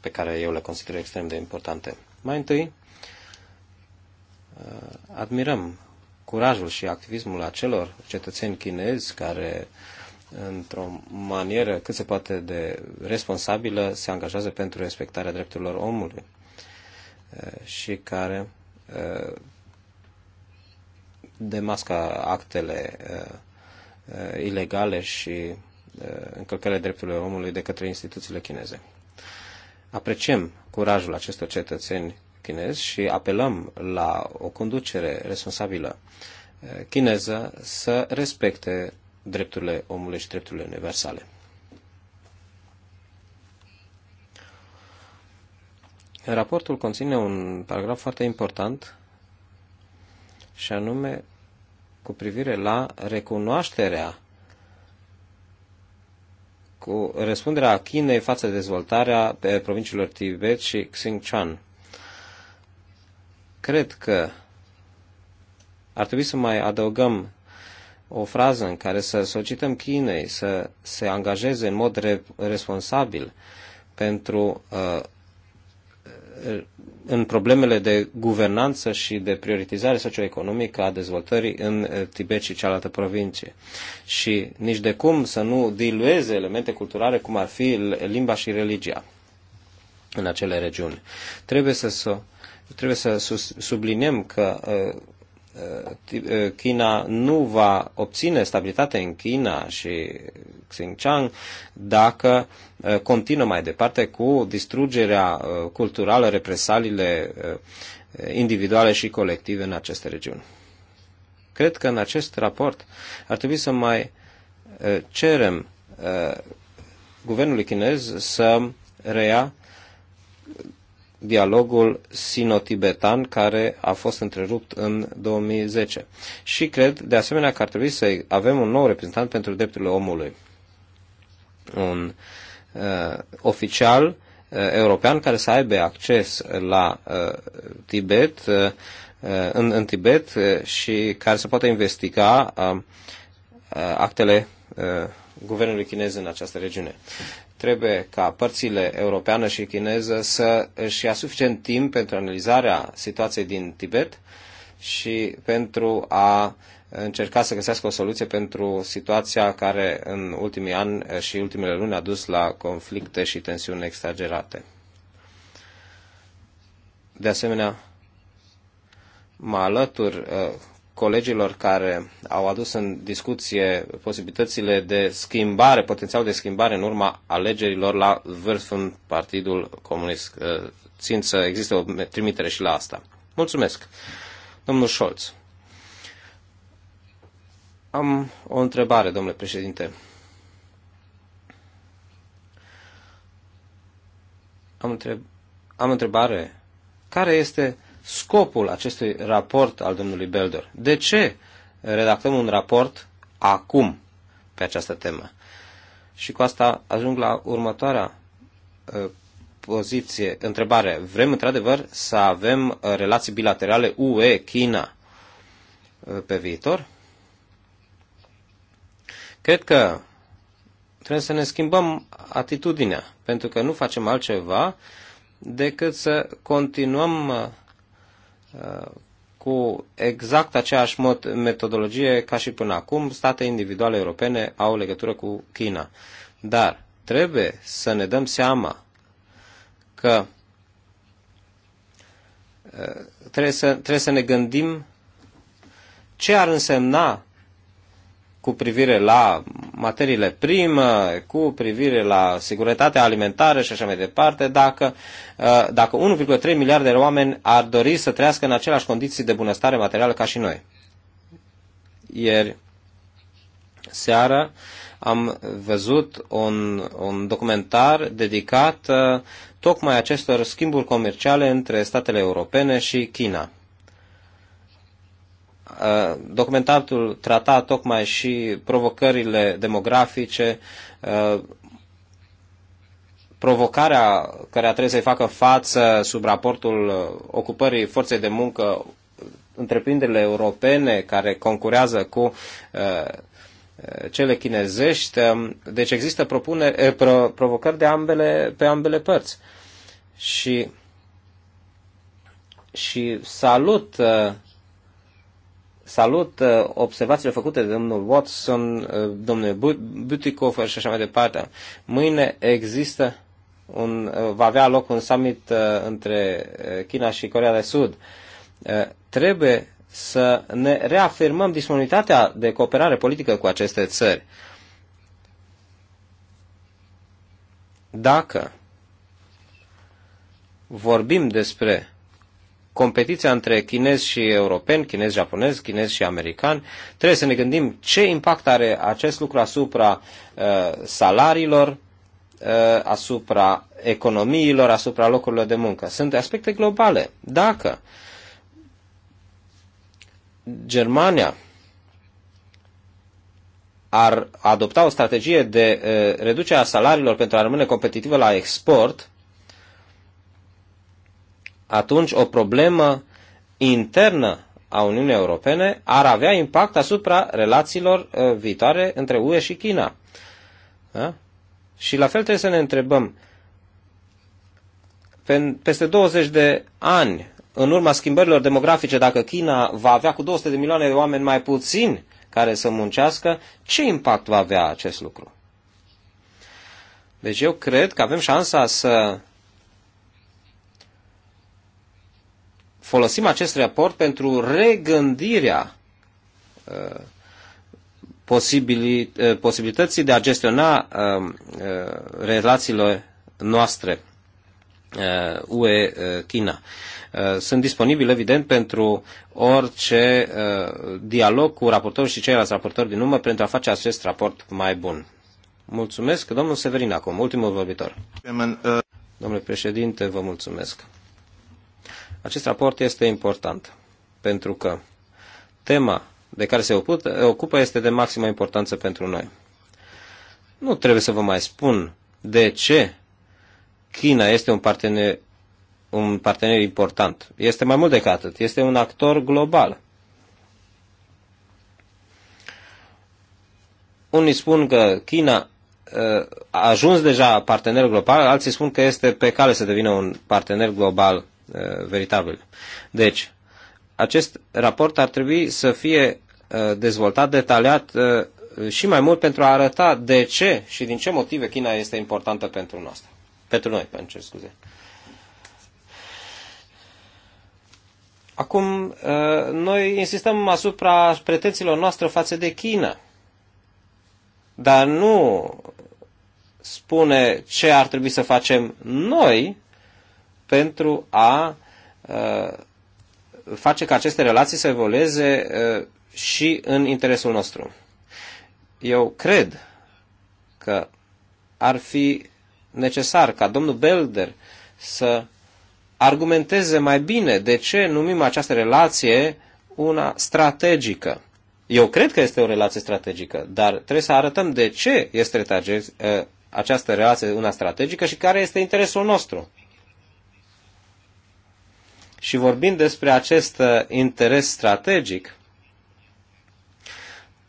pe care eu le consider extrem de importante. Mai întâi, eh, admirăm curajul și activismul acelor cetățeni chinezi care, într-o manieră cât se poate de responsabilă, se angajează pentru respectarea drepturilor omului eh, și care demasca actele uh, uh, ilegale și uh, încălcările drepturilor omului de către instituțiile chineze. Apreciem curajul acestor cetățeni chinezi și apelăm la o conducere responsabilă uh, chineză să respecte drepturile omului și drepturile universale. Raportul conține un paragraf foarte important și anume cu privire la recunoașterea cu răspunderea Chinei față de dezvoltarea eh, provinciilor Tibet și Xinjiang. Cred că ar trebui să mai adăugăm o frază în care să solicităm Chinei să se angajeze în mod re- responsabil pentru uh, Eh, în problemele de guvernanță și de prioritizare socioeconomică a dezvoltării în eh, Tibet și cealaltă provincie. Și nici de cum să nu dilueze elemente culturale cum ar fi limba și religia în acele regiuni. Trebuie să, trebuie să subliniem că eh, China nu va obține stabilitate în China și Xinjiang dacă uh, continuă mai departe cu distrugerea uh, culturală, represaliile uh, individuale și colective în aceste regiuni. Cred că în acest raport ar trebui să mai cerem guvernului chinez să reia dialogul sino-tibetan care a fost întrerupt în 2010. Și cred, de asemenea, că ar trebui să avem un nou reprezentant pentru drepturile omului. Un uh, oficial uh, european care să aibă acces la uh, Tibet, uh, uh în, în Tibet uh, și care să poată investiga uh, uh, actele uh, guvernului chinez în această regiune. Trebuie ca părțile europeană și chineză să își ia suficient timp pentru analizarea situației din Tibet și pentru a încerca să găsească o soluție pentru situația care în ultimii ani și ultimele luni a dus la conflicte și tensiuni exagerate. De asemenea, mă alătur uh, colegilor care au adus în discuție posibilitățile de schimbare, potențial de schimbare în urma alegerilor la vârf în Partidul Comunist. Uh, țin să existe o trimitere și la asta. Mulțumesc. Domnul Scholz. Am o întrebare, domnule președinte. Am, întreb... Am întrebare. Care este scopul acestui raport al domnului Belder. De ce redactăm un raport acum pe această temă? Și cu asta ajung la următoarea uh, poziție, întrebare. Vrem într-adevăr să avem uh, relații bilaterale UE-China uh, pe viitor? Cred că trebuie să ne schimbăm atitudinea, pentru că nu facem altceva decât să continuăm cu exact aceeași mod, metodologie ca și până acum, state individuale europene au legătură cu China. Dar trebuie să ne dăm seama că uh, trebuie să, trebuie să ne gândim ce ar însemna cu privire la materiile primă, cu privire la securitatea alimentară și așa mai departe, dacă, uh, dacă 1,3 miliarde de oameni ar dori să trăiască în aceleași condiții de bunăstare materială ca și noi. Ieri seara am văzut un, un documentar dedicat uh, tocmai acestor schimburi comerciale între statele europene și China Uh, documentatul trata tocmai și provocările demografice, uh, provocarea care trebuie să-i facă față sub raportul uh, ocupării forței de muncă întreprinderile europene care concurează cu cele chinezești. Um, deci există propune, provocări de ambele, pe ambele părți. Și, și salut Salut uh, observațiile făcute de domnul Watson, uh, domnul Butikofer și așa mai departe. Mâine există un, uh, va avea loc un summit între China și Corea de Sud. Trebuie să ne reafirmăm disponibilitatea de cooperare politică cu aceste țări. Dacă vorbim despre competiția între chinezi și europeni, chinezi japonezi, chinezi și americani, trebuie să ne gândim ce impact are acest lucru asupra uh, salariilor, uh, asupra economiilor, asupra locurilor de muncă. Sunt aspecte globale. Dacă Germania ar adopta o strategie de uh, reducere a salariilor pentru a rămâne competitivă la export, atunci o problemă internă a Uniunii Europene ar avea impact asupra relațiilor uh, viitoare între UE și China. Da? Și la fel trebuie să ne întrebăm, peste 20 de ani, în urma schimbărilor demografice, dacă China va avea cu 200 de milioane de oameni mai puțini care să muncească, ce impact va avea acest lucru? Deci eu cred că avem șansa să folosim acest raport pentru regândirea uh, uh, posibilității de a gestiona uh, relațiile noastre UE-China. Sunt disponibil, evident, pentru orice dialog cu raportorul și ceilalți raportori din urmă pentru a face acest raport mai bun. Mulțumesc, domnul Severin, acum, ultimul vorbitor. Domnule președinte, vă mulțumesc. Acest raport este important pentru că tema de care se ocupă este de maximă importanță pentru noi. Nu trebuie să vă mai spun de ce China este un partener, un partener important. Este mai mult decât atât. Este un actor global. Unii spun că China uh, a ajuns deja partener global, alții spun că este pe cale să devină un partener global Uh, veritabil. Deci, acest raport ar trebui să fie uh, dezvoltat, detaliat uh, și mai mult pentru a arăta de ce și din ce motive China este importantă pentru noastră. Pentru noi, pentru scuze. Acum, noi insistăm asupra pretențiilor noastre față de China. Dar nu spune ce ar trebui să facem noi pentru a uh, face ca aceste relații să evolueze uh, și în interesul nostru. Eu cred că ar fi necesar ca domnul Belder să argumenteze mai bine de ce numim această relație una strategică. Eu cred că este o relație strategică, dar trebuie să arătăm de ce este ă, această relație una strategică și care este interesul nostru. Și vorbind despre acest uh, interes strategic,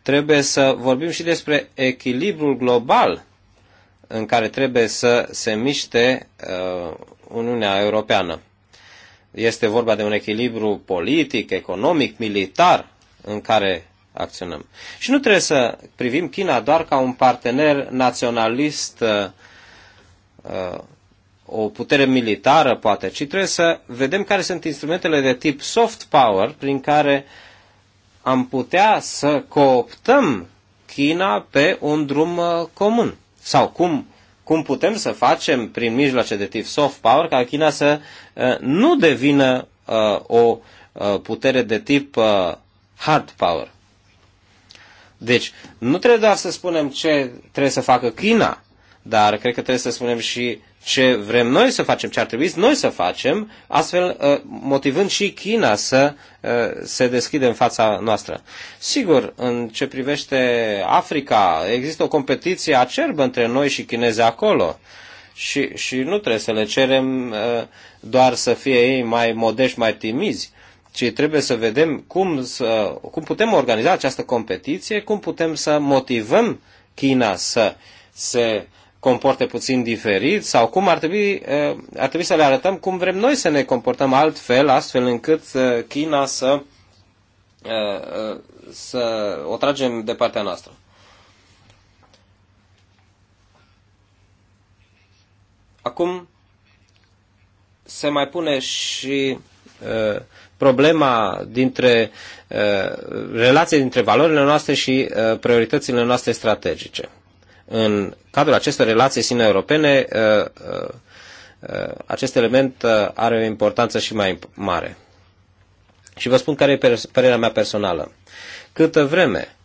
trebuie să vorbim și despre echilibrul global în care trebuie să se miște uh, Uniunea Europeană. Este vorba de un echilibru politic, economic, militar în care acționăm. Și nu trebuie să privim China doar ca un partener naționalist uh, o putere militară, poate, ci trebuie să vedem care sunt instrumentele de tip soft power prin care am putea să cooptăm China pe un drum uh, comun. Sau cum, cum putem să facem prin mijloace de tip soft power ca China să uh, nu devină uh, o putere de tip hard power. Deci, nu trebuie doar să spunem ce trebuie să facă China, dar cred că trebuie să spunem și ce vrem noi să facem, ce ar trebui noi să facem, astfel uh, motivând și China să uh, se deschide în fața noastră. Sigur, în ce privește Africa, există o competiție acerbă între noi și chinezii acolo. Și, și nu trebuie să le cerem uh, doar să fie ei mai modești, mai timizi, ci trebuie să vedem cum, să, cum putem organiza această competiție, cum putem să motivăm China să se comporte puțin diferit sau cum ar trebui, eh, ar trebui să le arătăm cum vrem noi să ne comportăm altfel, astfel încât eh, China să, eh, să o tragem de partea noastră. Acum se mai pune și problema dintre uh, relația dintre valorile noastre și prioritățile noastre strategice în cadrul acestor relații sino-europene, uh, uh, uh, acest element are o importanță și mai mare. Și vă spun care e părerea mea personală. Câtă vreme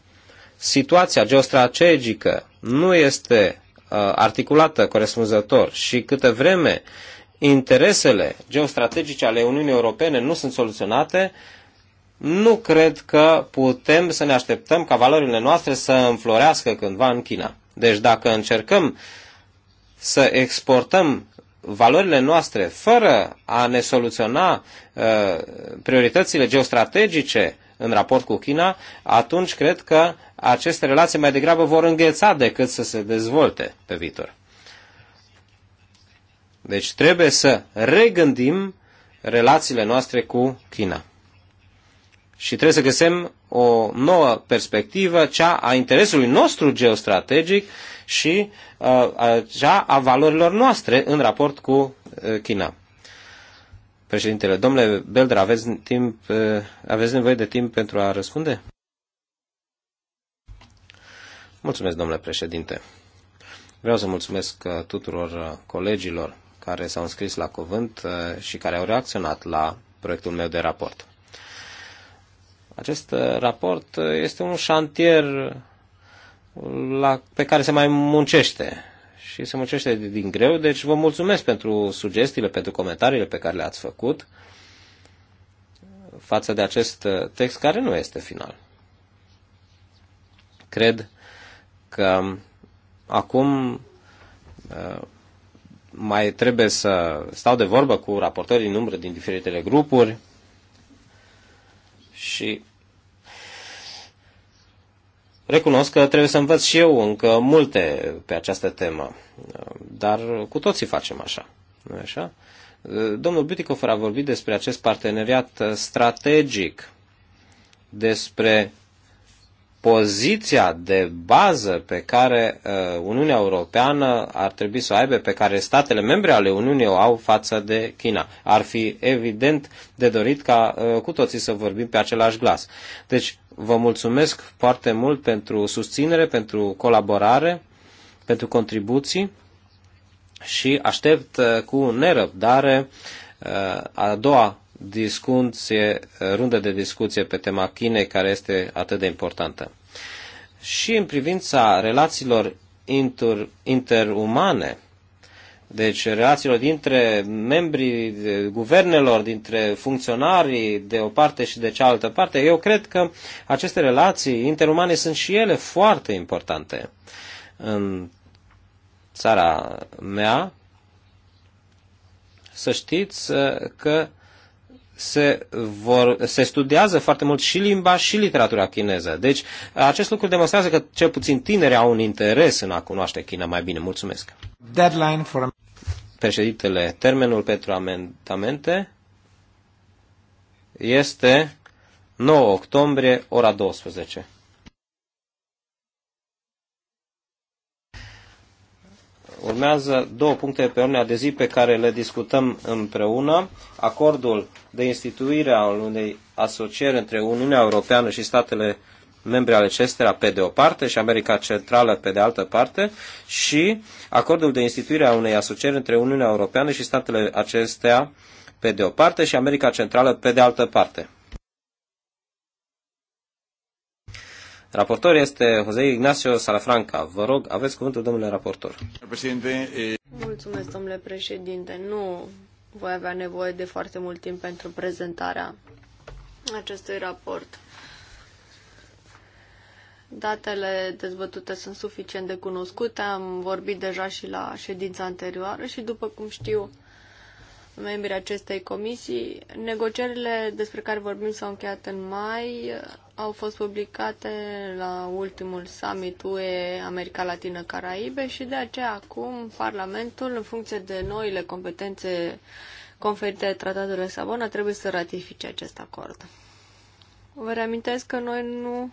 situația geostrategică nu este articulată corespunzător și câtă vreme interesele geostrategice ale Uniunii Europene nu sunt soluționate, nu cred că putem să ne așteptăm ca valorile noastre să înflorească cândva în China. Deci dacă încercăm să exportăm valorile noastre fără a ne soluționa uh, prioritățile geostrategice în raport cu China, atunci cred că aceste relații mai degrabă vor îngheța decât să se dezvolte pe viitor. Deci trebuie să regândim relațiile noastre cu China și trebuie să găsim o nouă perspectivă, cea a interesului nostru geostrategic și uh, cea a valorilor noastre în raport cu uh, China. Președintele, domnule Belder, aveți, timp, uh, aveți nevoie de timp pentru a răspunde? Mulțumesc, domnule președinte. Vreau să mulțumesc uh, tuturor uh, colegilor care s-au înscris la cuvânt uh, și care au reacționat la proiectul meu de raport. Acest uh, raport uh, este un șantier uh, la, pe care se mai muncește și se muncește din greu, deci vă mulțumesc pentru sugestiile, pentru comentariile pe care le-ați făcut față de acest text care nu este final. Cred că acum mai trebuie să stau de vorbă cu raportorii numără din diferitele grupuri, și recunosc că trebuie să învăț și eu încă multe pe această temă, dar cu toții facem așa, nu așa? Domnul Butikofer a vorbit despre acest parteneriat strategic, despre poziția de bază pe care uh, Uniunea Europeană ar trebui să o aibă, pe care statele membre ale Uniunii o au față de China. Ar fi evident de dorit ca uh, cu toții să vorbim pe același glas. Deci, vă mulțumesc foarte mult pentru susținere, pentru colaborare, pentru contribuții și aștept uh, cu nerăbdare a doua discuție, rundă de discuție pe tema Chinei, care este atât de importantă și în privința relațiilor inter, interumane, deci relațiilor dintre membrii guvernelor, dintre funcționarii de o parte și de cealaltă parte, eu cred că aceste relații interumane sunt și ele foarte importante. În țara mea, să știți uh, că se, vor, se studiază foarte mult și limba și literatura chineză. Deci acest lucru demonstrează că cel puțin tinerii au un interes în a cunoaște China mai bine. Mulțumesc. Deadline for... Președintele, termenul pentru amendamente este 9 octombrie, ora 12. Urmează două puncte pe ordinea de zi pe care le discutăm împreună. Acordul de instituire a unei asocieri între Uniunea Europeană și statele membre ale acestora pe de o parte și America Centrală pe de altă parte și acordul de instituire a unei asocieri între Uniunea Europeană și statele acestea pe de o parte și America Centrală pe de altă parte. Raportor este Jose Ignacio Salafranca. Vă rog, aveți cuvântul, domnule raportor. Mulțumesc, domnule președinte. Nu voi avea nevoie de foarte mult timp pentru prezentarea acestui raport. Datele dezbătute sunt suficient de cunoscute, am vorbit deja și la ședința anterioară și, după cum știu membrii acestei comisii, negocierile despre care vorbim s-au încheiat în mai, au fost publicate la ultimul summit UE America Latină Caraibe și de aceea acum Parlamentul, în funcție de noile competențe conferite tratatului Tratatul de Savona, trebuie să ratifice acest acord. Vă reamintesc că noi nu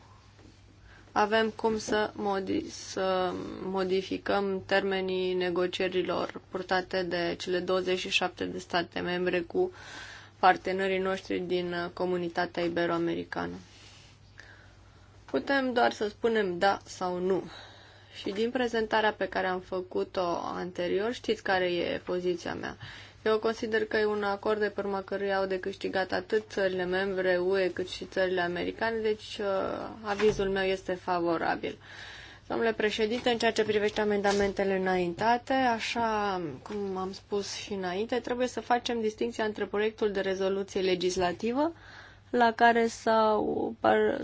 avem cum să, modi- să modificăm termenii negocierilor purtate de cele 27 de state membre cu partenerii noștri din comunitatea iberoamericană. Putem doar să spunem da sau nu. Și din prezentarea pe care am făcut-o anterior, știți care e poziția mea. Eu consider că e un acord de pe urma căruia au de câștigat atât țările membre UE cât și țările americane, deci uh, avizul meu este favorabil. Domnule președinte, în ceea ce privește amendamentele înaintate, așa cum am spus și înainte, trebuie să facem distinția între proiectul de rezoluție legislativă la care s-au,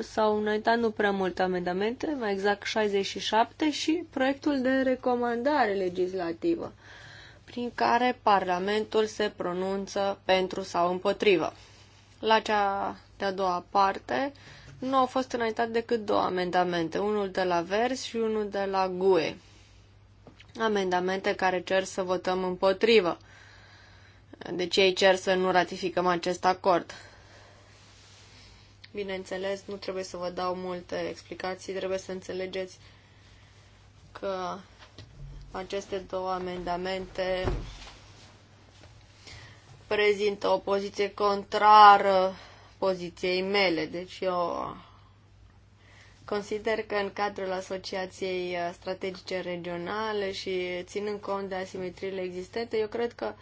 s-au înaintat nu prea multe amendamente, mai exact 67, și proiectul de recomandare legislativă, prin care Parlamentul se pronunță pentru sau împotrivă. La cea de-a doua parte nu au fost înaintate decât două amendamente, unul de la Vers și unul de la GUE. Amendamente care cer să votăm împotrivă. Deci ei cer să nu ratificăm acest acord. Bineînțeles, nu trebuie să vă dau multe explicații, trebuie să înțelegeți că aceste două amendamente prezintă o poziție contrară poziției mele. Deci eu consider că în cadrul Asociației Strategice Regionale și ținând cont de asimetriile existente, eu cred că uh,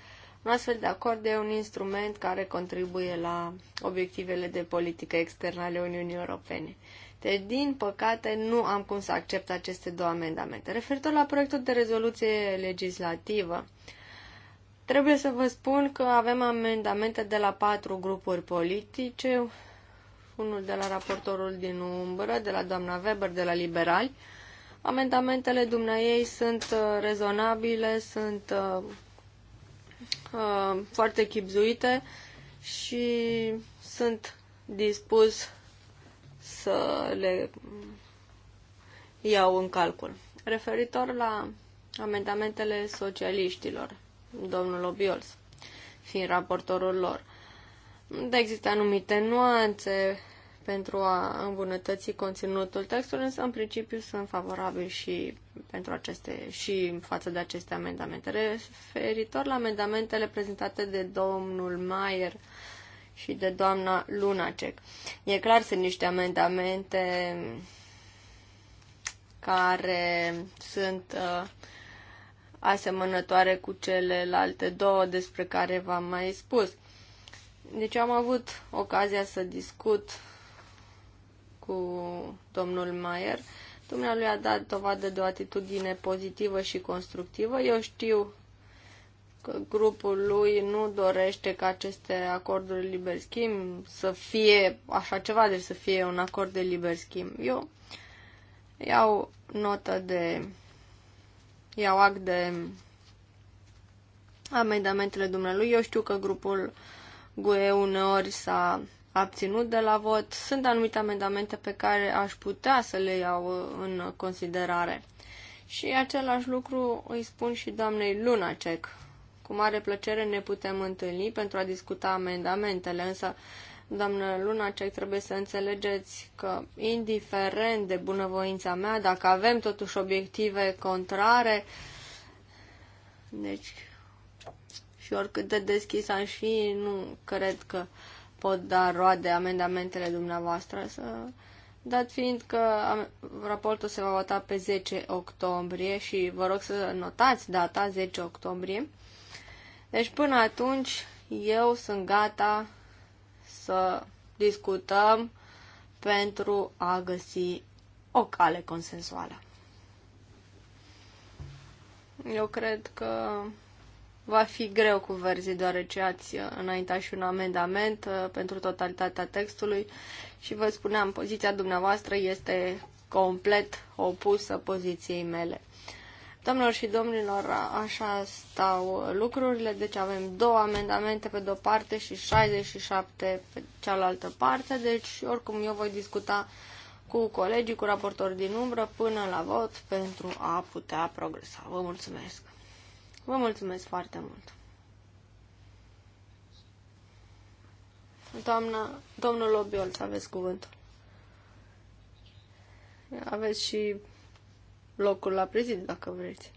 un astfel de acord e un instrument care contribuie la obiectivele de politică externă ale Uniunii Europene. Deci, din păcate, nu am cum să accept aceste două amendamente. Referitor la proiectul de rezoluție legislativă, trebuie să vă spun că avem amendamente de la patru grupuri politice, unul de la raportorul din umbră, de la doamna Weber, de la liberali. Amendamentele ei sunt uh, rezonabile, sunt uh, Uh, foarte chipzuite și sunt dispus să le iau în calcul. Referitor la amendamentele socialiștilor, domnul Obiols, fiind raportorul lor, da, există anumite nuanțe pentru a îmbunătăți conținutul textului, însă în principiu sunt favorabil și pentru aceste și în față de aceste amendamente. Referitor la amendamentele prezentate de domnul Maier și de doamna Lunacek. E clar, sunt niște amendamente care sunt uh, asemănătoare cu celelalte două despre care v-am mai spus. Deci am avut ocazia să discut cu domnul Maier. Dumnealui a dat dovadă de o atitudine pozitivă și constructivă. Eu știu că grupul lui nu dorește ca aceste acorduri liber schimb să fie așa ceva, deci să fie un acord de liber schimb. Eu iau notă de... iau act de amendamentele dumnealui. Eu știu că grupul GUE uneori s-a abținut de la vot. Sunt anumite amendamente pe care aș putea să le iau în considerare. Și același lucru îi spun și doamnei Lunacek. Cu mare plăcere ne putem întâlni pentru a discuta amendamentele, însă, doamnă Lunacek, trebuie să înțelegeți că, indiferent de bunăvoința mea, dacă avem totuși obiective contrare, deci, și oricât de deschis aș fi, nu cred că uh, pot da roade amendamentele dumneavoastră, să, dat fiind că raportul se va vota pe 10 octombrie și vă rog să notați data 10 octombrie. Deci până atunci eu sunt gata să discutăm pentru a găsi o cale consensuală. Eu cred că Va fi greu cu verzi, deoarece ați uh, înaintat și un amendament uh, pentru totalitatea textului și vă spuneam, poziția dumneavoastră este complet opusă poziției mele. Domnilor și domnilor, așa stau lucrurile, deci avem două amendamente pe de-o parte și 67 pe cealaltă parte, deci oricum eu voi discuta cu colegii, cu raportori din umbră până la vot pentru a putea progresa. Vă mulțumesc! Vă mulțumesc foarte mult! Doamna, domnul Obiol, să aveți cuvântul. Aveți și locul la prezid, dacă vreți.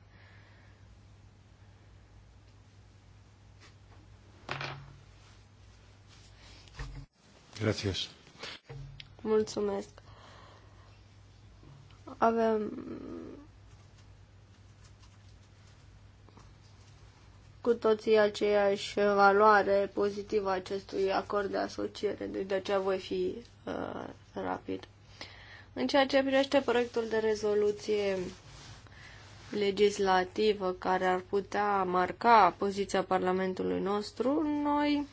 Gracias. Mulțumesc. Avem cu toții aceeași valoare pozitivă acestui acord de asociere, deci de aceea voi fi uh, rapid. În ceea ce privește proiectul de rezoluție legislativă care ar putea marca poziția Parlamentului nostru, noi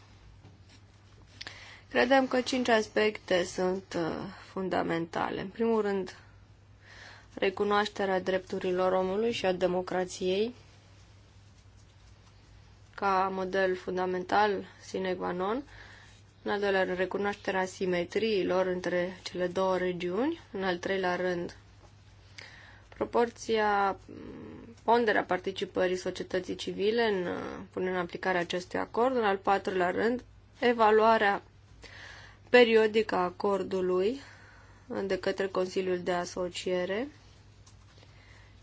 credem că cinci aspecte sunt uh, fundamentale. În primul rând, recunoașterea drepturilor omului și a democrației, ca model fundamental sine qua non. În al doilea rând, recunoașterea simetriilor între cele două regiuni. În al treilea rând, proporția, ponderea participării societății civile în uh, punerea în aplicare acestui acord. În al patrulea rând, evaluarea periodică a acordului de către Consiliul de Asociere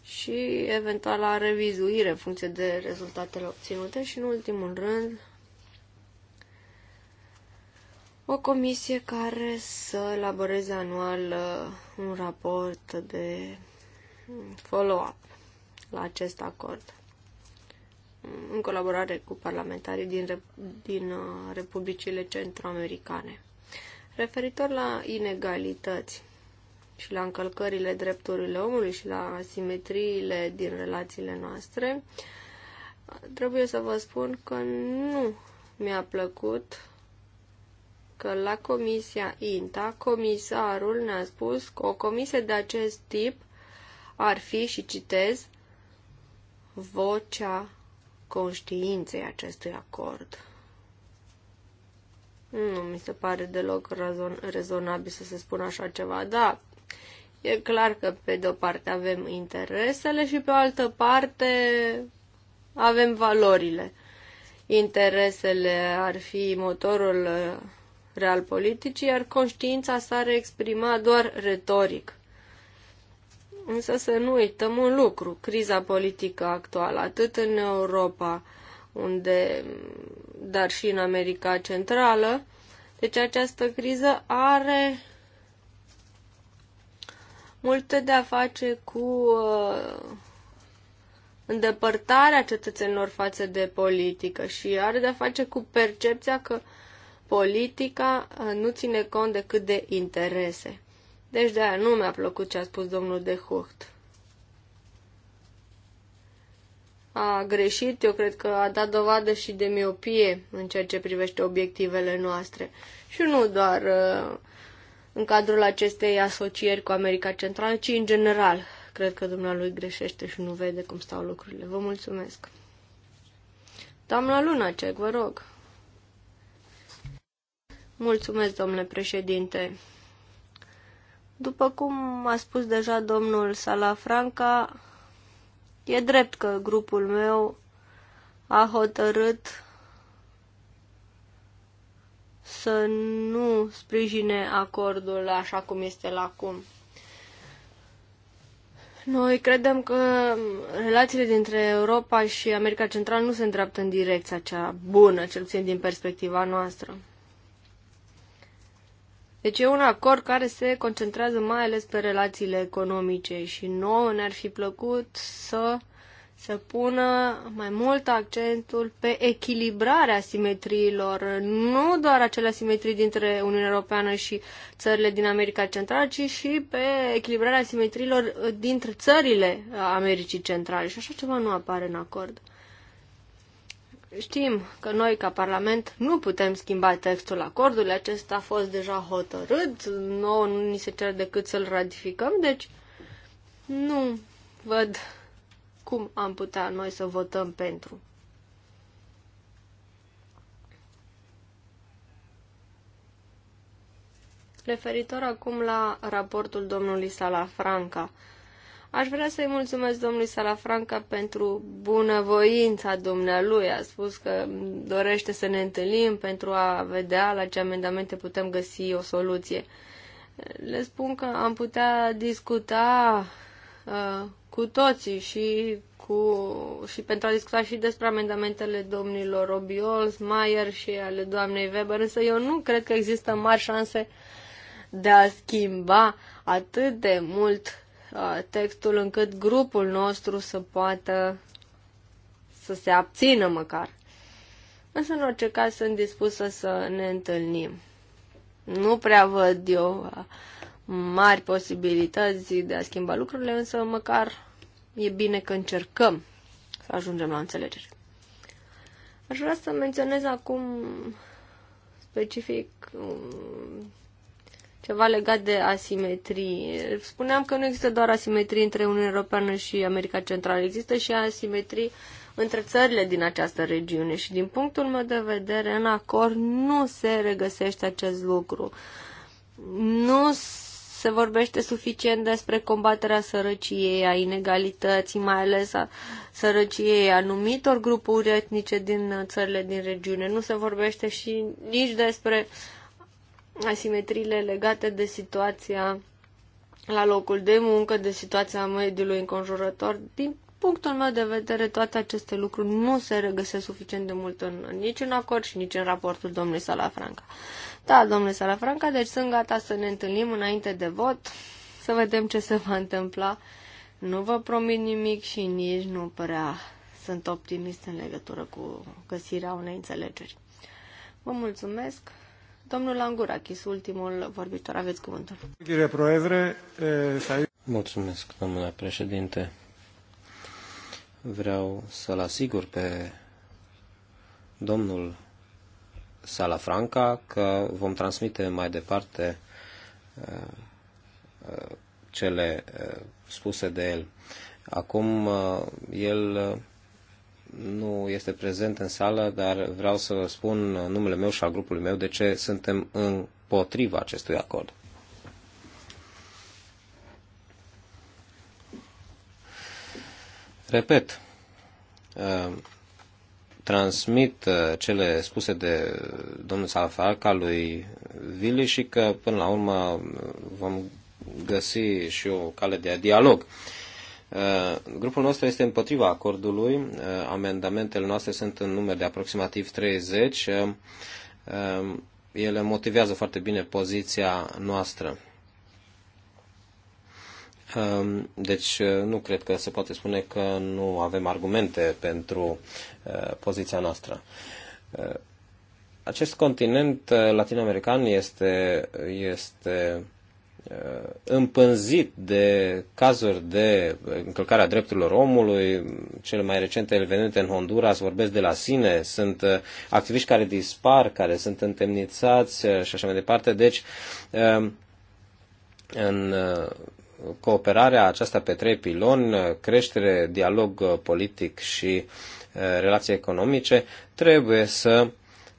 și eventuala revizuire în funcție de rezultatele obținute și, în ultimul rând, o comisie care să elaboreze anual uh, un raport de follow-up la acest acord în colaborare cu parlamentarii din, din uh, republicile centroamericane. Referitor la inegalități, și la încălcările drepturilor omului și la asimetriile din relațiile noastre, trebuie să vă spun că nu mi-a plăcut că la comisia INTA comisarul ne-a spus că o comisie de acest tip ar fi, și citez, vocea conștiinței acestui acord. Nu mi se pare deloc rezonabil să se spună așa ceva. Da, E clar că pe de-o parte avem interesele și pe o altă parte avem valorile. Interesele ar fi motorul uh, real politicii, iar conștiința s-ar exprima doar retoric. Însă să nu uităm un lucru, criza politică actuală, atât în Europa, unde, dar și în America Centrală, deci această criză are multe de a face cu uh, îndepărtarea cetățenilor față de politică și are de a face cu percepția că politica uh, nu ține cont decât de interese. Deci de aia nu mi-a plăcut ce a spus domnul de Hucht. A greșit, eu cred că a dat dovadă și de miopie în ceea ce privește obiectivele noastre. Și nu doar uh, în cadrul acestei asocieri cu America Centrală, ci în general. Cred că dumnealui greșește și nu vede cum stau lucrurile. Vă mulțumesc. Doamna ce vă rog. Mulțumesc, domnule președinte. După cum a spus deja domnul Salafranca, e drept că grupul meu a hotărât să nu sprijine acordul așa cum este la acum. Noi credem că relațiile dintre Europa și America Centrală nu se îndreaptă în direcția cea bună, cel puțin din perspectiva noastră. Deci e un acord care se concentrează mai ales pe relațiile economice și nouă ne-ar fi plăcut să uh, să pună mai mult accentul pe echilibrarea simetriilor, nu doar acele simetrii dintre Uniunea Europeană și țările din America Centrală, ci și pe echilibrarea simetriilor dintre țările Americii Centrale. Și așa ceva nu apare în acord. Știm că noi, ca Parlament, nu putem schimba textul acordului. Acesta a fost deja hotărât. Nouă nu ni se cere decât să-l ratificăm, deci nu văd cum am putea noi să votăm pentru. Referitor acum la raportul domnului Salafranca, aș vrea să-i mulțumesc domnului Salafranca pentru bunăvoința dumnealui. A spus că dorește să ne întâlnim pentru a vedea la ce amendamente putem găsi o soluție. Le spun că am putea discuta uh, cu toții și, cu, și pentru a discuta și despre amendamentele domnilor Obiols, Mayer și ale doamnei Weber, însă eu nu cred că există mari șanse de a schimba atât de mult uh, textul încât grupul nostru să poată să se abțină măcar. Însă, în orice caz, sunt dispusă să ne întâlnim. Nu prea văd eu uh, mari posibilități de a schimba lucrurile, însă măcar e bine că încercăm să ajungem la înțelegere. Aș vrea să menționez acum specific um, ceva legat de asimetrie. Spuneam că nu există doar asimetrie între Uniunea Europeană și America Centrală, există și asimetrie între țările din această regiune și din punctul meu de vedere în acord nu se regăsește acest lucru. Nu se vorbește suficient despre combaterea sărăciei, a inegalității, mai ales a sărăciei anumitor grupuri etnice din țările din regiune. Nu se vorbește și nici despre asimetriile legate de situația la locul de muncă, de situația mediului înconjurător. Din punctul meu de vedere, toate aceste lucruri nu se regăsesc suficient de mult în, nici în acord și nici în raportul domnului Salafranca. Da, domnule Salafranca, deci sunt gata să ne întâlnim înainte de vot, să vedem ce se va întâmpla. Nu vă promit nimic și nici nu prea sunt optimist în legătură cu găsirea unei înțelegeri. Vă mulțumesc. Domnul Angurachis, ultimul vorbitor, aveți cuvântul. Mulțumesc, domnule președinte vreau să-l asigur pe domnul Salafranca că vom transmite mai departe uh, uh, cele uh, spuse de el. Acum el nu este prezent în sală, dar vreau să spun numele meu și al grupului meu de ce suntem împotriva acestui acord. Repet, uh, transmit uh, cele spuse de domnul Salfarca lui Vili și că până la urmă vom găsi și o cale de dialog. Uh, grupul nostru este împotriva acordului, amendamentele noastre sunt în număr de aproximativ 30, ele motivează foarte bine poziția noastră. Um, deci uh, nu cred că se poate spune că nu avem argumente pentru uh, poziția noastră. Uh, acest continent latin-american este, este împânzit de cazuri de încălcare a drepturilor omului. Cele mai recente evenimente în Honduras vorbesc de la sine. Sunt activiști care dispar, care sunt întemnițați și așa mai departe. Deci, în cooperarea aceasta pe trei piloni, creștere, dialog politic și eh, relații economice, trebuie să,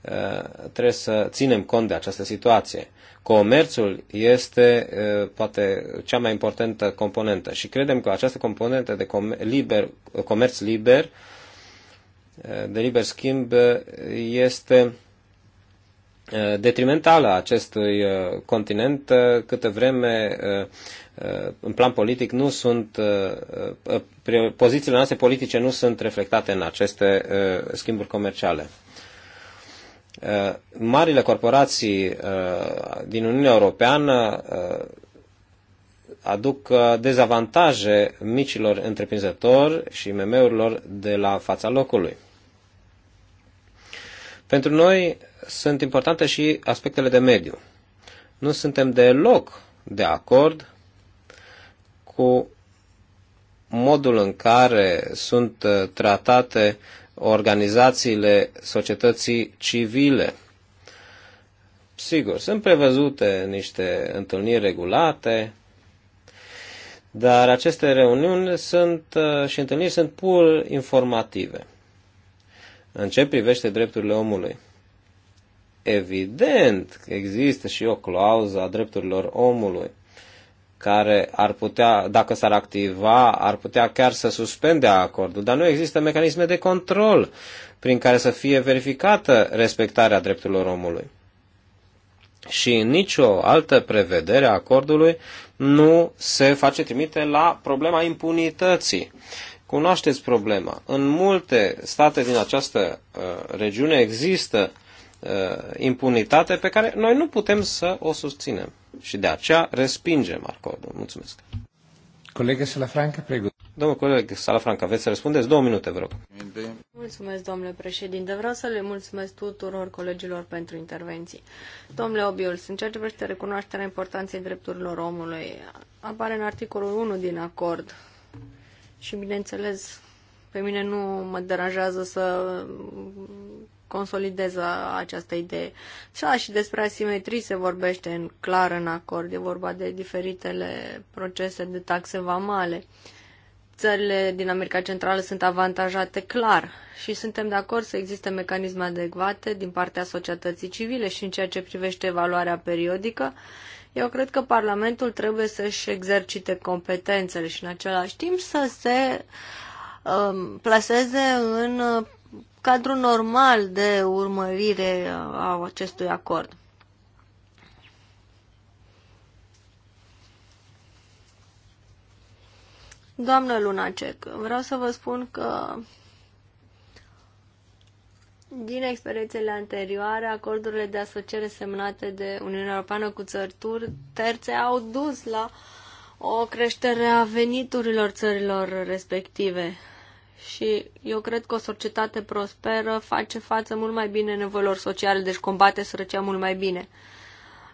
eh, trebuie să ținem cont de această situație. Comerțul este eh, poate cea mai importantă componentă și credem că această componentă de comer- liber, comerț liber, de liber schimb, este detrimentală a acestui continent câtă vreme în plan politic nu sunt pozițiile noastre politice nu sunt reflectate în aceste schimburi comerciale. Marile corporații din Uniunea Europeană aduc dezavantaje micilor întreprinzători și MM-urilor de la fața locului. Pentru noi, sunt importante și aspectele de mediu. Nu suntem deloc de acord cu modul în care sunt uh, tratate organizațiile societății civile. Sigur, sunt prevăzute niște întâlniri regulate, dar aceste reuniuni sunt, uh, și întâlniri sunt pur informative în ce privește drepturile omului. Evident că există și o clauză a drepturilor omului care ar putea, dacă s-ar activa, ar putea chiar să suspende acordul, dar nu există mecanisme de control prin care să fie verificată respectarea drepturilor omului. Și nicio altă prevedere a acordului nu se face trimite la problema impunității. Cunoașteți problema. În multe state din această uh, regiune există uh, Uh, impunitate pe care noi nu putem să o susținem. Și de aceea respingem acordul. Mulțumesc. Colegă Salafranca, pregut. Domnul coleg Salafranca, veți să răspundeți? Două minute, vă rog. Mulțumesc, domnule președinte. Vreau să le mulțumesc tuturor colegilor pentru intervenții. Domnule Obiul, în ceea ce vrește recunoașterea importanței drepturilor omului, apare în articolul 1 din acord și, bineînțeles, pe mine nu mă deranjează să consolidez această idee. Așa, și despre asimetrii se vorbește în clar în acord. E vorba de diferitele procese de taxe vamale. Țările din America Centrală sunt avantajate clar și suntem de acord să existe mecanisme adecvate din partea societății civile și în ceea ce privește evaluarea periodică. Eu cred că Parlamentul trebuie să-și exercite competențele și în același timp să se um, plaseze în cadru normal de urmărire a acestui acord. Doamnă Lunacek, vreau să vă spun că din experiențele anterioare, acordurile de asociere semnate de Uniunea Europeană cu țări terțe au dus la o creștere a veniturilor țărilor respective și eu cred că o societate prosperă face față mult mai bine nevoilor sociale, deci combate sărăcia mult mai bine.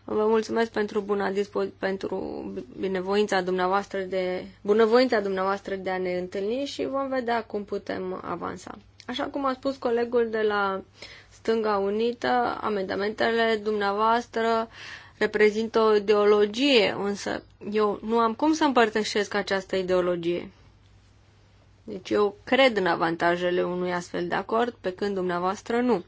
Vă mulțumesc pentru buna dispo- pentru binevoința dumneavoastră de bunăvoința dumneavoastră de a ne întâlni și vom vedea cum putem avansa. Așa cum a spus colegul de la Stânga Unită, amendamentele dumneavoastră reprezintă o ideologie, însă eu nu am cum să împărtășesc această ideologie. Deci eu cred în avantajele unui astfel de acord, pe când dumneavoastră nu.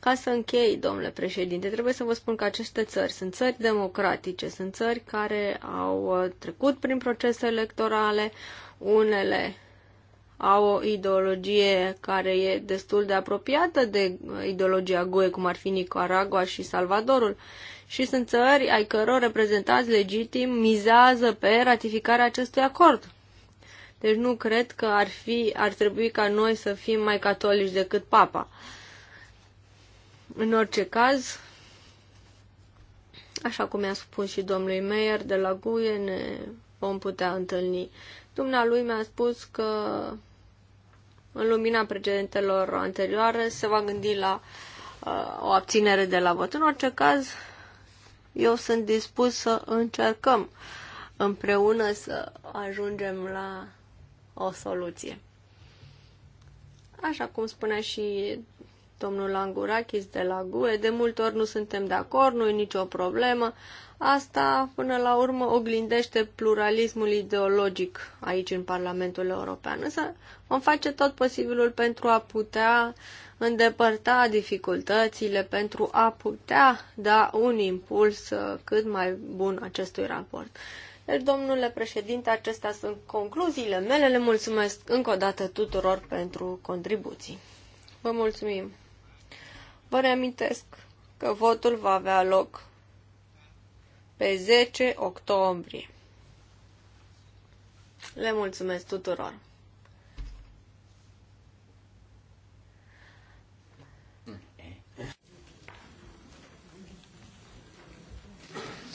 Ca să închei, domnule președinte, trebuie să vă spun că aceste țări sunt țări democratice, sunt țări care au uh, trecut prin procese electorale, unele au o ideologie care e destul de apropiată de uh, ideologia GUE, cum ar fi Nicaragua și Salvadorul, și sunt țări ai căror reprezentanți legitim mizează pe ratificarea acestui acord. Deci nu cred că ar, fi, ar trebui ca noi să fim mai catolici decât papa. În orice caz, așa cum i-a spus și domnului Meyer de la Guie, ne vom putea întâlni. Dumnealui mi-a spus că în lumina precedentelor anterioare se va gândi la uh, o abținere de la vot. În orice caz, eu sunt dispus să încercăm împreună să ajungem la o soluție. Așa cum spunea și domnul Angurakis de la GUE, de multe ori nu suntem de acord, nu e nicio problemă. Asta, până la urmă, oglindește pluralismul ideologic aici în Parlamentul European. Însă vom face tot posibilul pentru a putea îndepărta dificultățile, pentru a putea da un impuls uh, cât mai bun acestui raport. Deci, domnule președinte, acestea sunt concluziile mele. Le mulțumesc încă o dată tuturor pentru contribuții. Vă mulțumim. Vă reamintesc că votul va avea loc pe 10 octombrie. Le mulțumesc tuturor!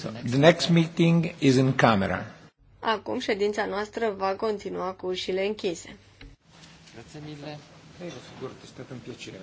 So, the next meeting is in camera. Acum ședința noastră va continua cu ușile închise. Grazie mille. Păi, e, sigur, piacere.